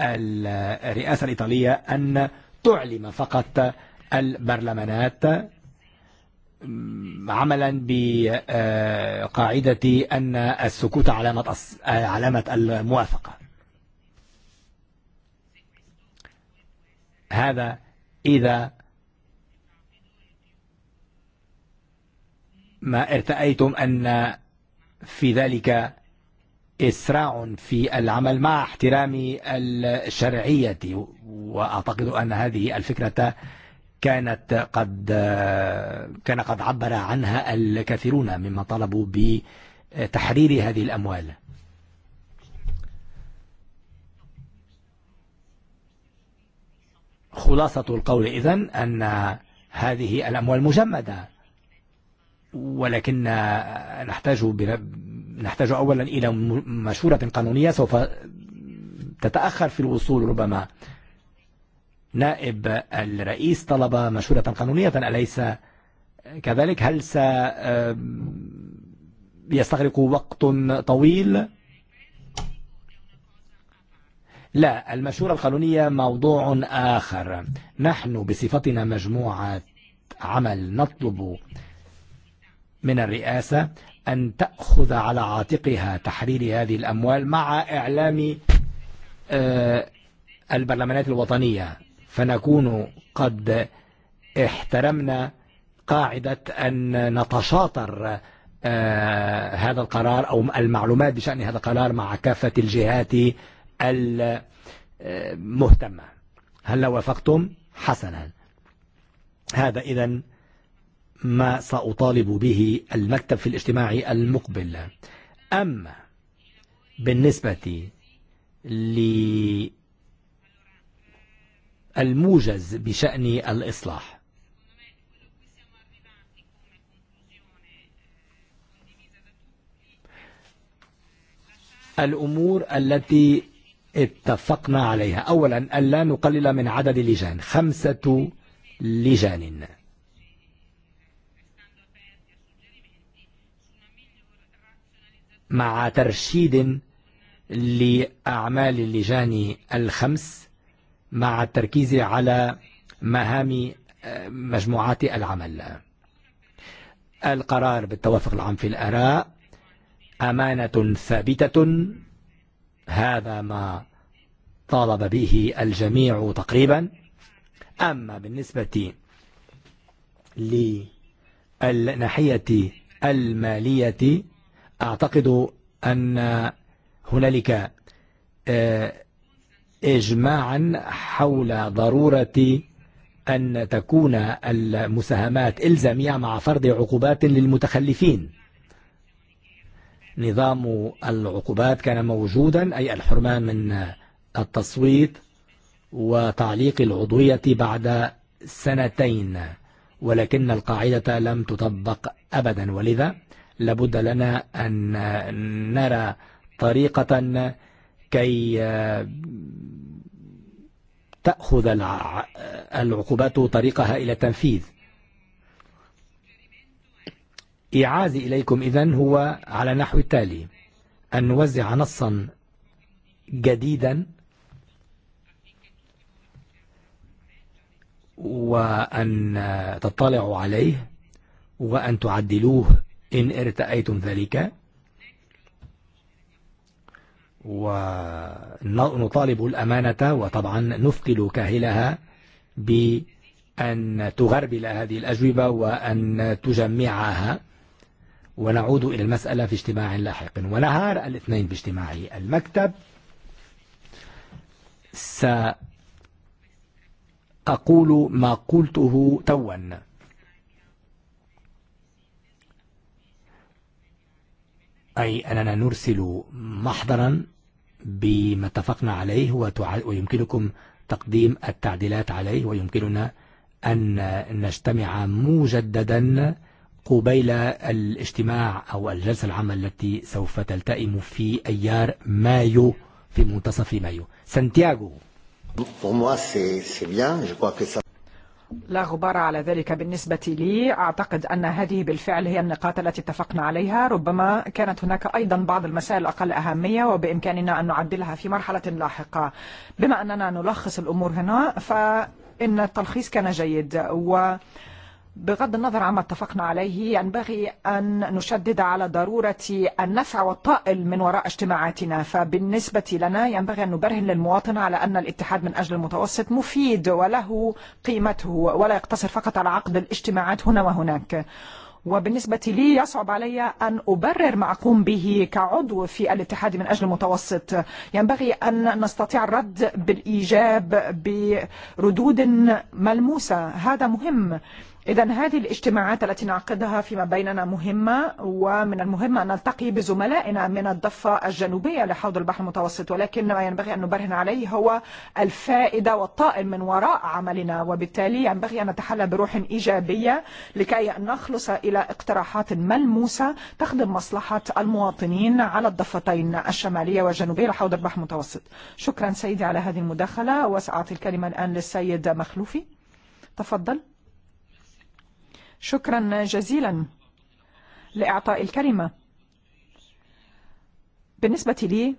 الرئاسة الإيطالية أن تعلم فقط البرلمانات عملا بقاعدة أن السكوت علامة علامة الموافقة هذا إذا ما ارتأيتم أن في ذلك إسراع في العمل مع احترام الشرعية وأعتقد أن هذه الفكرة كانت قد كان قد عبر عنها الكثيرون مما طلبوا بتحرير هذه الأموال خلاصة القول إذن أن هذه الأموال مجمدة ولكن نحتاج نحتاج أولا إلى مشورة قانونية سوف تتأخر في الوصول ربما نائب الرئيس طلب مشورة قانونية أليس كذلك هل سيستغرق وقت طويل لا المشورة القانونية موضوع آخر نحن بصفتنا مجموعة عمل نطلب من الرئاسة أن تأخذ على عاتقها تحرير هذه الأموال مع إعلام البرلمانات الوطنية فنكون قد احترمنا قاعدة أن نتشاطر هذا القرار أو المعلومات بشأن هذا القرار مع كافة الجهات المهتمة هل وافقتم؟ حسنا هذا إذا ما سأطالب به المكتب في الاجتماع المقبل أما بالنسبة للموجز بشأن الإصلاح الأمور التي اتفقنا عليها أولا ألا نقلل من عدد لجان خمسة لجان مع ترشيد لأعمال اللجان الخمس مع التركيز على مهام مجموعات العمل القرار بالتوافق العام في الآراء أمانة ثابتة هذا ما طالب به الجميع تقريبا أما بالنسبة للنحية المالية أعتقد أن هناك إجماعا حول ضرورة أن تكون المساهمات إلزامية مع فرض عقوبات للمتخلفين نظام العقوبات كان موجودا أي الحرمان من التصويت وتعليق العضوية بعد سنتين ولكن القاعدة لم تطبق أبدا ولذا لابد لنا أن نرى طريقة كي تأخذ العقوبات طريقها إلى التنفيذ إعادي إليكم إذن هو على نحو التالي أن نوزع نصا جديدا وأن تطلعوا عليه وأن تعدلوه إن ارتأيتم ذلك ونطالب الأمانة وطبعا نفقل كاهلها بأن تغربل هذه الأجوبة وأن تجمعها ونعود إلى المسألة في اجتماع لاحق ونهار الاثنين باجتماع المكتب سأقول ما قلته توا أي أننا نرسل محضرا بما اتفقنا عليه ويمكنكم تقديم التعديلات عليه ويمكننا أن نجتمع مجددا قبيل الاجتماع أو الجلسة العامة التي سوف تلتئم في أيار مايو في منتصف مايو سانتياغو لا غبار على ذلك بالنسبة لي أعتقد أن هذه بالفعل هي النقاط التي اتفقنا عليها ربما كانت هناك أيضا بعض المسائل الأقل أهمية وبإمكاننا أن نعدلها في مرحلة لاحقة بما أننا نلخص الأمور هنا فإن التلخيص كان جيد و بغض النظر عما اتفقنا عليه ينبغي أن نشدد على ضرورة النفع والطائل من وراء اجتماعاتنا فبالنسبة لنا ينبغي أن نبرهن للمواطن على أن الاتحاد من أجل المتوسط مفيد وله قيمته ولا يقتصر فقط على عقد الاجتماعات هنا وهناك وبالنسبة لي يصعب علي أن أبرر ما أقوم به كعضو في الاتحاد من أجل المتوسط ينبغي أن نستطيع الرد بالإيجاب بردود ملموسة هذا مهم إذن هذه الاجتماعات التي نعقدها فيما بيننا مهمة ومن المهم أن نلتقي بزملائنا من الضفة الجنوبية لحوض البحر المتوسط ولكن ما ينبغي أن نبرهن عليه هو الفائدة والطائل من وراء عملنا وبالتالي ينبغي أن نتحلى بروح إيجابية لكي نخلص إلى اقتراحات ملموسة تخدم مصلحة المواطنين على الضفتين الشمالية والجنوبية لحوض البحر المتوسط شكرا سيدي على هذه المداخلة وسأعطي الكلمة الآن للسيد مخلوفي تفضل شكرا جزيلا لإعطاء الكلمة بالنسبة لي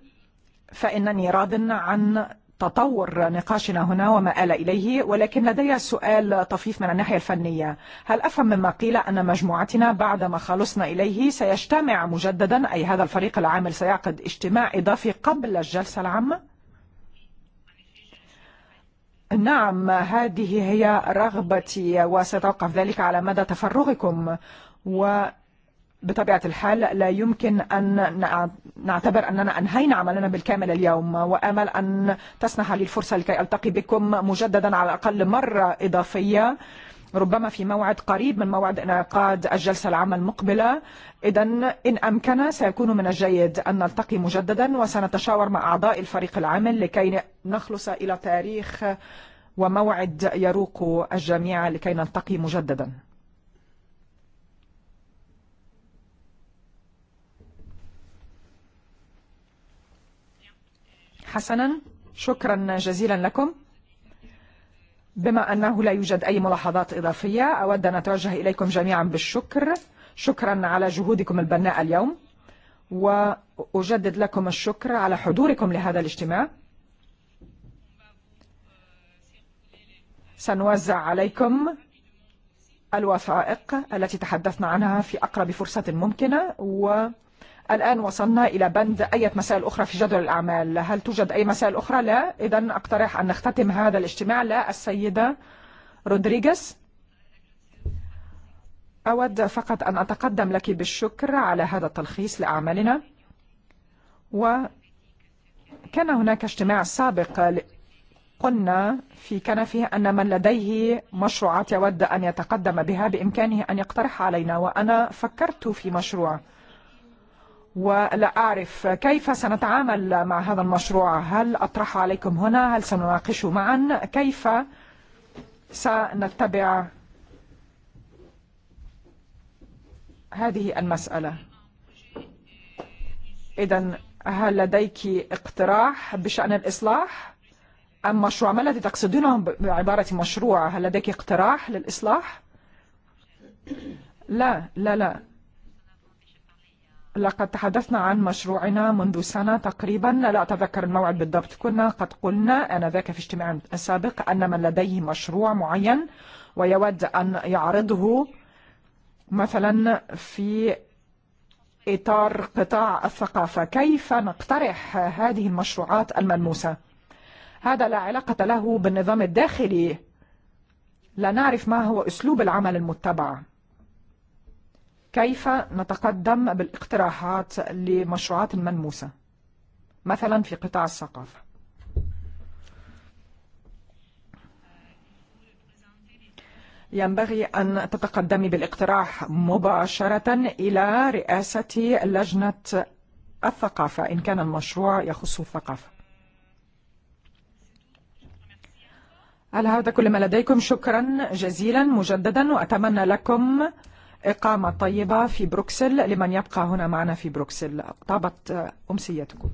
فإنني راض عن تطور نقاشنا هنا وما آل إليه ولكن لدي سؤال طفيف من الناحية الفنية هل أفهم مما قيل أن مجموعتنا بعدما خلصنا إليه سيجتمع مجددا أي هذا الفريق العامل سيعقد اجتماع إضافي قبل الجلسة العامة؟ نعم هذه هي رغبتي وستوقف ذلك على مدى تفرغكم وبطبيعة الحال لا يمكن أن نعتبر أننا أنهينا عملنا بالكامل اليوم وأمل أن تسنح لي الفرصة لكي ألتقي بكم مجددا على الأقل مرة إضافية ربما في موعد قريب من موعد انعقاد الجلسة العامة المقبلة إذا إن أمكن سيكون من الجيد أن نلتقي مجددا وسنتشاور مع أعضاء الفريق العمل لكي نخلص إلى تاريخ وموعد يروق الجميع لكي نلتقي مجددا حسنا شكرا جزيلا لكم بما أنه لا يوجد أي ملاحظات إضافية أود أن أتوجه إليكم جميعا بالشكر شكرا على جهودكم البناء اليوم وأجدد لكم الشكر على حضوركم لهذا الاجتماع سنوزع عليكم الوثائق التي تحدثنا عنها في أقرب فرصة ممكنة و الآن وصلنا إلى بند أي مسائل أخرى في جدول الأعمال هل توجد أي مسائل أخرى؟ لا إذا أقترح أن نختتم هذا الاجتماع لا السيدة رودريغيز أود فقط أن أتقدم لك بالشكر على هذا التلخيص لأعمالنا وكان هناك اجتماع سابق قلنا في كنفه أن من لديه مشروعات يود أن يتقدم بها بإمكانه أن يقترح علينا وأنا فكرت في مشروع ولا أعرف كيف سنتعامل مع هذا المشروع هل أطرح عليكم هنا هل سنناقش معا كيف سنتبع هذه المسألة إذا هل لديك اقتراح بشأن الإصلاح أم مشروع ما الذي تقصدونه بعبارة مشروع هل لديك اقتراح للإصلاح لا لا لا لقد تحدثنا عن مشروعنا منذ سنة تقريبا لا أتذكر الموعد بالضبط كنا قد قلنا أنا ذاك في اجتماع سابق أن من لديه مشروع معين ويود أن يعرضه مثلا في إطار قطاع الثقافة كيف نقترح هذه المشروعات الملموسة هذا لا علاقة له بالنظام الداخلي لا نعرف ما هو أسلوب العمل المتبع كيف نتقدم بالاقتراحات لمشروعات ملموسة مثلا في قطاع الثقافة ينبغي أن تتقدمي بالاقتراح مباشرة إلى رئاسة لجنة الثقافة إن كان المشروع يخص الثقافة على هذا كل ما لديكم شكرا جزيلا مجددا وأتمنى لكم إقامة طيبة في بروكسل لمن يبقى هنا معنا في بروكسل طابت أمسيتكم